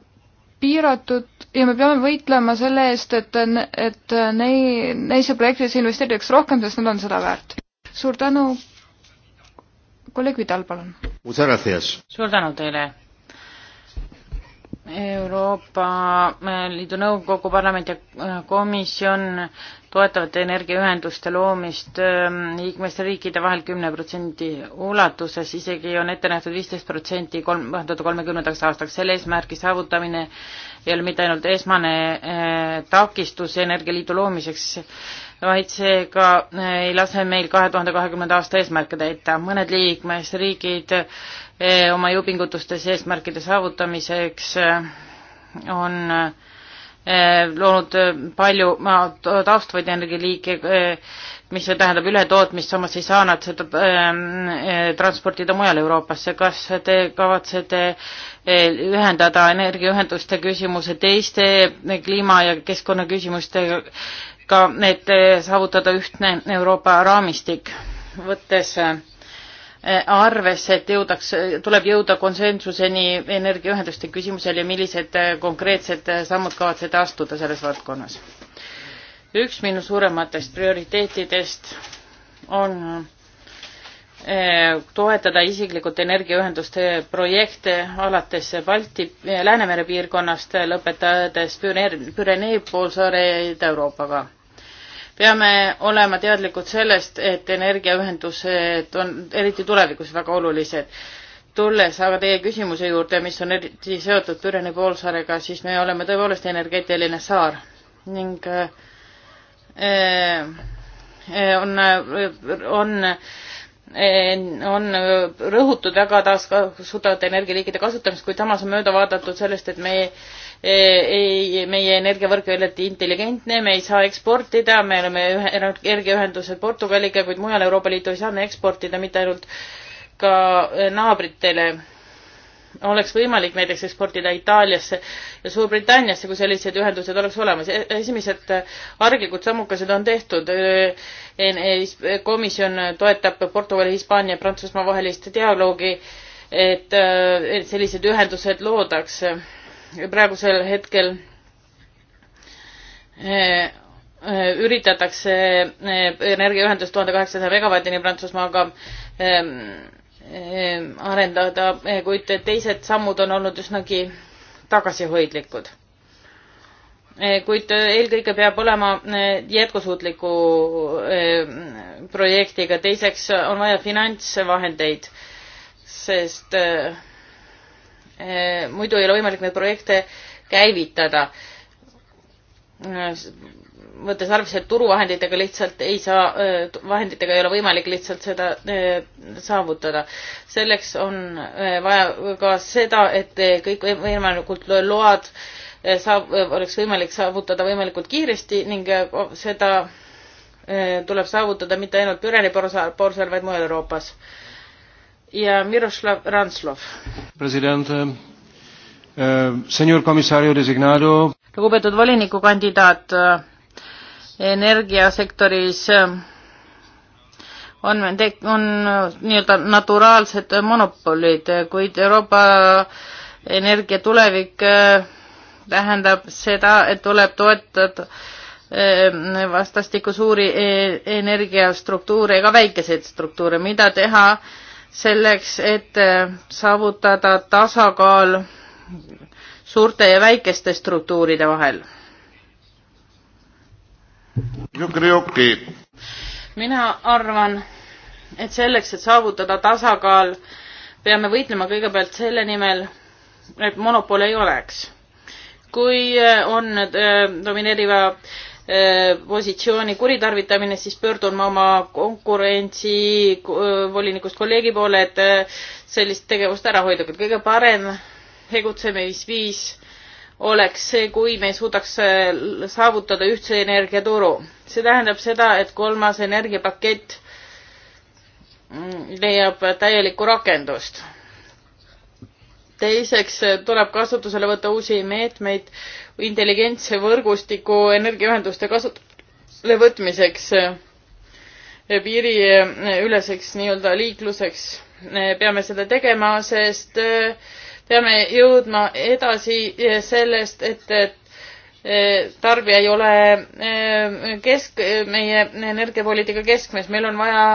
piiratud ja me peame võitlema selle eest, et, et nei-, neisse projektidesse investeeritakse rohkem, sest nad on seda väärt suur tänu. kolleeg Vidal, palun. suur tänu teile. Euroopa äh, Liidu Nõukogu Parlament ja äh, Komisjon toetavad energiaühenduste loomist ähm, liikmesriikide vahel kümne protsendi ulatuses, isegi on ette nähtud viisteist protsenti kolm, kahe tuhande kolmekümnendaks aastaks. selle eesmärgi saavutamine ei ole mitte ainult esmane äh, takistus energialiidu loomiseks, vaid seega ei lase meil kahe tuhande kahekümnenda aasta eesmärke täita. mõned liikmesriigid eh, oma jõupingutustes eesmärkide saavutamiseks eh, on eh, loonud palju taastuvaid energialiike, mis tähendab ületootmist, samas ei saa nad seda transportida mujale Euroopasse. kas te kavatsete ühendada energiaühenduste küsimuse teiste kliima- ja keskkonnaküsimustega ka, et eh, saavutada ühtne Euroopa raamistik, võttes eh, arvesse, et jõudaks, tuleb jõuda konsensuseni energiaühenduste küsimusel ja millised eh, konkreetsed sammud kavatsete astuda selles valdkonnas. üks minu suurematest prioriteetidest on Eh, toetada isiklikult energiaühenduste projekte alates Balti, Läänemere piirkonnast, lõpetades Pürenee poolsaare ja Ida-Euroopaga. peame olema teadlikud sellest, et energiaühendused on eriti tulevikus väga olulised. tulles aga teie küsimuse juurde, mis on eriti seotud Pürenee poolsaarega, siis me oleme tõepoolest energeetiline saar ning äh, on, on on rõhutud väga taaskasutavate energialiikide kasutamist, kuid samas on mööda vaadatud sellest, et me e, ei, meie energiavõrk ei ole intelligentne, me ei saa eksportida, me oleme energiaühendused Portugaliga, kuid mujal Euroopa Liitu ei saa me eksportida mitte ainult ka naabritele oleks võimalik näiteks eksportida Itaaliasse ja Suurbritanniasse, kui sellised ühendused oleks olemas. E-, esimesed arglikud sammukesed on tehtud. E-, e-, komisjon toetab Portugali, Hispaania, Prantsusmaa vahelist dialoogi, et sellised ühendused loodaks. praegusel hetkel üritatakse energiaühendust tuhande kaheksasaja megavatini Prantsusmaaga Ehm, arendada, eh, kuid teised sammud on olnud üsnagi tagasihoidlikud. Eh, kuid eh, eelkõige peab olema jätkusuutliku ehm, projektiga, teiseks on vaja finantsvahendeid, sest muidu ei ole võimalik neid projekte käivitada võttes arvesse, et turuvahenditega lihtsalt ei saa, äh, vahenditega ei ole võimalik lihtsalt seda äh, saavutada. selleks on äh, vaja ka seda, et kõik võimalikult load saab, oleks võimalik saavutada võimalikult kiiresti ning seda tuleb saavutada mitte ainult Püreni poolsaar, poolsaar, vaid mujal Euroopas. ja Miroslav Ranslov. president äh,, senior komissario designado. lugupeetud volinikukandidaat energiasektoris äh, on, on äh, nii-öelda naturaalsed monopolid, äh, kuid Euroopa energia tulevik tähendab seda, et tuleb toetada vastastikku suuri energiastruktuure ja ka väikeseid struktuure, mida teha selleks, et saavutada tasakaal suurte ja väikeste struktuuride vahel mina arvan, et selleks, et saavutada tasakaal, peame võitlema kõigepealt selle nimel, et monopole ei oleks. kui eh, on eh, domineeriva eh, positsiooni kuritarvitamine, siis pöördun ma oma konkurentsi volinikust kolleegi poole, et sellist tegevust ära hoida, kõige parem tegutsemisviis oleks see, kui me suudaks saavutada ühtse energiaturu. see tähendab seda, et kolmas energiapakett leiab täielikku rakendust. teiseks tuleb kasutusele võtta uusi meetmeid intelligentse võrgustiku energiaühenduste kasutusele võtmiseks, piiriüleseks nii-öelda liikluseks. peame seda tegema, sest äh, peame jõudma edasi eh, sellest, et eh, tarbija ei ole eh, kesk, meie energiapoliitika keskmes, meil on vaja,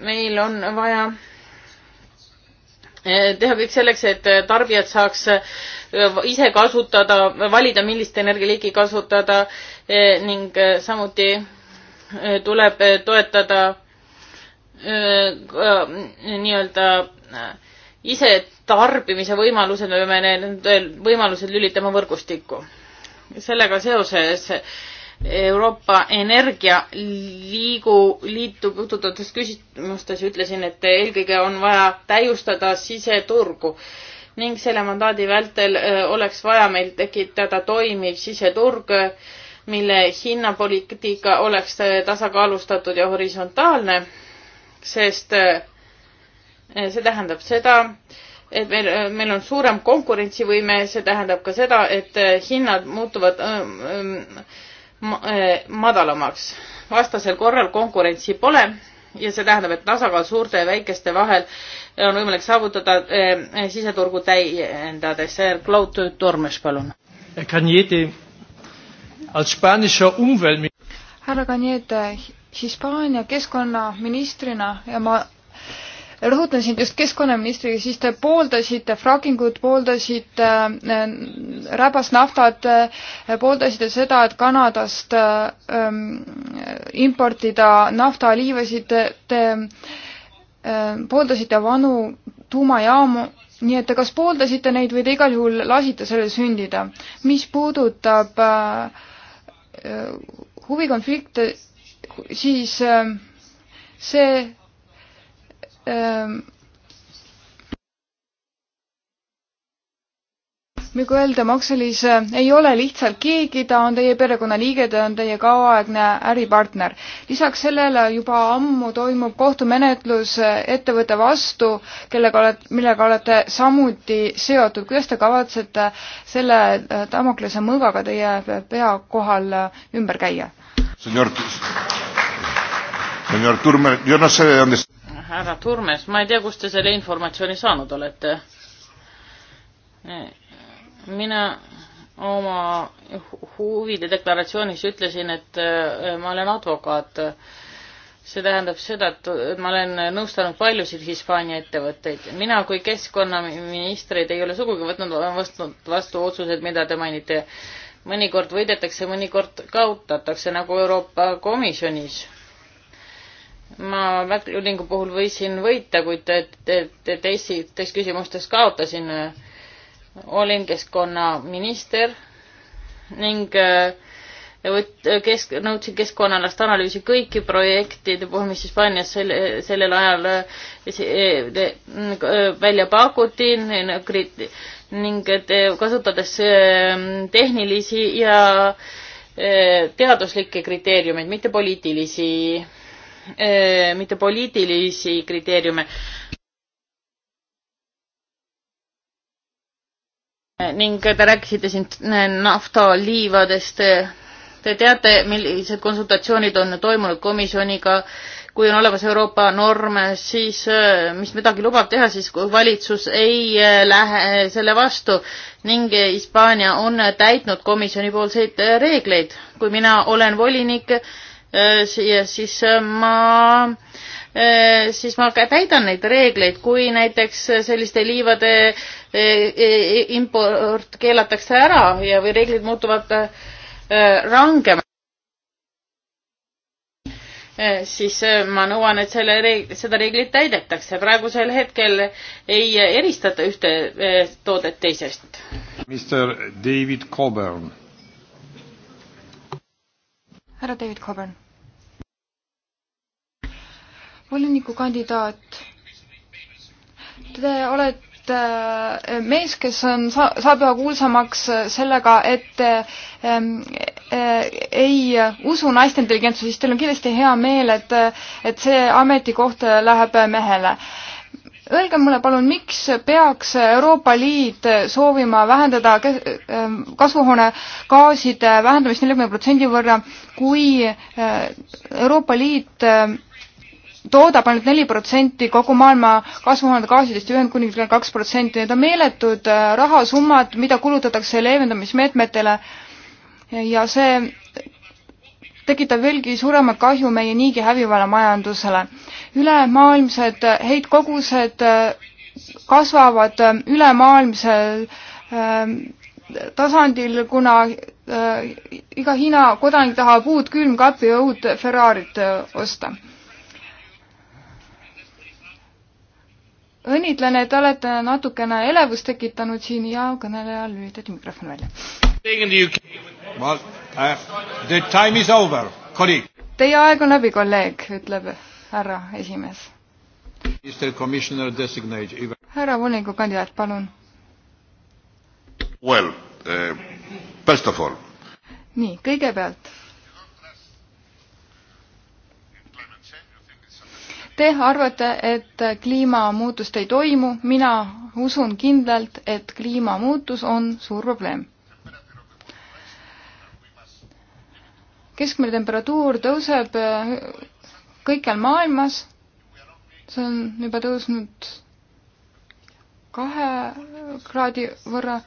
meil on vaja teha kõik selleks, et tarbijad saaks ise kasutada, valida, millist energialiiki kasutada ning samuti tuleb toetada nii-öelda ise tarbimise võimalused, me peame need võimalused lülitama võrgustikku. sellega seoses Euroopa Energialiigu liitu puudutavates küsimustes ütlesin, et eelkõige on vaja täiustada siseturgu ning selle mandaadi vältel oleks vaja meil tekitada toimiv siseturg, mille hinnapoliitika oleks tasakaalustatud ja horisontaalne, sest Eh, see tähendab seda, et meil, eh, meil on suurem konkurentsivõime, see tähendab ka seda, et eh, hinnad muutuvad madalamaks. vastasel korral konkurentsi pole ja see tähendab, et tasakaal suurte ja väikeste vahel on võimalik saavutada siseturgu täiendades. Claude Tormes, palun. härra Cañete, Hispaania keskkonnaministrina ja ma rõhutan siin just keskkonnaministriga, siis te pooldasite frackingut, pooldasite äh, räbasnaftat äh,, pooldasite seda, et Kanadast äh, importida naftaliivasid, te äh, pooldasite vanu tuumajaamu, nii et te kas pooldasite neid või te igal juhul lasite sellel sündida. mis puudutab äh, äh, huvikonflikte, siis see Ähm, nagu öelda, Maxelis äh, ei ole lihtsalt keegi, ta on teie perekonnaliige, ta on teie kauaaegne äripartner. lisaks sellele juba ammu toimub kohtumenetlus äh, ettevõtte vastu, kellega olete, millega olete samuti seotud. kuidas te kavatsete selle Damoklese äh, mõõgaga teie pea kohal ümber käia? härra Turmes, ma ei tea, kust te selle informatsiooni saanud olete. mina oma huvide deklaratsioonis ütlesin, et äh, ma olen advokaat. see tähendab seda, et ma olen nõustanud paljusid Hispaania ettevõtteid. mina kui keskkonnaministreid ei ole sugugi võtnud, võtnud vastu otsused, mida te mainite. mõnikord võidetakse, mõnikord kaotatakse, nagu Euroopa Komisjonis ma Backloadingu puhul võisin võita, kuid teistes küsimustes kaotasin. olin keskkonnaminister ning äh, võt-, kesk-, nõudsin keskkonnaalast analüüsi kõiki projektide puhul, mis Hispaanias sel-, sellel ajal äh, äh, välja pakuti ning kasutades tehnilisi ja teaduslikke kriteeriumeid, mitte poliitilisi Äh, mitte poliitilisi kriteeriume. ning te rääkisite siin äh, naftaliivadest. Te teate, millised konsultatsioonid on toimunud komisjoniga, kui on olemas Euroopa norm, siis äh, mis midagi lubab teha, siis valitsus ei lähe selle vastu ning Hispaania on täitnud komisjonipoolseid reegleid. kui mina olen volinik, Äh, ja siis äh, ma äh, siis ma täidan neid reegleid, kui näiteks selliste liivade e, e, import keelatakse ära ja, või reeglid muutuvad rangemaks, siis ma nõuan, et selle reeg-, seda reeglit täidetakse. praegusel hetkel ei eristata ühte toodet teisest. Mr David Coburn härra David Coburn. volinikukandidaat, te olete äh, mees, kes on, saab üha kuulsamaks äh, sellega, et ähm, äh, ei usu naiste intelligentsusse, siis teil on kindlasti hea meel, et, äh, et see ametikoht läheb mehele äh, Öelge mulle palun, miks peaks Euroopa Liit soovima vähendada ähm, kasvuhoonegaaside vähendamist neljakümne protsendi võrra, kui äh, Euroopa Liit äh, toodab ainult neli protsenti kogu maailma kasvuhoonegaasidest ja Ühendkuningriigil kaks protsenti, need on meeletud äh, rahasummad, mida kulutatakse leevendamismeetmetele ja see tekitab veelgi suurema kahju meie niigi hävivale majandusele. ülemaailmsed heitkogused äh, kasvavad äh, ülemaailmsel ähm, tasandil, kuna äh, iga Hiina kodanik tahab uut külmkapi ja uut Ferrarit osta. õnnitlen, et olete natukene elevust tekitanud siin ja kõnelejal lülitati mikrofon välja uh,. The time is over, kolleeg. Teie aeg on läbi, kolleeg, ütleb härra esimees. härra volikogu kandidaat, palun. Well uh,, first of all. nii, kõigepealt. Te arvate, et kliimamuutust ei toimu, mina usun kindlalt, et kliimamuutus on suur probleem keskmine temperatuur tõuseb äh, kõikjal maailmas, see on juba tõusnud kahe kraadi võrra.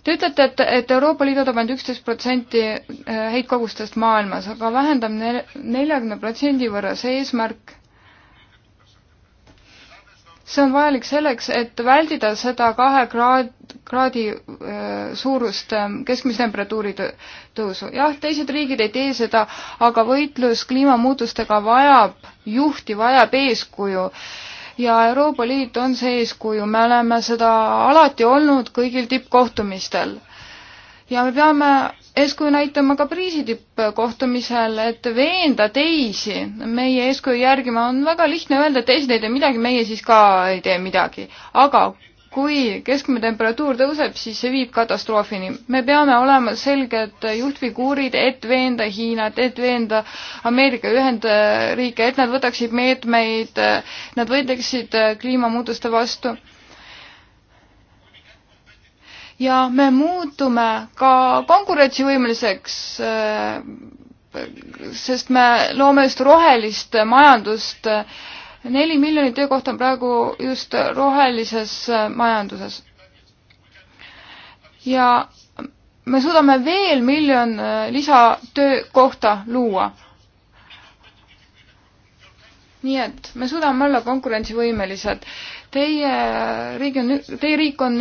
Te ütlete, et, et Euroopa Liit toodab ainult üksteist protsenti äh, heitkogustest maailmas, aga vähendab neljakümne protsendi võrra, see eesmärk see on vajalik selleks, et väldida seda kahe kraad, kraadi suurust keskmise temperatuuri tõusu. jah, teised riigid ei tee seda, aga võitlus kliimamuutustega vajab juhti, vajab eeskuju. ja Euroopa Liit on see eeskuju, me oleme seda alati olnud kõigil tippkohtumistel. ja me peame eeskuju näitama ka Pariisi tippkohtumisel, et veenda teisi meie eeskuju järgima, on väga lihtne öelda, et teised ei tee midagi, meie siis ka ei tee midagi. aga kui keskmine temperatuur tõuseb, siis see viib katastroofini. me peame olema selged juhtfiguurid, et veenda Hiinat, et veenda Ameerika Ühendriike, et nad võtaksid meetmeid, nad võitleksid kliimamuutuste vastu ja me muutume ka konkurentsivõimeliseks, äh, sest me loome just rohelist majandust. neli miljonit töökohta on praegu just rohelises äh, majanduses. ja me suudame veel miljon äh, lisatöökohta luua. nii et me suudame olla konkurentsivõimelised Teie riik on, teie riik on,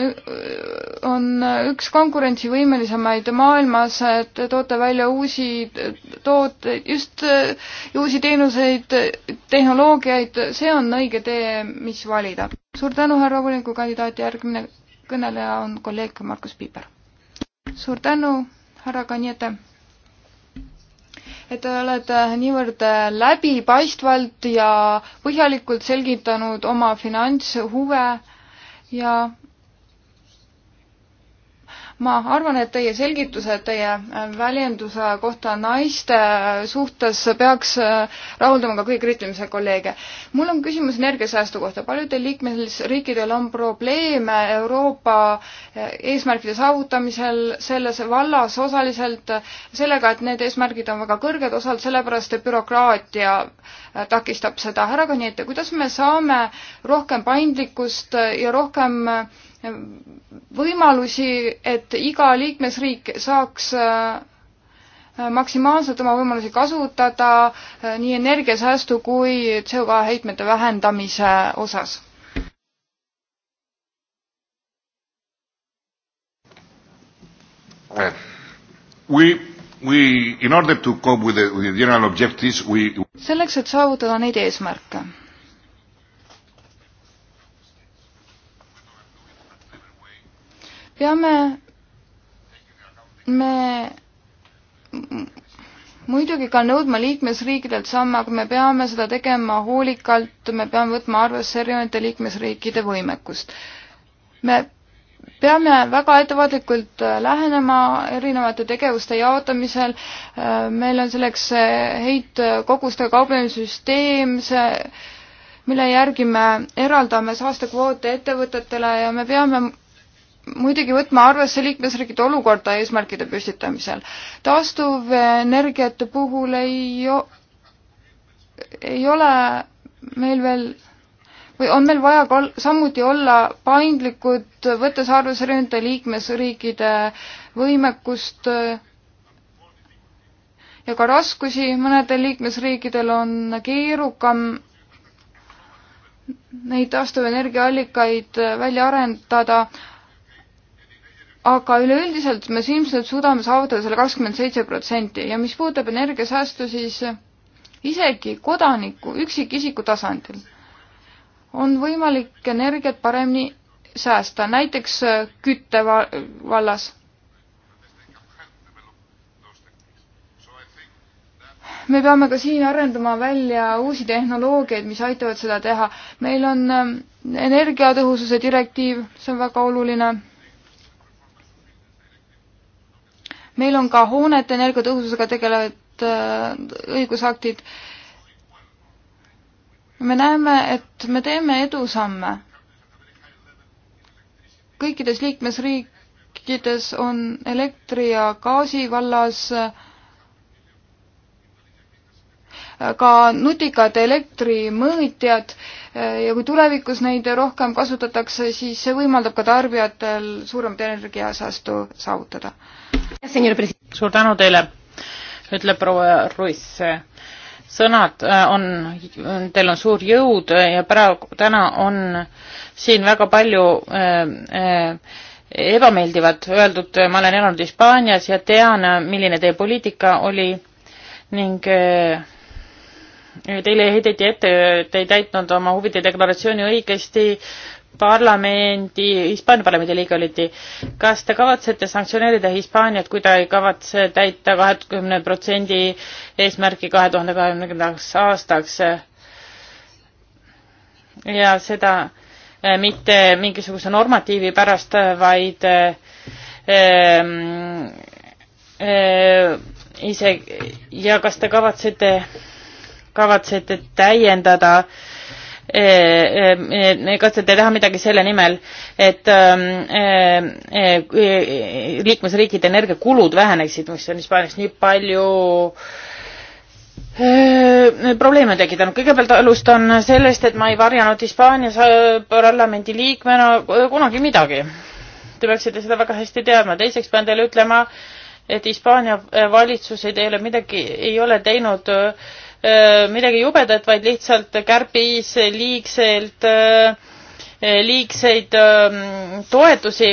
on üks konkurentsivõimelisemaid maailmas, et toote välja uusi tooteid, just uusi teenuseid, tehnoloogiaid, see on õige tee, mis valida. suur tänu, härra volinikukandidaat, järgmine kõneleja on kolleeg Markus Piiper. suur tänu, härra Kanjete et te olete niivõrd läbipaistvalt ja põhjalikult selgitanud oma finantshuve ja ma arvan, et teie selgitused teie äh, väljenduse kohta naiste äh, suhtes peaks äh, rahuldama ka kõige kriitilisemaid kolleege. mul on küsimus energiasäästu kohta. paljudel liikmesriikidel on probleeme Euroopa eesmärkide saavutamisel selles vallas osaliselt sellega, et need eesmärgid on väga kõrged, osalt sellepärast, et bürokraatia takistab seda. härra Kanjete, kuidas me saame rohkem paindlikkust ja rohkem äh, võimalusi, et iga liikmesriik saaks äh, maksimaalselt oma võimalusi kasutada äh, nii energiasäästu kui CO2 heitmete vähendamise osas uh, We, we, in order to cope with the, with the general objectives, we selleks, et saavutada neid eesmärke peame me muidugi ka nõudma liikmesriikidelt samme, aga me peame seda tegema hoolikalt, me peame võtma arvesse erinevate liikmesriikide võimekust. me peame väga ettevaatlikult äh, lähenema erinevate tegevuste jaotamisel, äh, meil on selleks heitkogustega kauplemissüsteem, see mille järgi me eraldame saastekvoote ettevõtetele ja me peame muidugi võtma arvesse liikmesriikide olukorda eesmärkide püstitamisel. taastuvenergiate puhul ei, ei ole meil veel või on meil vaja ka samuti olla paindlikud, võttes arvesse nende liikmesriikide võimekust ja ka raskusi, mõnedel liikmesriikidel on keerukam neid taastuvenergiaallikaid välja arendada, aga üleüldiselt me ilmselt suudame saavutada selle kakskümmend seitse protsenti ja mis puudutab energiasäästu, siis isegi kodaniku, üksikisiku tasandil on võimalik energiat paremini säästa, näiteks kütte vallas. me peame ka siin arendama välja uusi tehnoloogiaid, mis aitavad seda teha. meil on ähm, energiatõhususe direktiiv, see on väga oluline meil on ka hoonete energiatõhususega tegelevad äh, õigusaktid. me näeme, et me teeme edusamme. kõikides liikmesriikides on elektri ja gaasi vallas äh, ka nutikad elektrimõõtjad eh, ja kui tulevikus neid rohkem kasutatakse, siis see võimaldab ka tarbijatel suuremat energiasäästu saavutada. suur tänu teile, ütleb proua Ruiss. sõnad eh, on, teil on suur jõud eh, ja praegu, täna on siin väga palju äh, äh, ebameeldivat öeldud, ma olen elanud Hispaanias ja tean, milline teie poliitika oli ning äh, Teile heideti ette, te ei täitnud oma huvide deklaratsiooni õigesti, parlamendi, Hispaania parlamendi liige olite. kas te kavatsete sanktsioneerida Hispaaniat, kui ta ei kavatse täita kahekümne protsendi eesmärki kahe tuhande kahekümnendaks aastaks? ja seda eh, mitte mingisuguse normatiivi pärast, vaid ähm, äh, ise ja kas te kavatsete kavatsete täiendada eh, eh, eh, kas te teha midagi selle nimel, et ähm, liikmesriikide energiakulud väheneksid, mis on Hispaanias nii palju probleeme tekitanud. kõigepealt alustan sellest, et ma ei varjanud Hispaanias äh, parlamendi liikmena äh, kunagi midagi. Te peaksite seda väga hästi teadma. teiseks pean teile ütlema, et Hispaania äh, valitsus ei tee midagi, ei ole teinud äh, Äh, midagi jubedat, vaid lihtsalt kärbis liigselt, äh, liigseid ähm, toetusi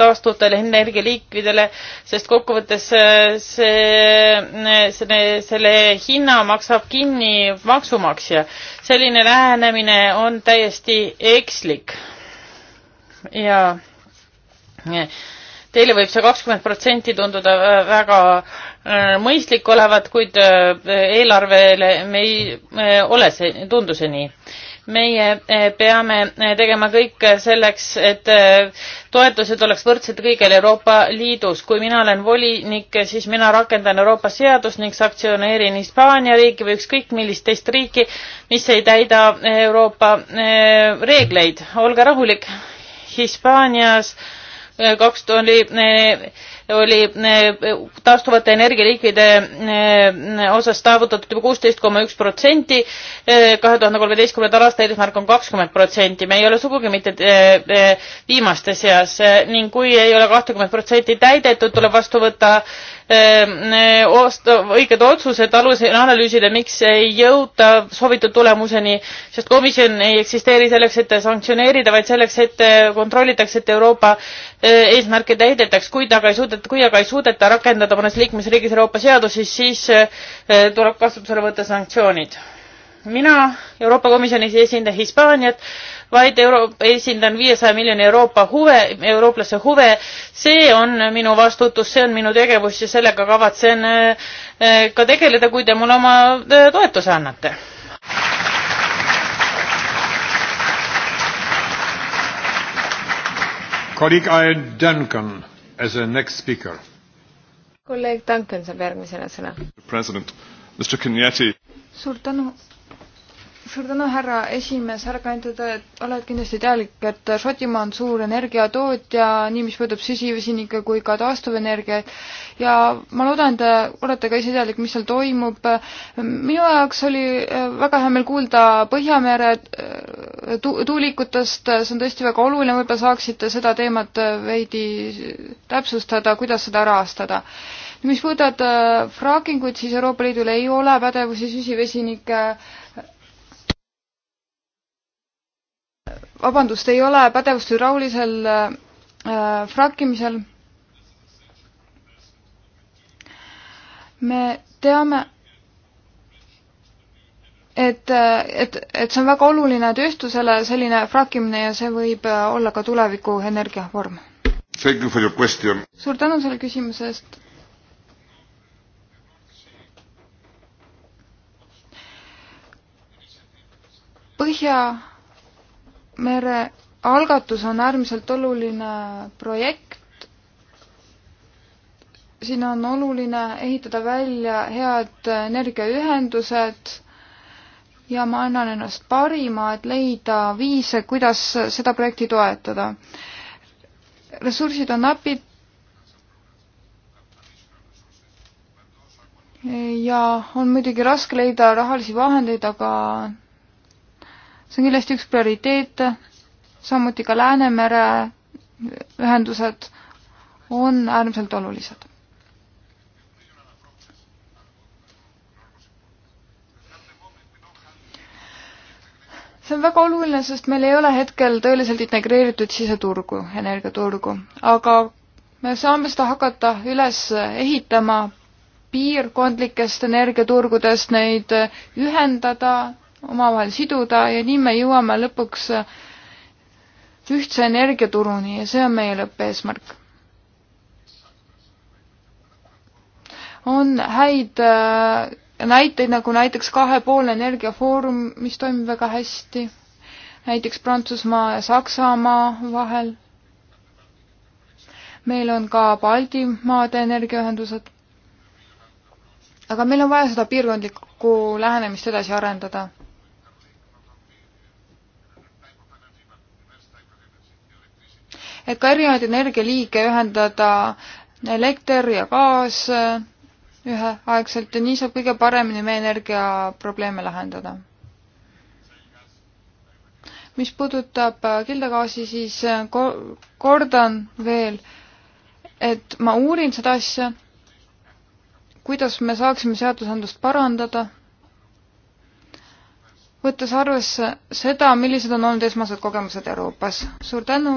taastuvatele energialiikidele, sest kokkuvõttes äh, see, selle, selle hinna maksab kinni maksumaksja. selline lähenemine on täiesti ekslik. ja teile võib see kakskümmend protsenti tunduda väga Äh, mõistlik olevat, kuid äh, eelarvele me ei äh, ole see, tundu see nii. meie peame tegema kõik selleks, et toetused oleks võrdsed kõigil Euroopa Liidus. kui mina olen volinik, siis mina rakendan Euroopa seadust ning sanktsioneerin Hispaania riiki või ükskõik millist teist riiki, mis ei täida Euroopa reegleid. olge rahulik, Hispaanias kaks tuhat oli eh, taastuvate energialiikide eh, osas saavutatud juba kuusteist koma üks protsenti, eh, kahe tuhande kolmeteistkümnendal aastal eesmärk on kakskümmend protsenti, me ei ole sugugi mitte viimaste seas ning kui ei ole kahtekümmet protsenti täidetud, tuleb vastu võtta Ehm, eh, õiged otsused, alusel analüüsida, miks ei jõuta soovitud tulemuseni, sest komisjon ei eksisteeri selleks, et sanktsioneerida, vaid selleks, et eh, kontrollitakse, et Euroopa eh, eesmärke täidetaks. kui aga ei suudeta, kui aga ei suudeta rakendada mõnes liikmesriigis Euroopa seadusi, siis tuleb kasutusele võtta sanktsioonid. mina Euroopa Komisjonis ei esinda Hispaaniat, vaid euro-, esindan viiesaja miljoni Euroopa huve, eurooplase huve. see on minu vastutus, see on minu tegevus ja sellega kavatsen äh, äh, ka tegeleda, kui te mulle oma äh, toetuse annate. kolleeg Duncan as a next speaker. kolleeg Duncan saab järgmisena sõna. president, Mr Kenyatta. suur tänu suur tänu, härra esimees, härra kandidaat, te olete kindlasti teadlik, et Šotimaa on suur energiatootja, nii mis puudutab süsivesinikke kui ka taastuvenergiat ja ma loodan, te olete ka ise teadlik, mis seal toimub. minu jaoks oli äh, väga hea meel kuulda Põhjamere äh, tu-, tuulikutest, see on tõesti väga oluline, võib-olla saaksite seda teemat äh, veidi täpsustada, kuidas seda rahastada mis puudutab fracking ut, siis Euroopa Liidul ei ole pädevusi süsivesinike äh, vabandust, ei ole pädevust hüdraulisel äh, frakkimisel. me teame, et, et, et see on väga oluline tööstusele, selline frakkimine ja see võib äh, olla ka tuleviku energiavorm. You suur tänu selle küsimuse eest. Põhja mere algatus on äärmiselt oluline projekt. siin on oluline ehitada välja head energiaühendused ja ma annan ennast parima, et leida viise, kuidas seda projekti toetada. ressursid on napid. ja on muidugi raske leida rahalisi vahendeid, aga see on kindlasti üks prioriteete, samuti ka Läänemere ühendused on äärmiselt olulised. see on väga oluline, sest meil ei ole hetkel tõeliselt integreeritud siseturgu, energiaturgu, aga me saame seda hakata üles ehitama piirkondlikest energiaturgudest, neid ühendada omavahel siduda ja nii me jõuame lõpuks ühtse energiaturuni ja see on meie lõppeesmärk. on häid äh, näiteid nagu näiteks kahepoolne energiafoorum, mis toimib väga hästi, näiteks Prantsusmaa ja Saksamaa vahel. meil on ka Baltimaade energiaühendused aga meil on vaja seda piirkondlikku lähenemist edasi arendada. et ka erinevaid energialiike ühendada, elekter ja gaas äh, üheaegselt ja nii saab kõige paremini meie energiaprobleeme lahendada. mis puudutab äh, kildagaasi, siis äh, ko-, kordan veel, et ma uurin seda asja, kuidas me saaksime seadusandlust parandada võttes arvesse seda, millised on olnud esmased kogemused Euroopas. suur tänu,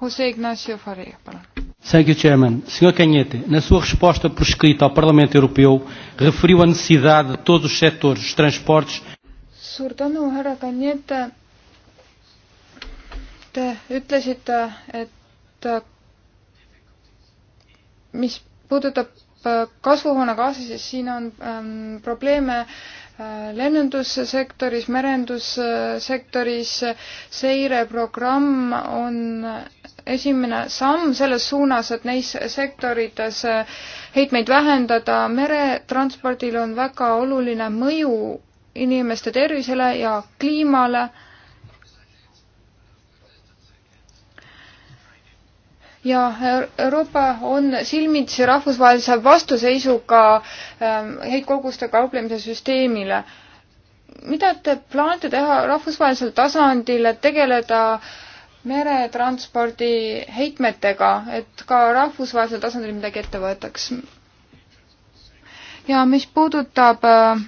José Ignacio Faria, palun. Thank you, Chairman. Sr. Canhete, na sua resposta por escrito ao Parlamento Europeu, referiu a necessidade de todos os setores, os transportes. Suur tänu, härra Canhete. Te ütlesite, et äh, mis puudutab äh, kasvuhoonegaasi, siis siin on ähm, probleeme äh, lennundussektoris, merendussektoris seireprogramm on esimene samm selles suunas, et neis sektorites heitmeid vähendada. meretranspordil on väga oluline mõju inimeste tervisele ja kliimale ja Euroopa on silmitsi rahvusvahelise vastuseisuga ähm, heitkogustega kauplemise süsteemile. mida te plaanite teha rahvusvahelisel tasandil, et tegeleda meretranspordi heitmetega, et ka rahvusvahelisel tasandil midagi ette võetaks? ja mis puudutab äh,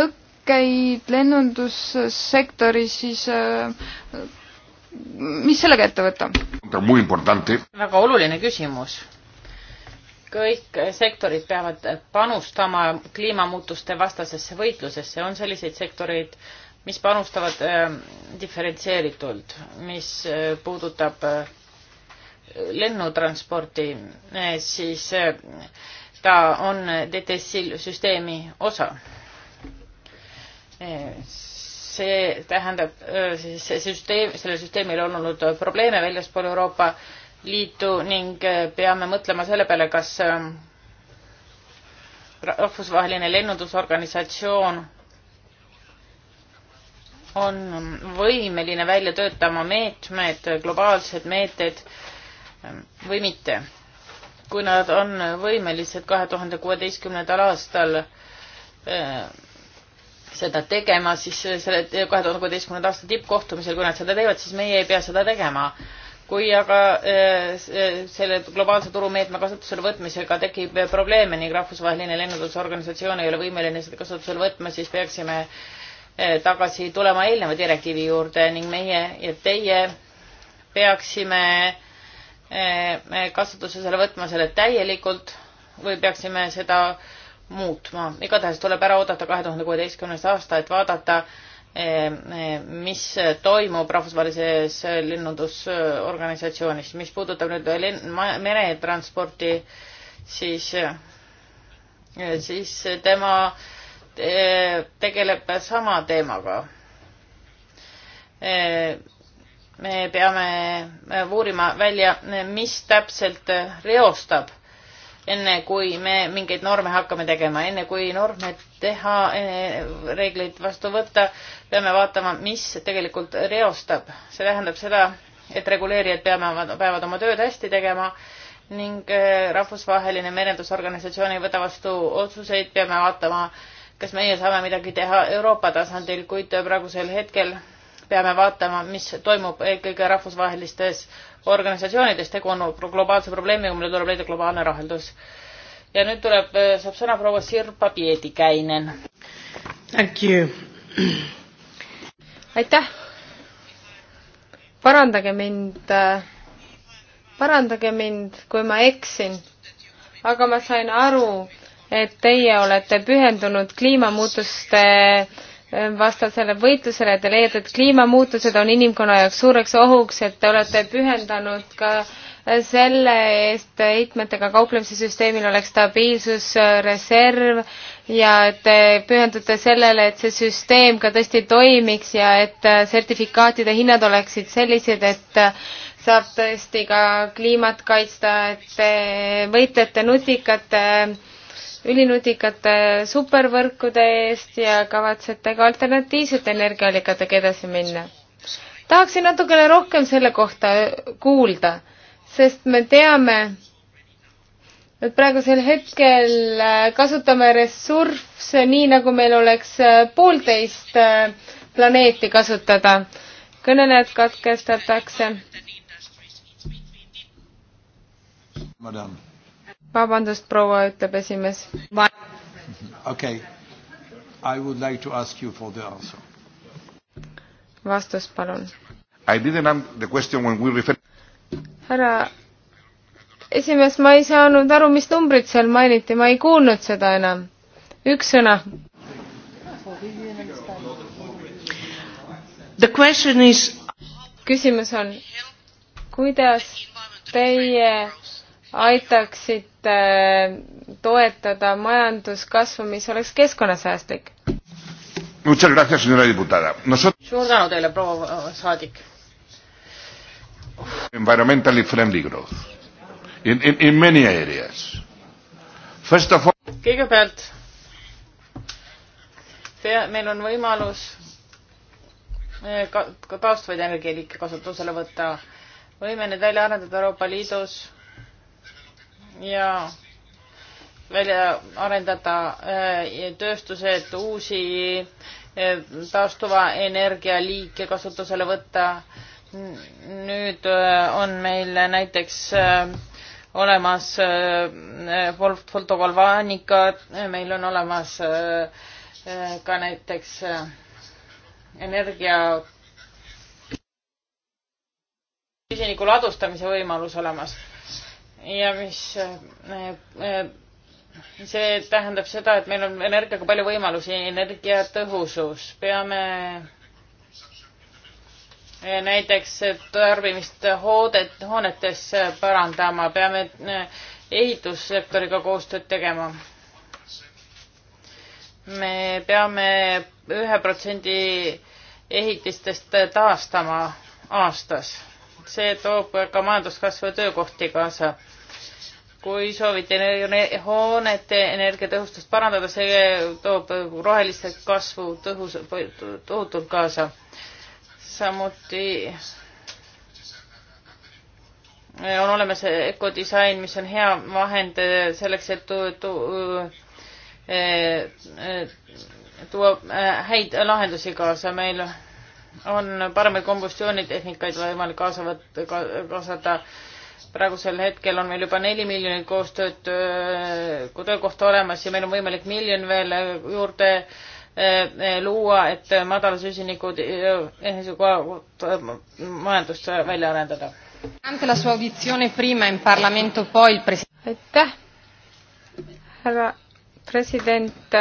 tõkkeid lennundussektoris, siis äh, mis sellega ette võtta? väga oluline küsimus. kõik sektorid peavad panustama kliimamuutuste vastasesse võitlusesse, on selliseid sektoreid, mis panustavad äh, diferentseeritult, mis äh, puudutab äh, lennutransporti äh,, siis äh, ta on DTS-i süsteemi osa äh, see tähendab siis see süsteem, sellel süsteemil on olnud probleeme väljaspool Euroopa Liitu ning peame mõtlema selle peale, kas rahvusvaheline lennundusorganisatsioon on võimeline välja töötama meetmed, globaalsed meetmed või mitte. kui nad on võimelised kahe tuhande kuueteistkümnendal aastal seda tegema, siis selle kahe tuhande kuueteistkümnenda aasta tippkohtumisel, kui nad seda teevad, siis meie ei pea seda tegema. kui aga eh, eh, selle globaalse turumeetme kasutusele võtmisega tekib probleeme ning rahvusvaheline lennundusorganisatsioon ei ole võimeline seda kasutusele võtma, siis peaksime eh, tagasi tulema eelneva direktiivi juurde ning meie ja teie peaksime kasutusele võtma selle täielikult või peaksime seda äh, muutma. igatahes tuleb ära oodata kahe tuhande kuueteistkümnes aasta, et vaadata, eh, eh, mis toimub rahvusvahelises lennundusorganisatsioonis. mis puudutab nüüd meretransporti, siis, eh, siis tema tegeleb sama teemaga. me peame uurima välja, mis täpselt reostab enne kui me mingeid norme hakkame tegema, enne kui norme teha, eh, reegleid vastu võtta, peame vaatama, mis tegelikult reostab. see tähendab seda, et reguleerijad peame, peavad oma tööd hästi tegema ning eh, rahvusvaheline merendusorganisatsioon ei võta vastu otsuseid, peame vaatama, kas meie saame midagi teha Euroopa tasandil, kuid praegusel hetkel peame vaatama, mis toimub eelkõige rahvusvahelistes organisatsioonides, tegu on globaalse probleemiga, millele tuleb leida globaalne lahendus. ja nüüd tuleb, eh, saab sõna proua Sirpa Pietikäinen. aitäh! parandage mind, äh, parandage mind, kui ma eksin, aga ma sain aru, et teie olete pühendunud kliimamuutuste vastasele võitlusele, te leiate, et kliimamuutused on inimkonna jaoks suureks ohuks, et te olete pühendanud ka selle eest heitmetega kauplemise süsteemil oleks stabiilsusreserv ja et te pühendute sellele, et see süsteem ka tõesti toimiks ja et sertifikaatide hinnad oleksid sellised, et saab tõesti ka kliimat kaitsta, et te võitlete nutikate äh, ülinutikate supervõrkude eest ja kavatsete ka alternatiivsete energiaallikatega edasi minna. tahaksin natukene rohkem selle kohta kuulda, sest me teame, et praegusel hetkel kasutame ressursse nii, nagu meil oleks poolteist planeeti kasutada. kõnelejad katkestatakse. Madame vabandust, proua, ütleb esimees. okei okay., I would like to ask you for the answer. vastus, palun. I didn't answer the question when we refer. härra esimees, ma ei saanud aru, mis numbrit seal mainiti, ma ei kuulnud seda enam. üks sõna. The question is. küsimus on, kuidas teie aitaksite toetada majanduskasvu, mis oleks keskkonnasäästlik? suur tänu teile, proua saadik. Environmentally friendly growth in, in, in many areas. First of all. kõigepealt pea, meil on võimalus eh, ka, ka taastuvaid energialiike kasutusele võtta. võime need välja arendada Euroopa Liidus ja välja arendada äh, tööstused, uusi äh, taastuva energialiike kasutusele võtta. nüüd äh, on meil näiteks olemas fotovolvaanika, meil on olemas ka näiteks energia süsiniku ladustamise võimalus olemas ja mis äh, äh, see tähendab seda, et meil on energiaga palju võimalusi, energiatõhusus, peame äh, näiteks tarbimist hoodet, hoonetes parandama, peame ehitussektoriga koostööd tegema. me peame ühe protsendi ehitistest taastama aastas. see toob ka majanduskasvu ja töökohti kaasa kui soovite hoonete energiatõhustust parandada, see toob rohelise kasvu tõhus, tohutult kaasa. samuti on olemas ökodisain, mis on hea vahend selleks, et tu, tu, eh, tuua eh, häid lahendusi kaasa. meil on paremaid kombustsioonitehnikaid võimalik kaasa võtta, kaasata praegusel hetkel on meil juba neli miljonit koostööd, töökohta olemas ja meil on võimalik miljon veel äh, juurde äh, äh, luua, et madala süsiniku majandust välja arendada. aitäh, härra president.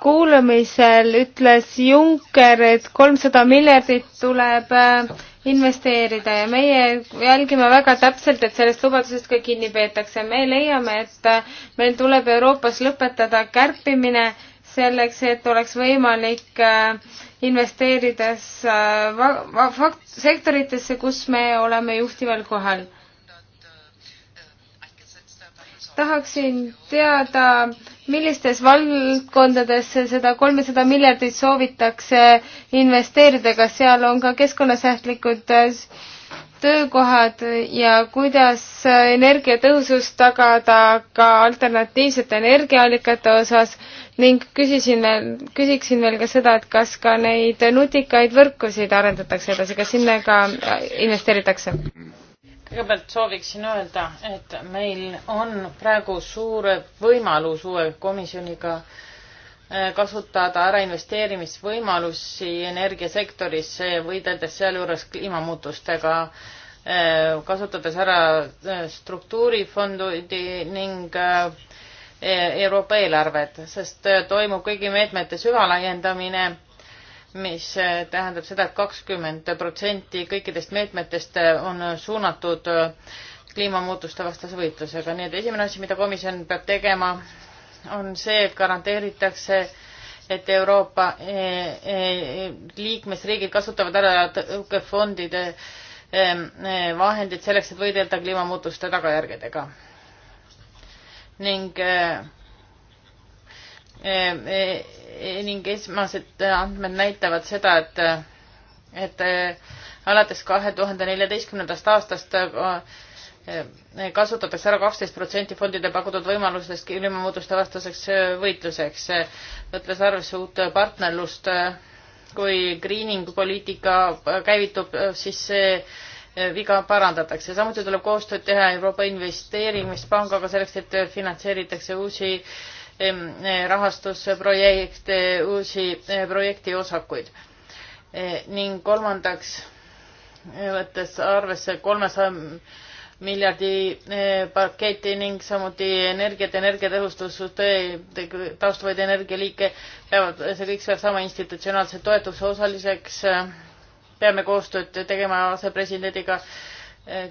kuulamisel ütles Juncker, et kolmsada miljardit tuleb äh, investeerida ja meie jälgime väga täpselt, et sellest lubadusest ka kinni peetakse. me leiame, et meil tuleb Euroopas lõpetada kärpimine selleks, et oleks võimalik äh, investeerides äh, sektoritesse, kus me oleme juhtival kohal. tahaksin teada millistes valdkondades seda kolmesada miljardit soovitakse investeerida, kas seal on ka keskkonnasähtlikud äh, töökohad ja kuidas äh, energiatõhusust tagada ka alternatiivsete energiaallikate osas ning küsisin veel, küsiksin veel ka seda, et kas ka neid nutikaid võrkusid arendatakse edasi, kas sinna ka äh, investeeritakse? kõigepealt sooviksin öelda, et meil on praegu suur võimalus uue komisjoniga äh, kasutada ära investeerimisvõimalusi energiasektorisse, võideldes sealjuures kliimamuutustega, äh, kasutades ära äh, struktuurifondi ning Euroopa eelarved, sest toimub kõigi meetmete süvalaiendamine mis eh, tähendab seda et, et kakskümmend protsenti kõikidest meetmetest eh, on suunatud eh, kliimamuutuste vastase võitlusega. nii et esimene asi, mida komisjon peab tegema, on see, et garanteeritakse, et Euroopa liikmesriigid kasutavad ära tõukefondide vahendid selleks, et võidelda kliimamuutuste tagajärgedega. ning Eh, eh, ning esmased andmed näitavad seda, et, et eh, alates kahe tuhande neljateistkümnendast aastast kasutatakse ära kaksteist protsenti fondide pakutud võimalustest kliimamuutuste vastaseks võitluseks, võttes arvesse uut partnerlust. kui greening poliitika käivitub, siis see viga parandatakse. samuti tuleb koostööd teha Euroopa Investeerimispangaga selleks, et finantseeritakse uusi äh, Eh, rahastusprojekte, uusi eh, projektiosakuid. Eh, ning kolmandaks, võttes arvesse kolmesaja miljardi paketi ning samuti energiat, energiatõhustusust, taastuvaid energialiike peavad, see kõik saab saama institutsionaalse toetuse osaliseks. peame koostööd tegema asepresidendiga,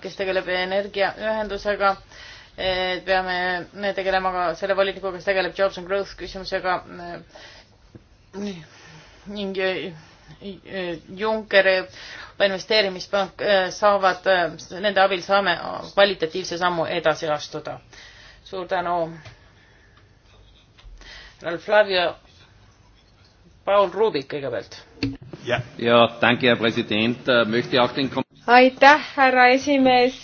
kes tegeleb energiaühendusega peame tegelema ka selle volinikuga, kes tegeleb jobs and growth küsimusega ning eh, Juncker eh, investeerimispank eh, saavad, nende abil saame kvalitatiivse sammu edasi astuda. suur tänu. Ralf Lavia, Paul Rubik kõigepealt. ja, ja tänke, president, äh, möchte auch den aitäh, härra esimees,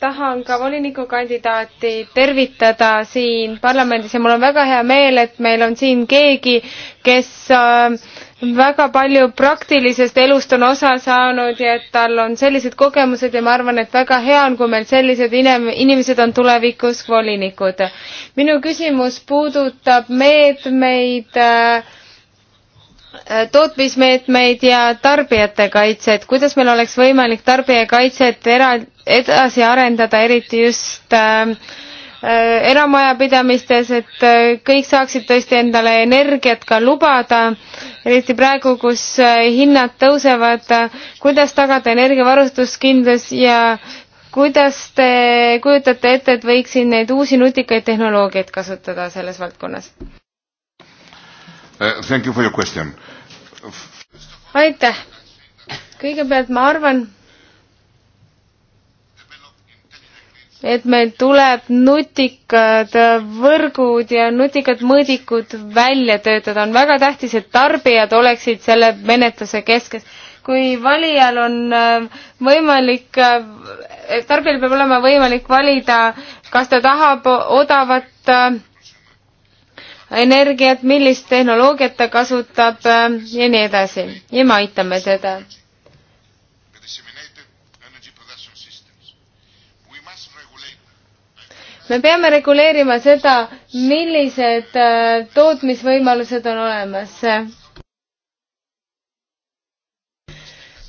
tahan ka volinikukandidaati tervitada siin parlamendis ja mul on väga hea meel, et meil on siin keegi, kes äh, väga palju praktilisest elust on osa saanud ja et tal on sellised kogemused ja ma arvan, et väga hea on, kui meil sellised inem-, inimesed on tulevikus volinikud. minu küsimus puudutab meetmeid äh, Äh, tootmismeetmeid ja tarbijate kaitset, kuidas meil oleks võimalik tarbijakaitset era-, edasi arendada, eriti just äh, äh eramajapidamistes, et äh, kõik saaksid tõesti endale energiat ka lubada, eriti praegu, kus hinnad tõusevad, kuidas tagada energiavarustuskindlus ja kuidas te kujutate ette, et võiks siin neid uusi nutikaid tehnoloogiaid kasutada selles valdkonnas? Uh, thank you for your question aitäh! kõigepealt ma arvan, et meil tuleb nutikad võrgud ja nutikad mõõdikud välja töötada. on väga tähtis, et tarbijad oleksid selle menetluse keskes. kui valijal on äh, võimalik, äh, tarbijal peab olema võimalik valida, kas ta tahab odavat äh, energiat, millist tehnoloogiat ta kasutab äh, ja nii edasi ja me aitame teda. me peame reguleerima seda, millised äh, tootmisvõimalused on olemas.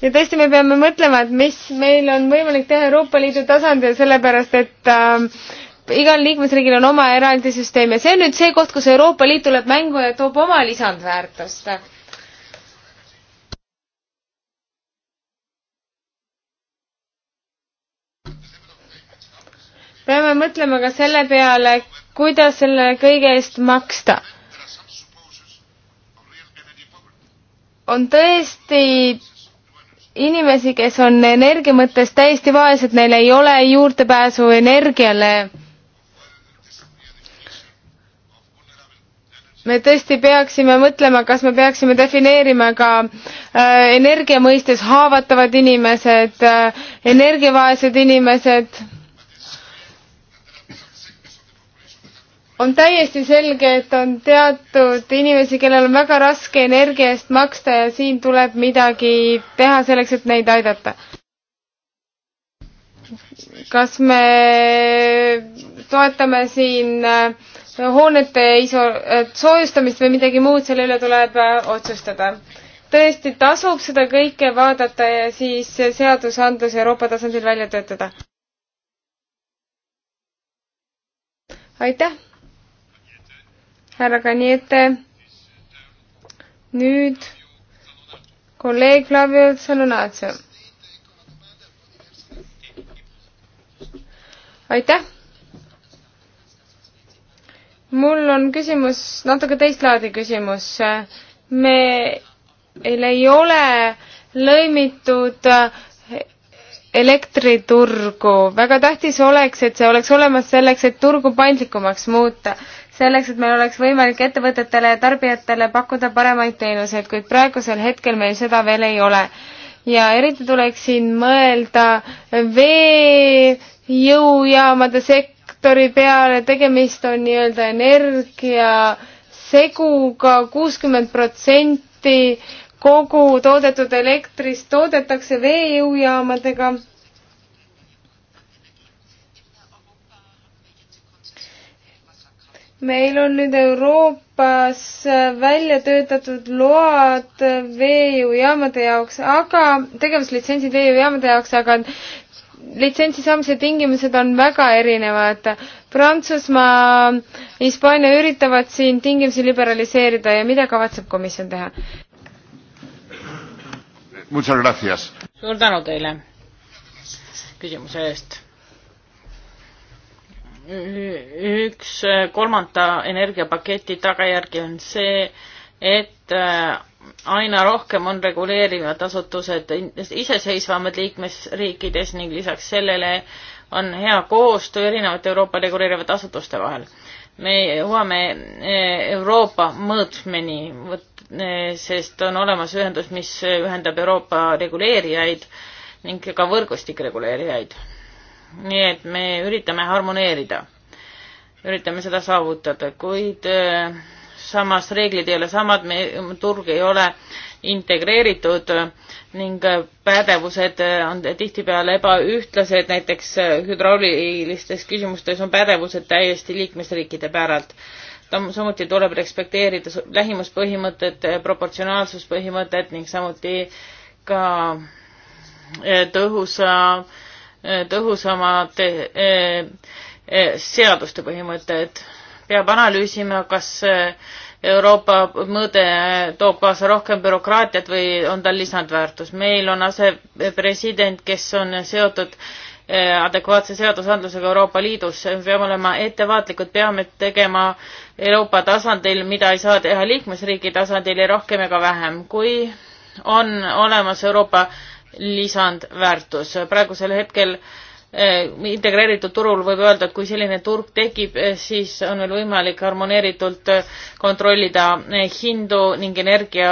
ja tõesti, me peame mõtlema, et mis meil on võimalik teha Euroopa Liidu tasandil, sellepärast et äh, igal liikmesriigil on oma eraldi süsteem ja see on nüüd see koht, kus Euroopa Liit tuleb mängu ja toob oma lisandväärtust. peame mõtlema ka selle peale, kuidas selle kõige eest maksta. on tõesti inimesi, kes on energia mõttes täiesti vaesed, neil ei ole juurdepääsu energiale me tõesti peaksime mõtlema, kas me peaksime defineerima ka äh, energia mõistes haavatavad inimesed äh,, energiavaesed inimesed. on täiesti selge, et on teatud inimesi, kellel on väga raske energia eest maksta ja siin tuleb midagi teha selleks, et neid aidata kas me toetame siin äh, hoonete iso-, soojustamist või midagi muud, selle üle tuleb äh, otsustada. tõesti tasub seda kõike vaadata ja siis seadusandlus Euroopa tasandil välja töötada. aitäh, härra Kaniete. nüüd kolleeg Flavio Salonazzo. aitäh mul on küsimus, natuke teist laadi küsimus. meil ei ole lõimitud elektriturgu. väga tähtis oleks, et see oleks olemas selleks, et turgu paindlikumaks muuta. selleks, et meil oleks võimalik ettevõtetele ja tarbijatele pakkuda paremaid teenuseid, kuid praegusel hetkel meil seda veel ei ole. ja eriti tuleks siin mõelda veejõujaamade sekka, sektori peale, tegemist on nii-öelda energiaseguga, kuuskümmend protsenti kogu toodetud elektrist toodetakse veejõujaamadega. meil on nüüd Euroopas välja töötatud load veejõujaamade jaoks, aga, tegevuslitsentsid veejõujaamade jaoks, aga litsentsi saamise tingimused on väga erinevad. Prantsusmaa, Hispaania üritavad siin tingimusi liberaliseerida ja mida kavatseb komisjon teha? suur tänu teile küsimuse eest. üks kolmanda energiapaketi tagajärgi on see, et äh, aina rohkem on reguleerivad asutused iseseisvamad liikmesriikides ning lisaks sellele on hea koostöö erinevate Euroopa reguleerivate asutuste vahel. me jõuame eh, Euroopa mõõtmeni, eh, sest on olemas ühendus, mis ühendab Euroopa reguleerijaid ning ka võrgustik reguleerijaid. nii et me üritame harmoneerida, üritame seda saavutada, kuid eh, samas reeglid ei ole samad, me, turg ei ole integreeritud ning pädevused on tihtipeale ebaühtlased, näiteks hüdraulilistes küsimustes on pädevused täiesti liikmesriikide päralt. samuti tuleb respekteerida lähimuspõhimõtet, proportsionaalsuspõhimõtet ning samuti ka eh, tõhusa, eh, tõhusamad eh, seaduste põhimõtted peab analüüsima, kas Euroopa mõõde toob kaasa rohkem bürokraatiat või on tal lisandväärtus. meil on asepresident, kes on seotud eh, adekvaatse seadusandlusega Euroopa Liidus, peame olema ettevaatlikud, peame tegema Euroopa tasandil, mida ei saa teha liikmesriigi tasandil ei rohkem ega vähem, kui on olemas Euroopa lisandväärtus. praegusel hetkel äh, Äh, integreeritud turul võib öelda, et kui selline turg tekib, äh, siis on meil võimalik harmoneeritult äh, kontrollida hindu ning energia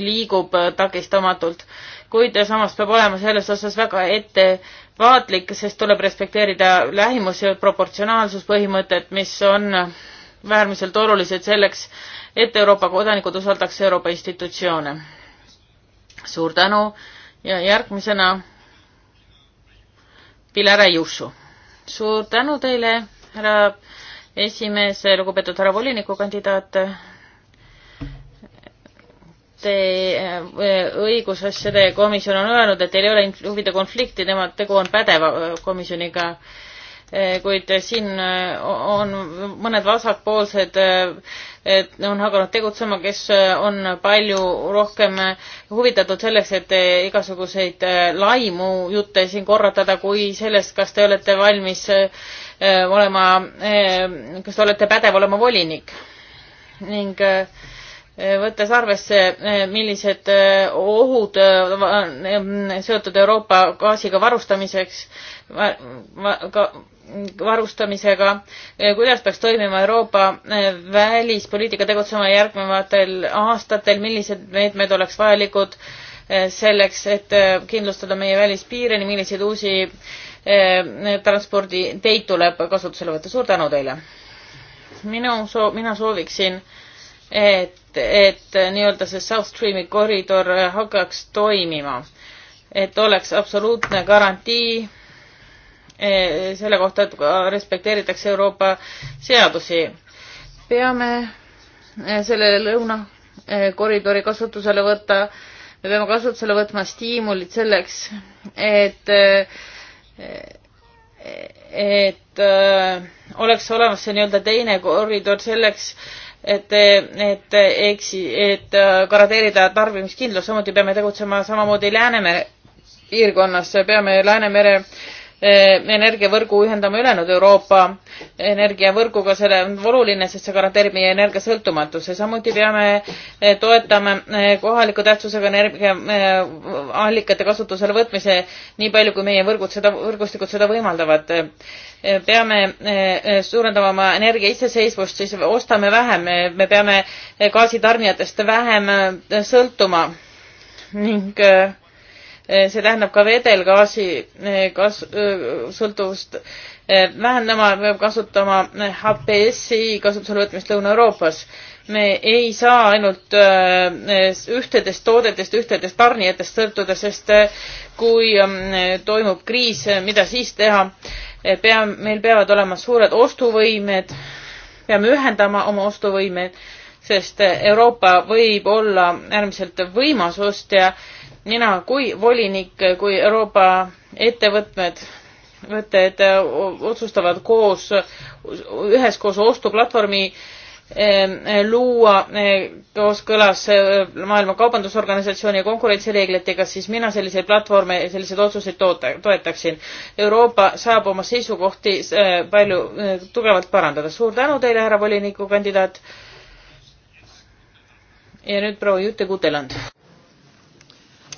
liigub takistamatult. kuid samas peab olema selles osas väga ettevaatlik, sest tuleb respekteerida lähimus- ja proportsionaalsuspõhimõtet, mis on äärmiselt olulised selleks, et Euroopa kodanikud usaldaks Euroopa institutsioone. suur tänu ja järgmisena Pilar Ajuso. suur tänu teile, härra esimees, lugupeetud härra volinikukandidaat. Te, eh, õigusasjade komisjon on öelnud, et teil ei ole huvide konflikti, tema, tegu on pädeva eh, komisjoniga Eh, kuid siin eh, on mõned vasakpoolsed eh, et on hakanud tegutsema, kes on palju rohkem huvitatud selleks, et igasuguseid laimu jutte siin korratada, kui sellest, kas te olete valmis olema, kas te olete pädev olema volinik ning võttes arvesse, millised ohud seotud Euroopa gaasiga varustamiseks, varustamisega, kuidas peaks toimima Euroopa eh, välispoliitika tegutsema järgnevatel aastatel, millised meetmed oleks vajalikud eh, selleks, et eh, kindlustada meie välispiire ning milliseid uusi transporditeid tuleb kasutusele võtta. suur tänu teile! minu soov, mina sooviksin, et, et nii-öelda see South Streami koridor hakkaks toimima, et oleks absoluutne garantii Eh, selle kohta, et respekteeritakse Euroopa seadusi. peame eh, selle lõunakoridori eh, kasutusele võtta, me peame kasutusele võtma stiimulid selleks, et et oleks olemas see nii-öelda teine koridor selleks, et, et eksi, et garanteerida tarbimiskindlus, samuti peame tegutsema samamoodi Läänemere piirkonnas, peame Läänemere äh, Eh, energiavõrgu ühendama ülejäänud Euroopa energiavõrguga, see on oluline, sest see garanteerib meie energiasõltumatuse. samuti peame eh, toetama eh, kohaliku tähtsusega energiaallikate kasutusele võtmise nii palju, kui meie võrgud seda, võrgustikud seda võimaldavad. peame suurendama oma energia iseseisvust, siis ostame vähem, me peame gaasitarnijatest vähem sõltuma ning äh, Eh, see tähendab ka vedelgaasi eh, kas-, eh, sõltuvust vähendama, peab kasutama HPS-i kasutusele võtmist Lõuna-Euroopas. me ei saa ainult ühtedest toodetest, ühtedest tarnijatest sõltuda, sest kui toimub kriis, mida siis teha, pea, meil peavad olema suured ostuvõimed, peame ühendama oma ostuvõimed, sest Euroopa võib olla äärmiselt võimas ostja mina kui volinik, kui Euroopa ettevõtmed, võtted äh, otsustavad koos, üheskoos ostuplatvormi äh, luua äh, kooskõlas Maailma Kaubandusorganisatsiooni konkurentsireeglitega, siis mina selliseid platvorme, selliseid otsuseid toota, toetaksin. Euroopa saab oma seisukohti palju tugevalt parandada. suur tänu teile, härra volinikukandidaat. ja nüüd proua Jüte Kuteland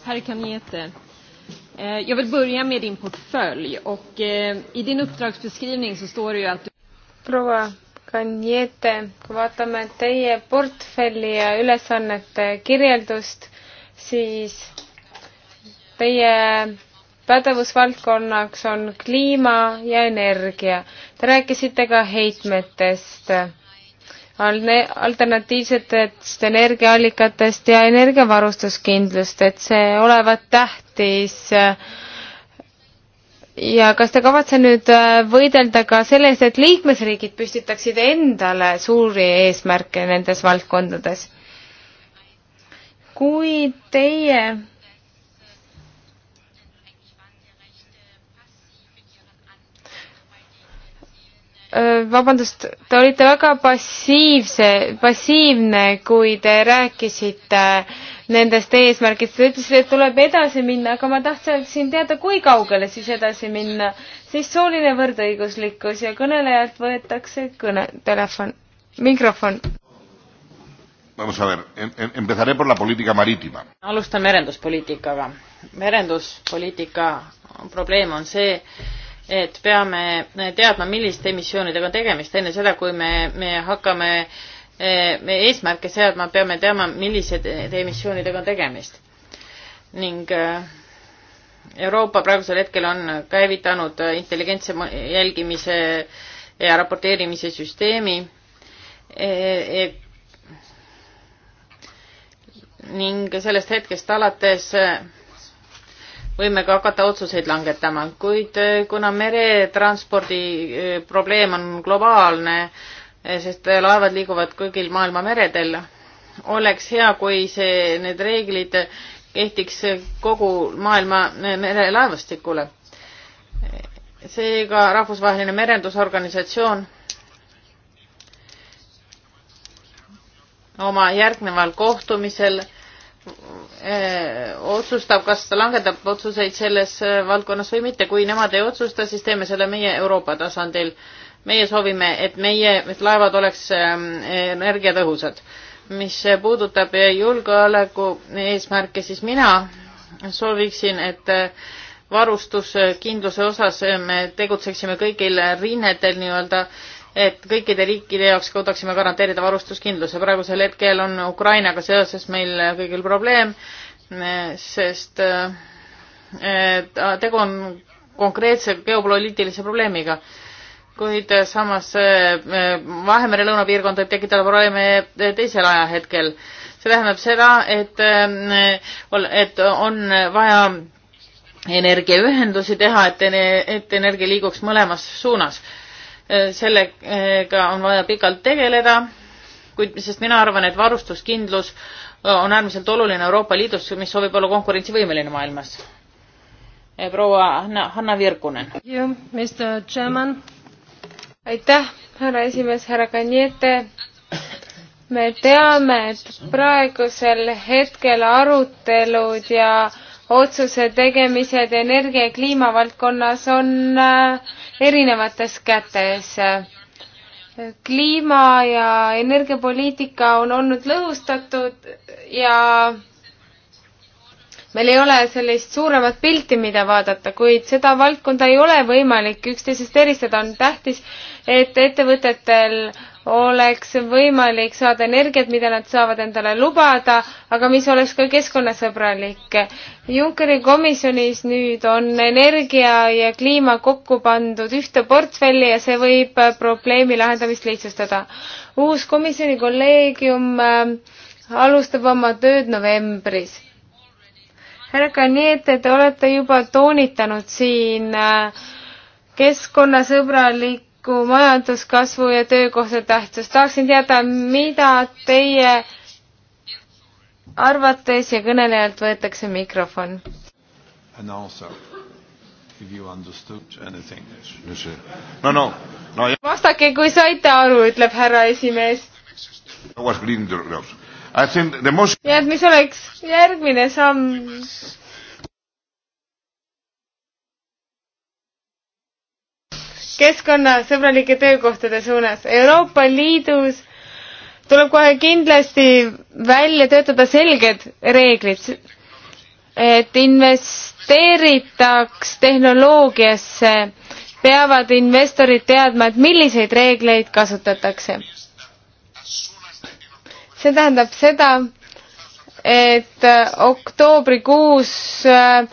Herr Kaniete. Eh, jag vill börja med din portfölj och eh, i din uppdragsbeskrivning så står det ju att du... proua Kaniete, kui vaatame teie portfelli ja ülesannete kirjeldust, siis teie pädevusvaldkonnaks on kliima ja energia. Te rääkisite ka heitmetest alternatiivsetest energiaallikatest ja energiavarustuskindlust, et see olevat tähtis. ja kas te kavatse nüüd äh, võidelda ka selle eest, et liikmesriigid püstitaksid endale suuri eesmärke nendes valdkondades? kui teie vabandust, te olite väga passiivse, passiivne, kui te rääkisite äh, nendest eesmärkidest, te ütlesite, et tuleb edasi minna, aga ma tahtsin teada, kui kaugele siis edasi minna. siis sooline võrdõiguslikkus ja kõnelejalt võetakse kõne, telefon, mikrofon. Vamos a ver, empezaré por la política marítima. alustan merenduspoliitikaga. merenduspoliitika probleem on see, et peame teadma, milliste emissioonidega on tegemist, enne seda, kui me, me hakkame e, me eesmärke seadma, peame teadma, millise emissioonidega on tegemist. ning e, Euroopa praegusel hetkel on käivitanud intelligentse jälgimise ja raporteerimise süsteemi e, e, ning sellest hetkest alates võime ka hakata otsuseid langetama, kuid eh, kuna meretranspordi eh, probleem on globaalne, eh, sest laevad liiguvad kõigil maailma meredel, oleks hea, kui see, need reeglid kehtiks kogu maailma merelaevastikule. seega Rahvusvaheline Merendusorganisatsioon oma järgneval kohtumisel Äh, otsustab, kas ta langetab otsuseid selles äh, valdkonnas või mitte. kui nemad ei otsusta, siis teeme selle meie Euroopa tasandil. meie soovime, et meie et laevad oleks ähm, energiatõhusad. mis äh, puudutab julgeoleku eesmärke, siis mina sooviksin, et varustuskindluse osas me tegutseksime kõigil rinnetel nii-öelda äh, et kõikide riikide jaoks suudaksime garanteerida varustuskindluse. praegusel hetkel on Ukrainaga seoses meil kõigil probleem, eh, sest eh, ah, tegu on konkreetse geopoliitilise probleemiga. kuid samas eh, Vahemere lõunapiirkond võib tekitada probleeme teisel ajahetkel. see tähendab seda, et, et on vaja energiaühendusi teha, et, et energia liiguks mõlemas suunas Äh, sellega on vaja pikalt tegeleda, kuid, sest mina arvan, et varustuskindlus äh, on äärmiselt oluline Euroopa Liidus, mis soovib olla konkurentsivõimeline maailmas. Äh, proua Hanna, Hanna Virkunen. aitäh, härra esimees, härra Kanjete. me teame, et praegusel hetkel arutelud ja otsuse tegemised energia ja kliima valdkonnas on äh, erinevates kätes. kliima ja energiapoliitika on olnud lõhustatud ja meil ei ole sellist suuremat pilti, mida vaadata, kuid seda valdkonda ei ole võimalik üksteisest eristada, on tähtis, et ettevõtetel oleks võimalik saada energiat, mida nad saavad endale lubada, aga mis oleks ka keskkonnasõbralik. Junckeri komisjonis nüüd on energia ja kliima kokku pandud ühte portfelli ja see võib probleemi lahendamist lihtsustada. uus komisjoni kolleegium äh, alustab oma tööd novembris. härra Kaniete, te olete juba toonitanud siin äh, keskkonnasõbralik jätku majanduskasvu ja töökohtade tähtsust. tahaksin teada, mida teie arvates ja kõnelejalt võetakse mikrofon? No, no, no, vastake, kui saite aru, ütleb härra esimees. nii et mis oleks järgmine samm keskkonnasõbralike töökohtade suunas. Euroopa Liidus tuleb kohe kindlasti välja töötada selged reeglid, et investeeritaks tehnoloogiasse, peavad investorid teadma, et milliseid reegleid kasutatakse. see tähendab seda, et oktoobrikuus äh,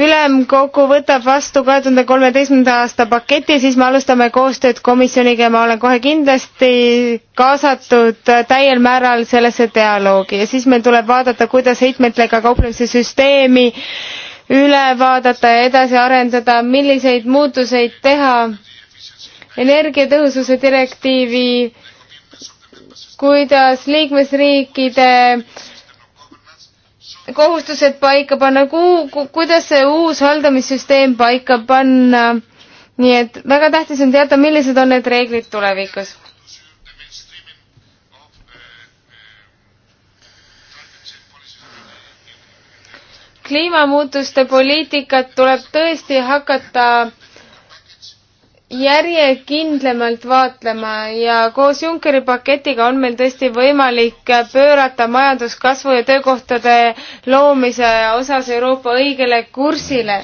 ülemkogu võtab vastu kahe tuhande kolmeteistkümnenda aasta paketi, siis me alustame koostööd komisjoniga ja ma olen kohe kindlasti kaasatud täiel määral sellesse dialoogi ja siis meil tuleb vaadata, kuidas heitmetega kauplemise süsteemi üle vaadata ja edasi arendada, milliseid muutuseid teha energiatõhususe direktiivi, kuidas liikmesriikide kohustused paika panna, kuhu, kuidas see uus haldamissüsteem paika panna. nii et väga tähtis on teada, millised on need reeglid tulevikus. kliimamuutuste poliitikat tuleb tõesti hakata järjekindlamalt vaatlema ja koos Junckeri paketiga on meil tõesti võimalik pöörata majanduskasvu ja töökohtade loomise osas Euroopa õigele kursile.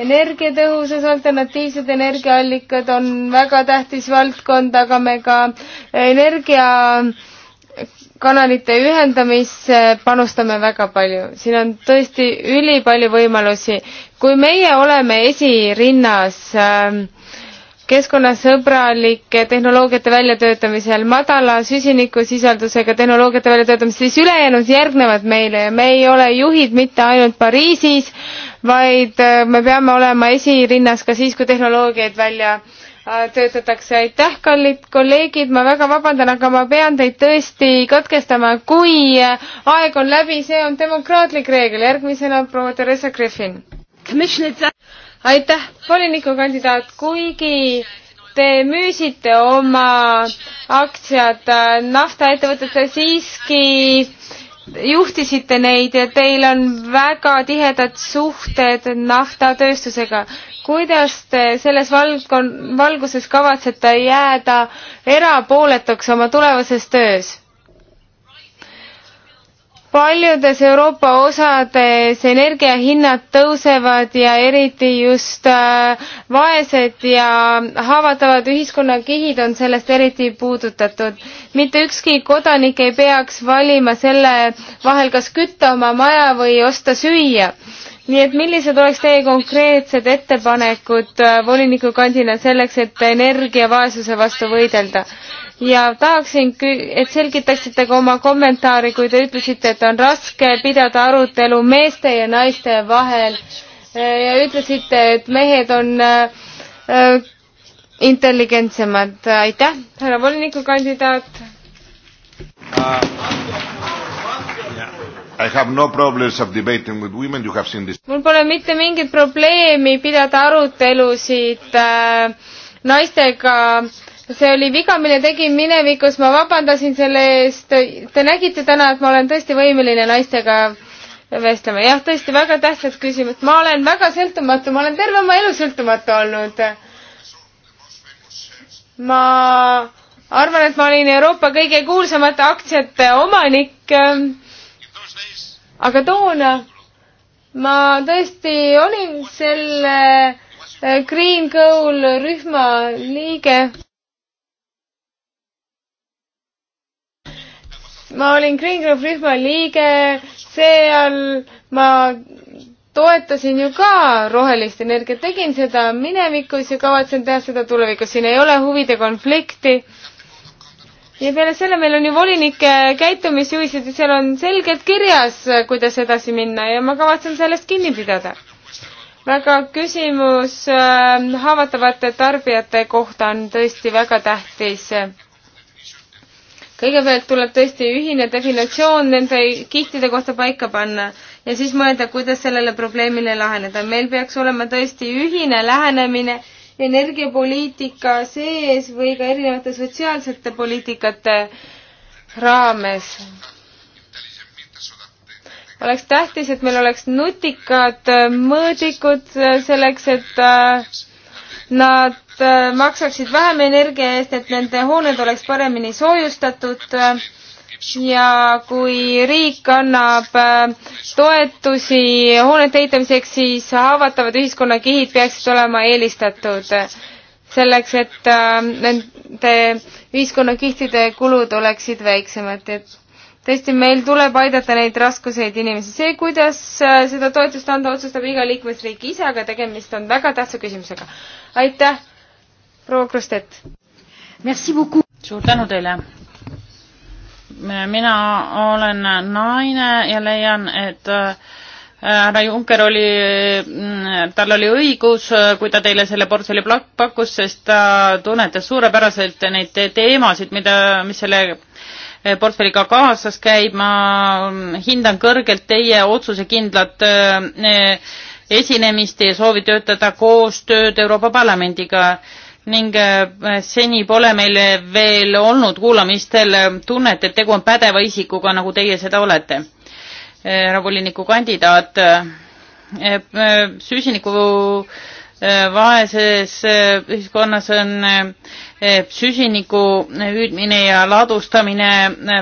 energiatõhusus, alternatiivsed energiaallikad on väga tähtis valdkond, aga me ka energia kanalite ühendamisse panustame väga palju, siin on tõesti ülipalju võimalusi. kui meie oleme esirinnas ähm, keskkonnasõbralike tehnoloogiate väljatöötamisel, madala süsinikusisaldusega tehnoloogiate väljatöötamisel, siis ülejäänud järgnevad meile ja me ei ole juhid mitte ainult Pariisis, vaid äh, me peame olema esirinnas ka siis, kui tehnoloogiaid välja äh, Äh, töötatakse. aitäh, kallid kolleegid, ma väga vabandan, aga ma pean teid tõesti katkestama, kui äh, aeg on läbi, see on demokraatlik reegel. järgmisena proua Theresa Griffin. aitäh, volinikukandidaat, kuigi te müüsite oma aktsiad äh, naftaettevõtete siiski juhtisite neid ja teil on väga tihedad suhted naftatööstusega. kuidas te selles valgkon-, valguses kavatsete jääda erapooletuks oma tulevases töös? paljudes Euroopa osades energiahinnad tõusevad ja eriti just äh, vaesed ja haavatavad ühiskonnakihid on sellest eriti puudutatud. mitte ükski kodanik ei peaks valima selle vahel, kas kütta oma maja või osta süüa nii et millised oleks teie konkreetsed ettepanekud äh, volinikukandidaat selleks, et energiavaesuse vastu võidelda? ja tahaksin, et selgitaksite ka oma kommentaari, kui te ütlesite, et on raske pidada arutelu meeste ja naiste vahel äh, ja ütlesite, et mehed on äh, äh intelligentsemad. aitäh, härra volinikukandidaat uh,. Yeah. No mul pole mitte mingit probleemi pidada arutelusid äh, naistega äh, see oli viga, mille tegin minevikus, ma vabandasin selle eest. Te nägite täna, et ma olen tõesti võimeline naistega vestlema. jah, tõesti väga tähtsad küsimused. ma olen väga sõltumatu, ma olen terve oma elu sõltumatu olnud. ma arvan, et ma olin Euroopa kõige kuulsamate aktsiate omanik. aga toona ma tõesti olin selle Green Goal rühma liige. ma olin Green Group rühma liige, seal ma toetasin ju ka rohelist energiat, tegin seda minevikus ja kavatsen teha seda tulevikus, siin ei ole huvide konflikti. ja peale selle meil on ju volinike käitumisjuhised ja seal on selgelt kirjas, kuidas edasi minna ja ma kavatsen sellest kinni pidada. väga küsimus äh, haavatavate tarbijate kohta on tõesti väga tähtis kõigepealt tuleb tõesti ühine definitsioon nende kihtide kohta paika panna ja siis mõelda, kuidas sellele probleemile laheneda. meil peaks olema tõesti ühine lähenemine energiapoliitika sees või ka erinevate sotsiaalsete poliitikate raames. oleks tähtis, et meil oleks nutikad mõõdikud selleks, et äh, nad Äh, maksaksid vähem energia eest, et nende hooned oleks paremini soojustatud äh, ja kui riik annab äh, toetusi hoonete ehitamiseks, siis haavatavad ühiskonnakihid peaksid olema eelistatud selleks, et nende ühiskonnakihtide kulud oleksid väiksemad, et tõesti, meil tuleb aidata neid raskuseid inimesi. see, kuidas seda toetust anda, otsustab iga liikmesriik ise, aga tegemist on väga tähtsa küsimusega. aitäh proua Krustet. suur tänu teile. mina olen naine ja leian, et äh, härra Juncker oli, mm, tal oli õigus, äh, kui ta teile selle portfelli pakkus, sest ta tunnetas suurepäraselt neid teemasid, mida, mis selle äh, portfelliga kaasas käib, ma mm, hindan kõrgelt teie otsusekindlat esinemist, teie soovi töötada koostööd Euroopa Parlamendiga ning äh, seni pole meil veel olnud kuulamistel äh, tunnet, et tegu on pädeva isikuga, nagu teie seda olete. härra äh, volinikukandidaat, süsiniku vaeses ühiskonnas on süsiniku hüüdmine ja ladustamine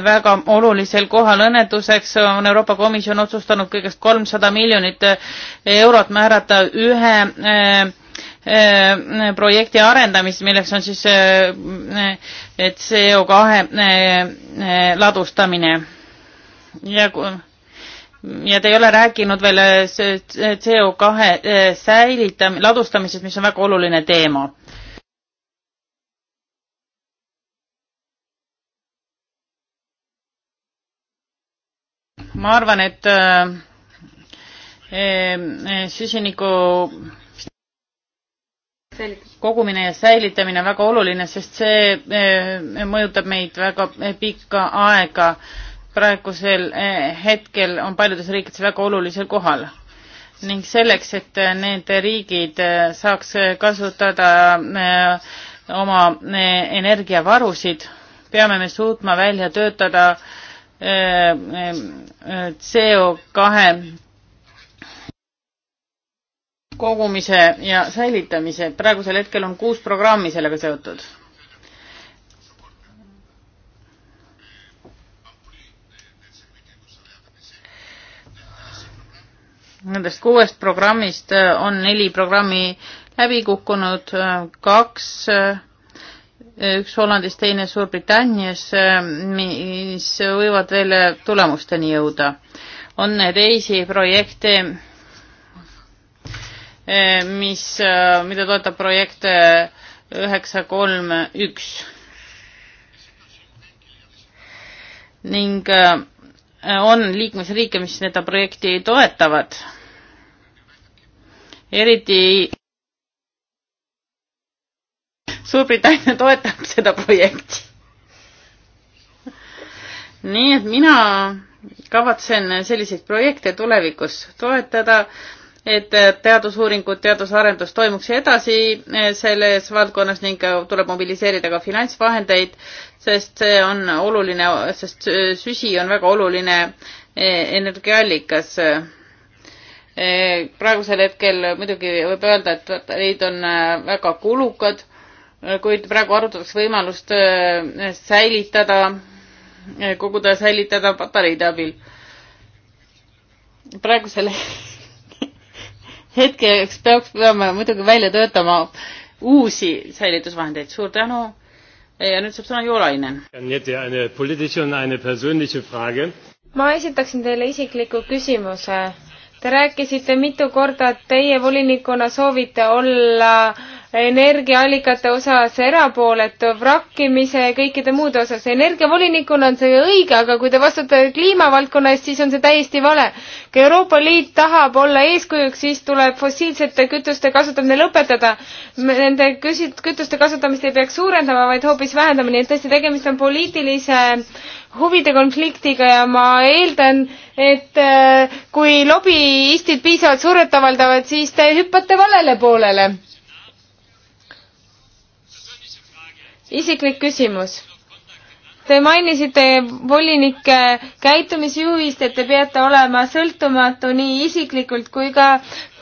väga olulisel kohal. õnnetuseks on Euroopa Komisjon otsustanud kõigest kolmsada miljonit eurot määrata ühe Äh, projekti arendamist, milleks on siis äh, CO kahe äh, ladustamine. ja kui ja te ei ole rääkinud veel CO kahe säilitam-, ladustamisest, mis on väga oluline teema ma arvan, et süsiniku kogumine ja säilitamine on väga oluline, sest see eh, mõjutab meid väga eh, pikka aega. praegusel eh, hetkel on paljudes riikides väga olulisel kohal ning selleks, et need riigid saaks kasutada oma energiavarusid, peame me suutma välja töötada CO kahe kogumise ja säilitamise, praegusel hetkel on kuus programmi sellega seotud. Nendest kuuest programmist äh, on neli programmi läbi kukkunud, äh, kaks, äh, üks Hollandis, teine Suurbritannias, mis võivad veel tulemusteni jõuda. on teisi projekte Eh, mis, eh, mida toetab projekt eh, üheksa kolm üks. ning on liikmesriike, mis seda projekti toetavad. eriti Suurbritannia (laughs) toetab seda projekti. nii et mina kavatsen selliseid projekte tulevikus toetada et teadusuuringud, teadusarendus toimuks edasi eh, selles valdkonnas ning eh, tuleb mobiliseerida ka finantsvahendeid, sest see on oluline, sest süsi on väga oluline eh, energiaallikas. praegusel hetkel muidugi võib öelda, et neid on väga kulukad, kuid praegu arutatakse võimalust säilitada, koguda ja säilitada patareide abil. praegusel (laughs) hetkeks peaks, peame muidugi välja töötama uusi säilitusvahendeid. suur tänu ja nüüd saab sõna Joolainen. ma esitaksin teile isikliku küsimuse. Te rääkisite mitu korda, et teie volinikuna soovite olla energiaallikate osas erapooletu, vrakkimise ja kõikide muude osas. energiavolinikuna on see õige, aga kui te vastutate kliimavaldkonna eest, siis on see täiesti vale. kui Euroopa Liit tahab olla eeskujuks, siis tuleb fossiilsete kütuste kasutamine lõpetada. Nende küsi-, kütuste kasutamist ei peaks suurendama, vaid hoopis vähendama, nii et tõesti, tegemist on poliitilise huvide konfliktiga ja ma eeldan, et äh, kui lobiistid piisavalt survet avaldavad, siis te hüppate valele poolele isiklik küsimus. Te mainisite volinike käitumisjuhist, et te peate olema sõltumatu nii isiklikult kui ka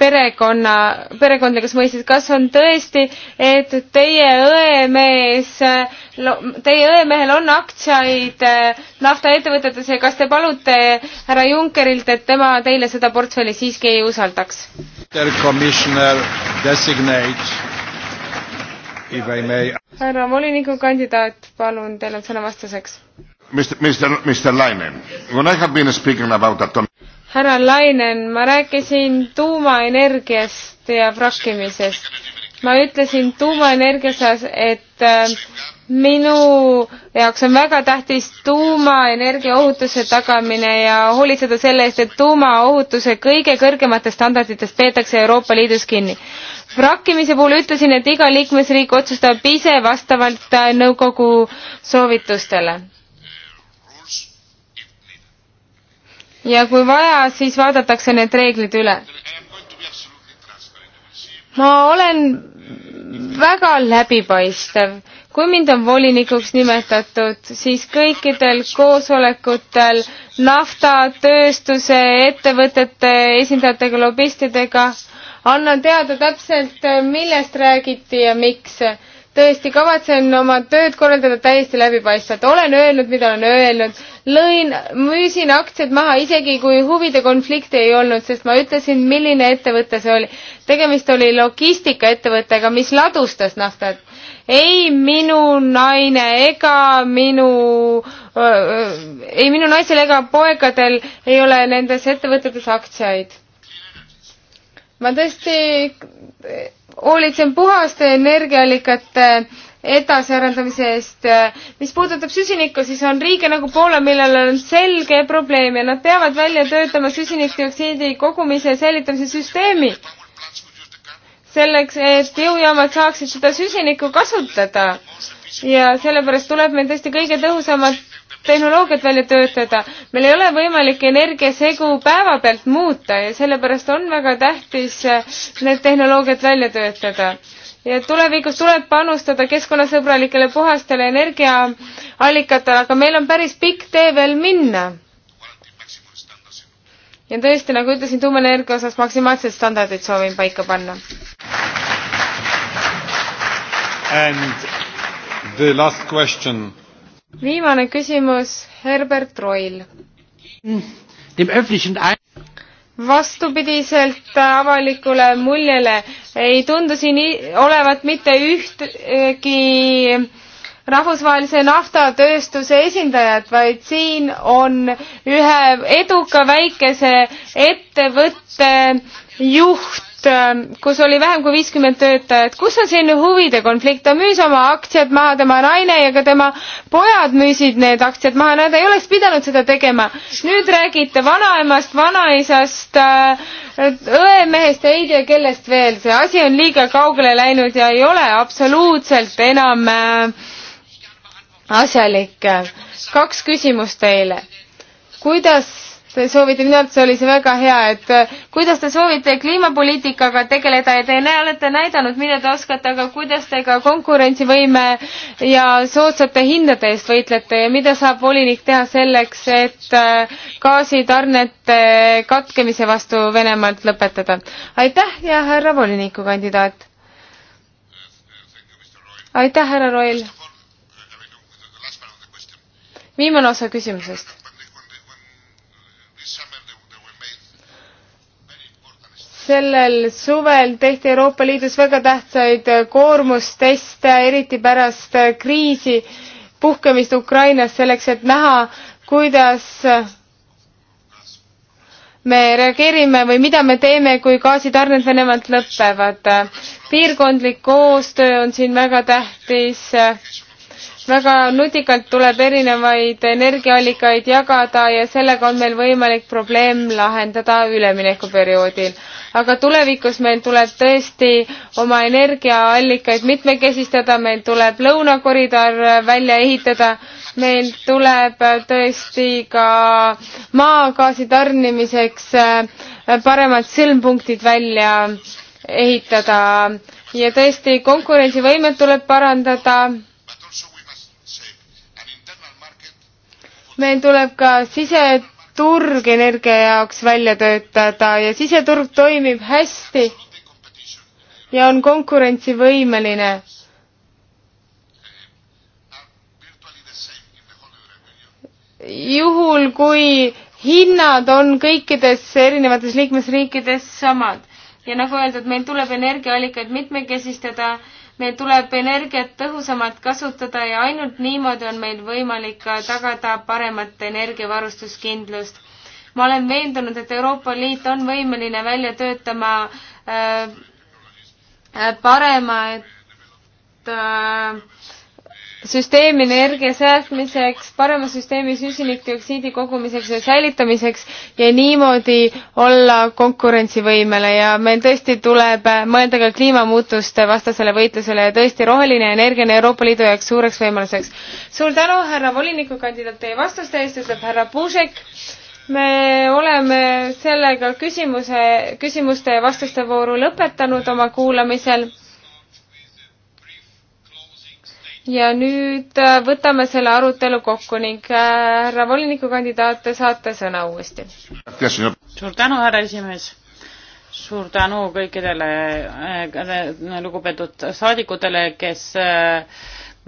perekonna, perekondlikus mõistes. kas on tõesti, et teie õemees, teie õemehel on aktsiaid äh, naftaettevõtetes ja kas te palute härra Junckerilt, et tema teile seda portfelli siiski ei usaldaks? härra volinikukandidaat, palun, teil on sõna vastuseks. härra Lainen, ma rääkisin tuumaenergiast ja frakkimisest ma ütlesin tuumaenergia osas, et äh, minu jaoks on väga tähtis tuumaenergia ohutuse tagamine ja hoolitseda selle eest, et tuumaohutuse kõige kõrgematest standarditest peetakse Euroopa Liidus kinni. vrakkimise puhul ütlesin, et iga liikmesriik otsustab ise vastavalt äh, nõukogu soovitustele ja kui vaja, siis vaadatakse need reeglid üle ma olen väga läbipaistev. kui mind on volinikuks nimetatud, siis kõikidel koosolekutel naftatööstuse ettevõtete esindajatega, lobistidega annan teada täpselt, millest räägiti ja miks. tõesti kavatsen oma tööd korraldada täiesti läbipaistvalt. olen öelnud, mida olen öelnud lõin, müüsin aktsiad maha, isegi kui huvide konflikti ei olnud, sest ma ütlesin, milline ettevõte see oli. tegemist oli logistikaettevõttega, mis ladustas naftat. ei minu naine ega minu äh,, ei minu naisel ega poegadel ei ole nendes ettevõtetes aktsiaid. ma tõesti hoolitsen puhaste energiaallikate edasiarendamise eest. mis puudutab süsinikku, siis on riige nagu Poola, millel on selge probleem ja nad peavad välja töötama süsinikdioksiidi kogumise ja säilitamise süsteemi. selleks, et jõujaamad saaksid seda süsinikku kasutada ja sellepärast tuleb meil tõesti kõige tõhusamad tehnoloogiat välja töötada. meil ei ole võimalik energiasegu päevapealt muuta ja sellepärast on väga tähtis äh, need tehnoloogiad välja töötada ja tulevikus tuleb panustada keskkonnasõbralikele puhastele energiaallikatele, aga meil on päris pikk tee veel minna. ja tõesti, nagu ütlesin, tuumaenergia osas maksimaalsed standardid soovin paika panna. And the last question viimane küsimus, Herbert Roil. vastupidiselt avalikule muljele ei tundu siin olevat mitte ühtegi rahvusvahelise naftatööstuse esindajat, vaid siin on ühe eduka väikese ettevõtte juht Äh, kus oli vähem kui viiskümmend töötajat, kus on siin huvide konflikt, ta müüs oma aktsiad maha, tema naine ja ka tema pojad müüsid need aktsiad maha, nad ei oleks pidanud seda tegema. nüüd räägite vanaemast, vanaisast, äh, õemehest, ei tea kellest veel, see asi on liiga kaugele läinud ja ei ole absoluutselt enam äh, asjalik. kaks küsimust teile. kuidas te soovite, minu arvates oli see väga hea, et äh, kuidas te soovite kliimapoliitikaga tegeleda ja te näe, olete näidanud, mida te oskate, aga kuidas te ka konkurentsivõime ja soodsate hindade eest võitlete ja mida saab volinik teha selleks, et äh, gaasitarnete katkemise vastu Venemaalt lõpetada? aitäh ja härra volinikukandidaat! aitäh, härra Roil! viimane osa küsimusest sellel suvel tehti Euroopa Liidus väga tähtsaid koormusteste, eriti pärast kriisi puhkemist Ukrainas, selleks et näha, kuidas me reageerime või mida me teeme, kui gaasitarned Venemaalt lõpevad. piirkondlik koostöö on siin väga tähtis väga nutikalt tuleb erinevaid energiaallikaid jagada ja sellega on meil võimalik probleem lahendada üleminekuperioodil. aga tulevikus meil tuleb tõesti oma energiaallikaid mitmekesistada, meil tuleb lõunakoridor välja ehitada, meil tuleb tõesti ka maagaasi tarnimiseks äh, paremad sõlmpunktid välja ehitada ja tõesti konkurentsivõimet tuleb parandada meil tuleb ka siseturg energia jaoks välja töötada ja siseturg toimib hästi ja on konkurentsivõimeline. juhul, kui hinnad on kõikides erinevates liikmesriikides samad ja nagu öeldud, meil tuleb energiaallikaid mitmekesistada meil tuleb energiat tõhusamalt kasutada ja ainult niimoodi on meil võimalik ka tagada paremat energiavarustuskindlust. ma olen veendunud, et Euroopa Liit on võimeline välja töötama äh, paremat äh, äh süsteemi energia säästmiseks, parema süsteemi süsinikdioksiidi kogumiseks ja säilitamiseks ja niimoodi olla konkurentsivõimele ja meil tõesti tuleb mõelda ka kliimamuutuste vastasele võitlusele ja tõesti roheline energia on Euroopa Liidu jaoks suureks võimaluseks. suur tänu, härra volinikukandidaat, teie vastuste eest, ütleb härra Puusek. me oleme sellega küsimuse, küsimuste ja vastuste vooru lõpetanud oma kuulamisel ja nüüd äh, võtame selle arutelu kokku ning äh, härra volinikukandidaat, te saate sõna uuesti. suur tänu, härra esimees suur tänu kõikidele äh, lugupeetud saadikutele, kes äh,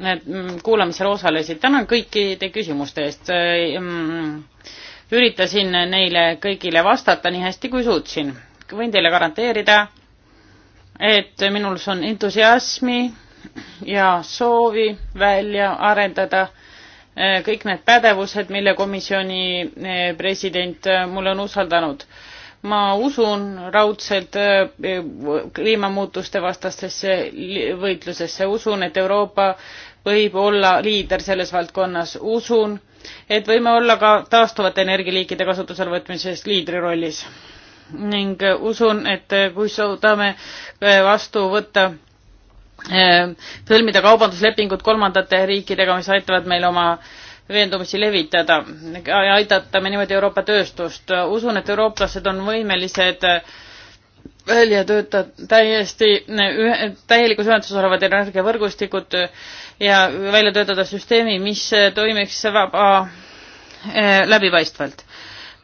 need mm, kuulamisel osalesid. tänan kõikide küsimuste eest äh,. Mm, üritasin neile kõigile vastata nii hästi, kui suutsin. võin teile garanteerida, et minul on entusiasmi ja soovi välja arendada eh, kõik need pädevused, mille komisjoni eh, president eh, mulle on usaldanud. ma usun raudselt kliimamuutuste vastastesse võitlusesse, usun, et Euroopa võib olla liider selles valdkonnas, usun, et võime olla ka taastuvate energialiikide kasutusele võtmises liidri rollis. ning usun, et kui suudame vastu võtta Ehm, sõlmida kaubanduslepingud kolmandate riikidega, mis aitavad meil oma veendumusi levitada ja aidata me niimoodi Euroopa tööstust. usun, et eurooplased on võimelised välja töötada täiesti ühe, täielikus ühenduses olevad energiavõrgustikud ja välja töötada süsteemi, mis toimiks vaba eh, läbipaistvalt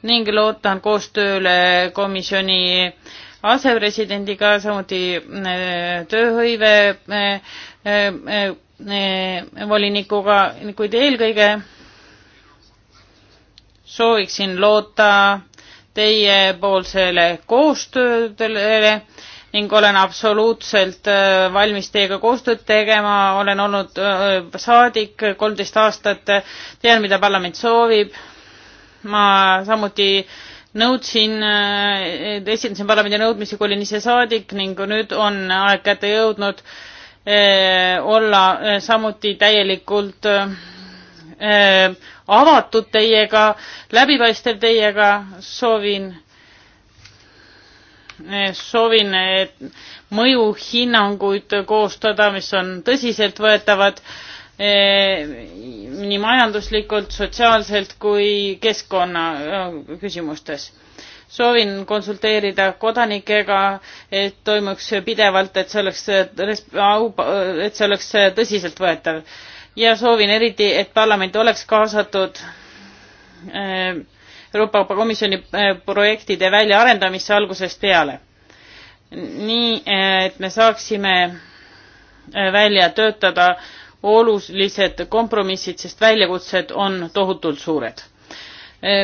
ning loodan koostööle komisjoni äh, asepresidendiga, samuti äh, tööhõive äh, äh, volinikuga, kuid eelkõige sooviksin loota teiepoolsele koostöödele ning olen absoluutselt valmis teiega koostööd tegema, olen olnud saadik kolmteist aastat, tean, mida parlament soovib. ma samuti nõudsin, äh, esindasin parlamendi nõudmisi, kui olin ise saadik ning nüüd on aeg kätte jõudnud äh, olla äh, samuti täielikult avatud teiega, läbipaistev teiega, soovin, soovin mõjuhinnanguid koostada, mis on tõsiseltvõetavad Eh, nii majanduslikult, sotsiaalselt kui keskkonna eh, küsimustes. soovin konsulteerida kodanikega, et toimuks pidevalt, et see oleks, et see oleks tõsiseltvõetav ja soovin eriti, et parlament oleks kaasatud eh, Euroopa Komisjoni projektide väljaarendamisse algusest peale. nii, et me saaksime välja töötada olulised kompromissid, sest väljakutsed on tohutult suured.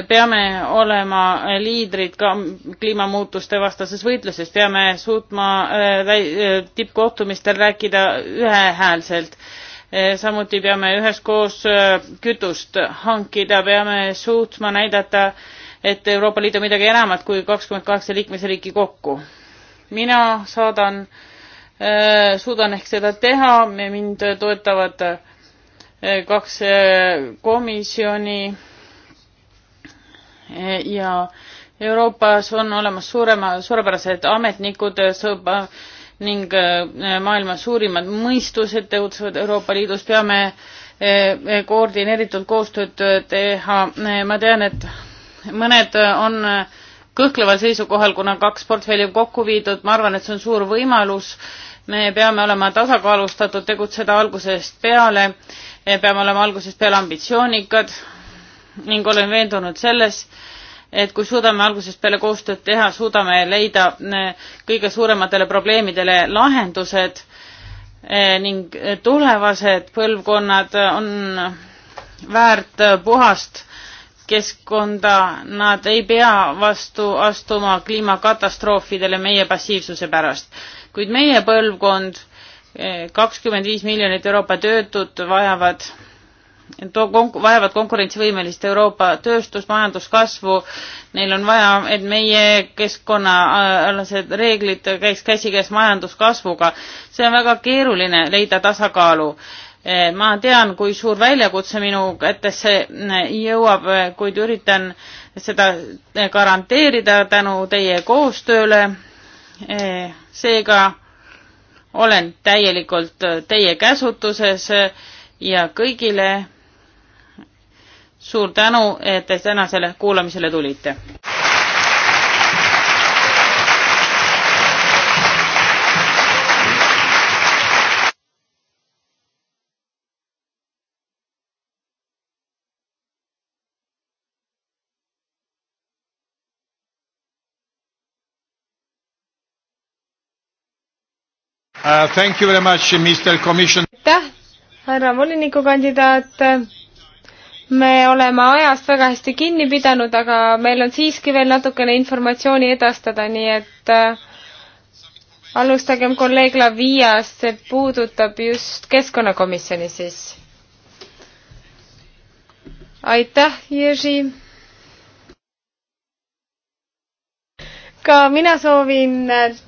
peame olema liidrid ka kliimamuutuste vastases võitluses, peame suutma äh, äh, tippkohtumistel rääkida ühehäälselt. Äh, samuti peame üheskoos kütust hankida, peame suutma näidata, et Euroopa Liit on midagi enamat kui kakskümmend kaheksa liikmesriiki kokku. mina saadan äh, Äh, suudan ehk seda teha, mind toetavad äh, kaks äh, komisjoni ja Euroopas on olemas suurema, suurepärased ametnikud sõba, ning maailma suurimad mõistused tegutsevad Euroopa Liidus, peame koordineeritud koostööd teha, ma tean, et mõned on äh, kõhkleval seisukohal, kuna kaks portfelli on kokku viidud, ma arvan, et see on suur võimalus. me peame olema tasakaalustatud, tegutseda algusest peale, peame olema algusest peale ambitsioonikad ning olen veendunud selles, et kui suudame algusest peale koostööd teha, suudame leida kõige suurematele probleemidele lahendused e, ning tulevased põlvkonnad on väärt puhast keskkonda, nad ei pea vastu astuma kliimakatastroofidele meie passiivsuse pärast. kuid meie põlvkond, kakskümmend viis miljonit Euroopa töötut vajavad vajavad konkurentsivõimelist Euroopa tööstust, majanduskasvu, neil on vaja, et meie keskkonnaalased reeglid käiks käsikäes majanduskasvuga. see on väga keeruline leida tasakaalu Eh, ma tean, kui suur väljakutse minu kätesse eh, jõuab, eh, kuid üritan seda garanteerida tänu teie koostööle. seega olen täielikult teie käsutuses ja kõigile suur tänu, et te tänasele kuulamisele tulite. Uh, aitäh, härra volinikukandidaat. me oleme ajast väga hästi kinni pidanud, aga meil on siiski veel natukene informatsiooni edastada, nii et äh, alustagem kolleeg Laviast, see puudutab just keskkonnakomisjoni siis. aitäh, Jerzy ka mina soovin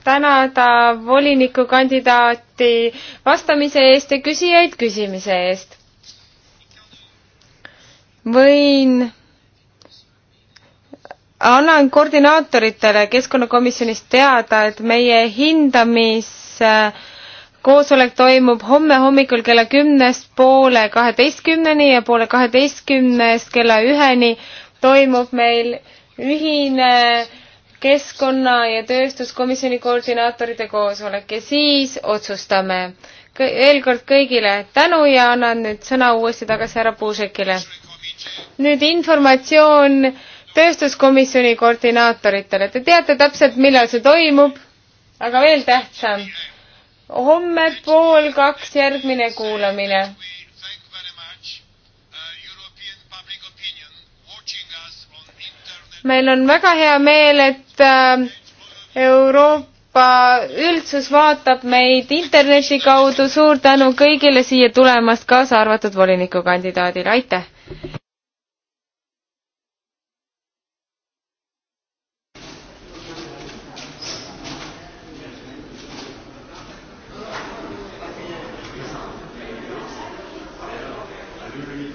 tänada volinikukandidaati vastamise eest ja küsijaid küsimise eest. võin, annan koordinaatoritele Keskkonnakomisjonist teada, et meie hindamiskoosolek toimub homme hommikul kella kümnest poole kaheteistkümneni ja poole kaheteistkümnest kella üheni toimub meil ühine keskkonna ja tööstuskomisjoni koordinaatorite koosolek ja siis otsustame. veel kord kõigile tänu ja annan nüüd sõna uuesti tagasi härra Puusekile. nüüd informatsioon tööstuskomisjoni koordinaatoritele. Te teate täpselt, millal see toimub, aga veel tähtsam, homme pool kaks järgmine kuulamine meil on väga hea meel, et äh, Euroopa üldsus vaatab meid interneti kaudu. suur tänu kõigile siia tulemast, kaasa arvatud volinikukandidaadile, aitäh!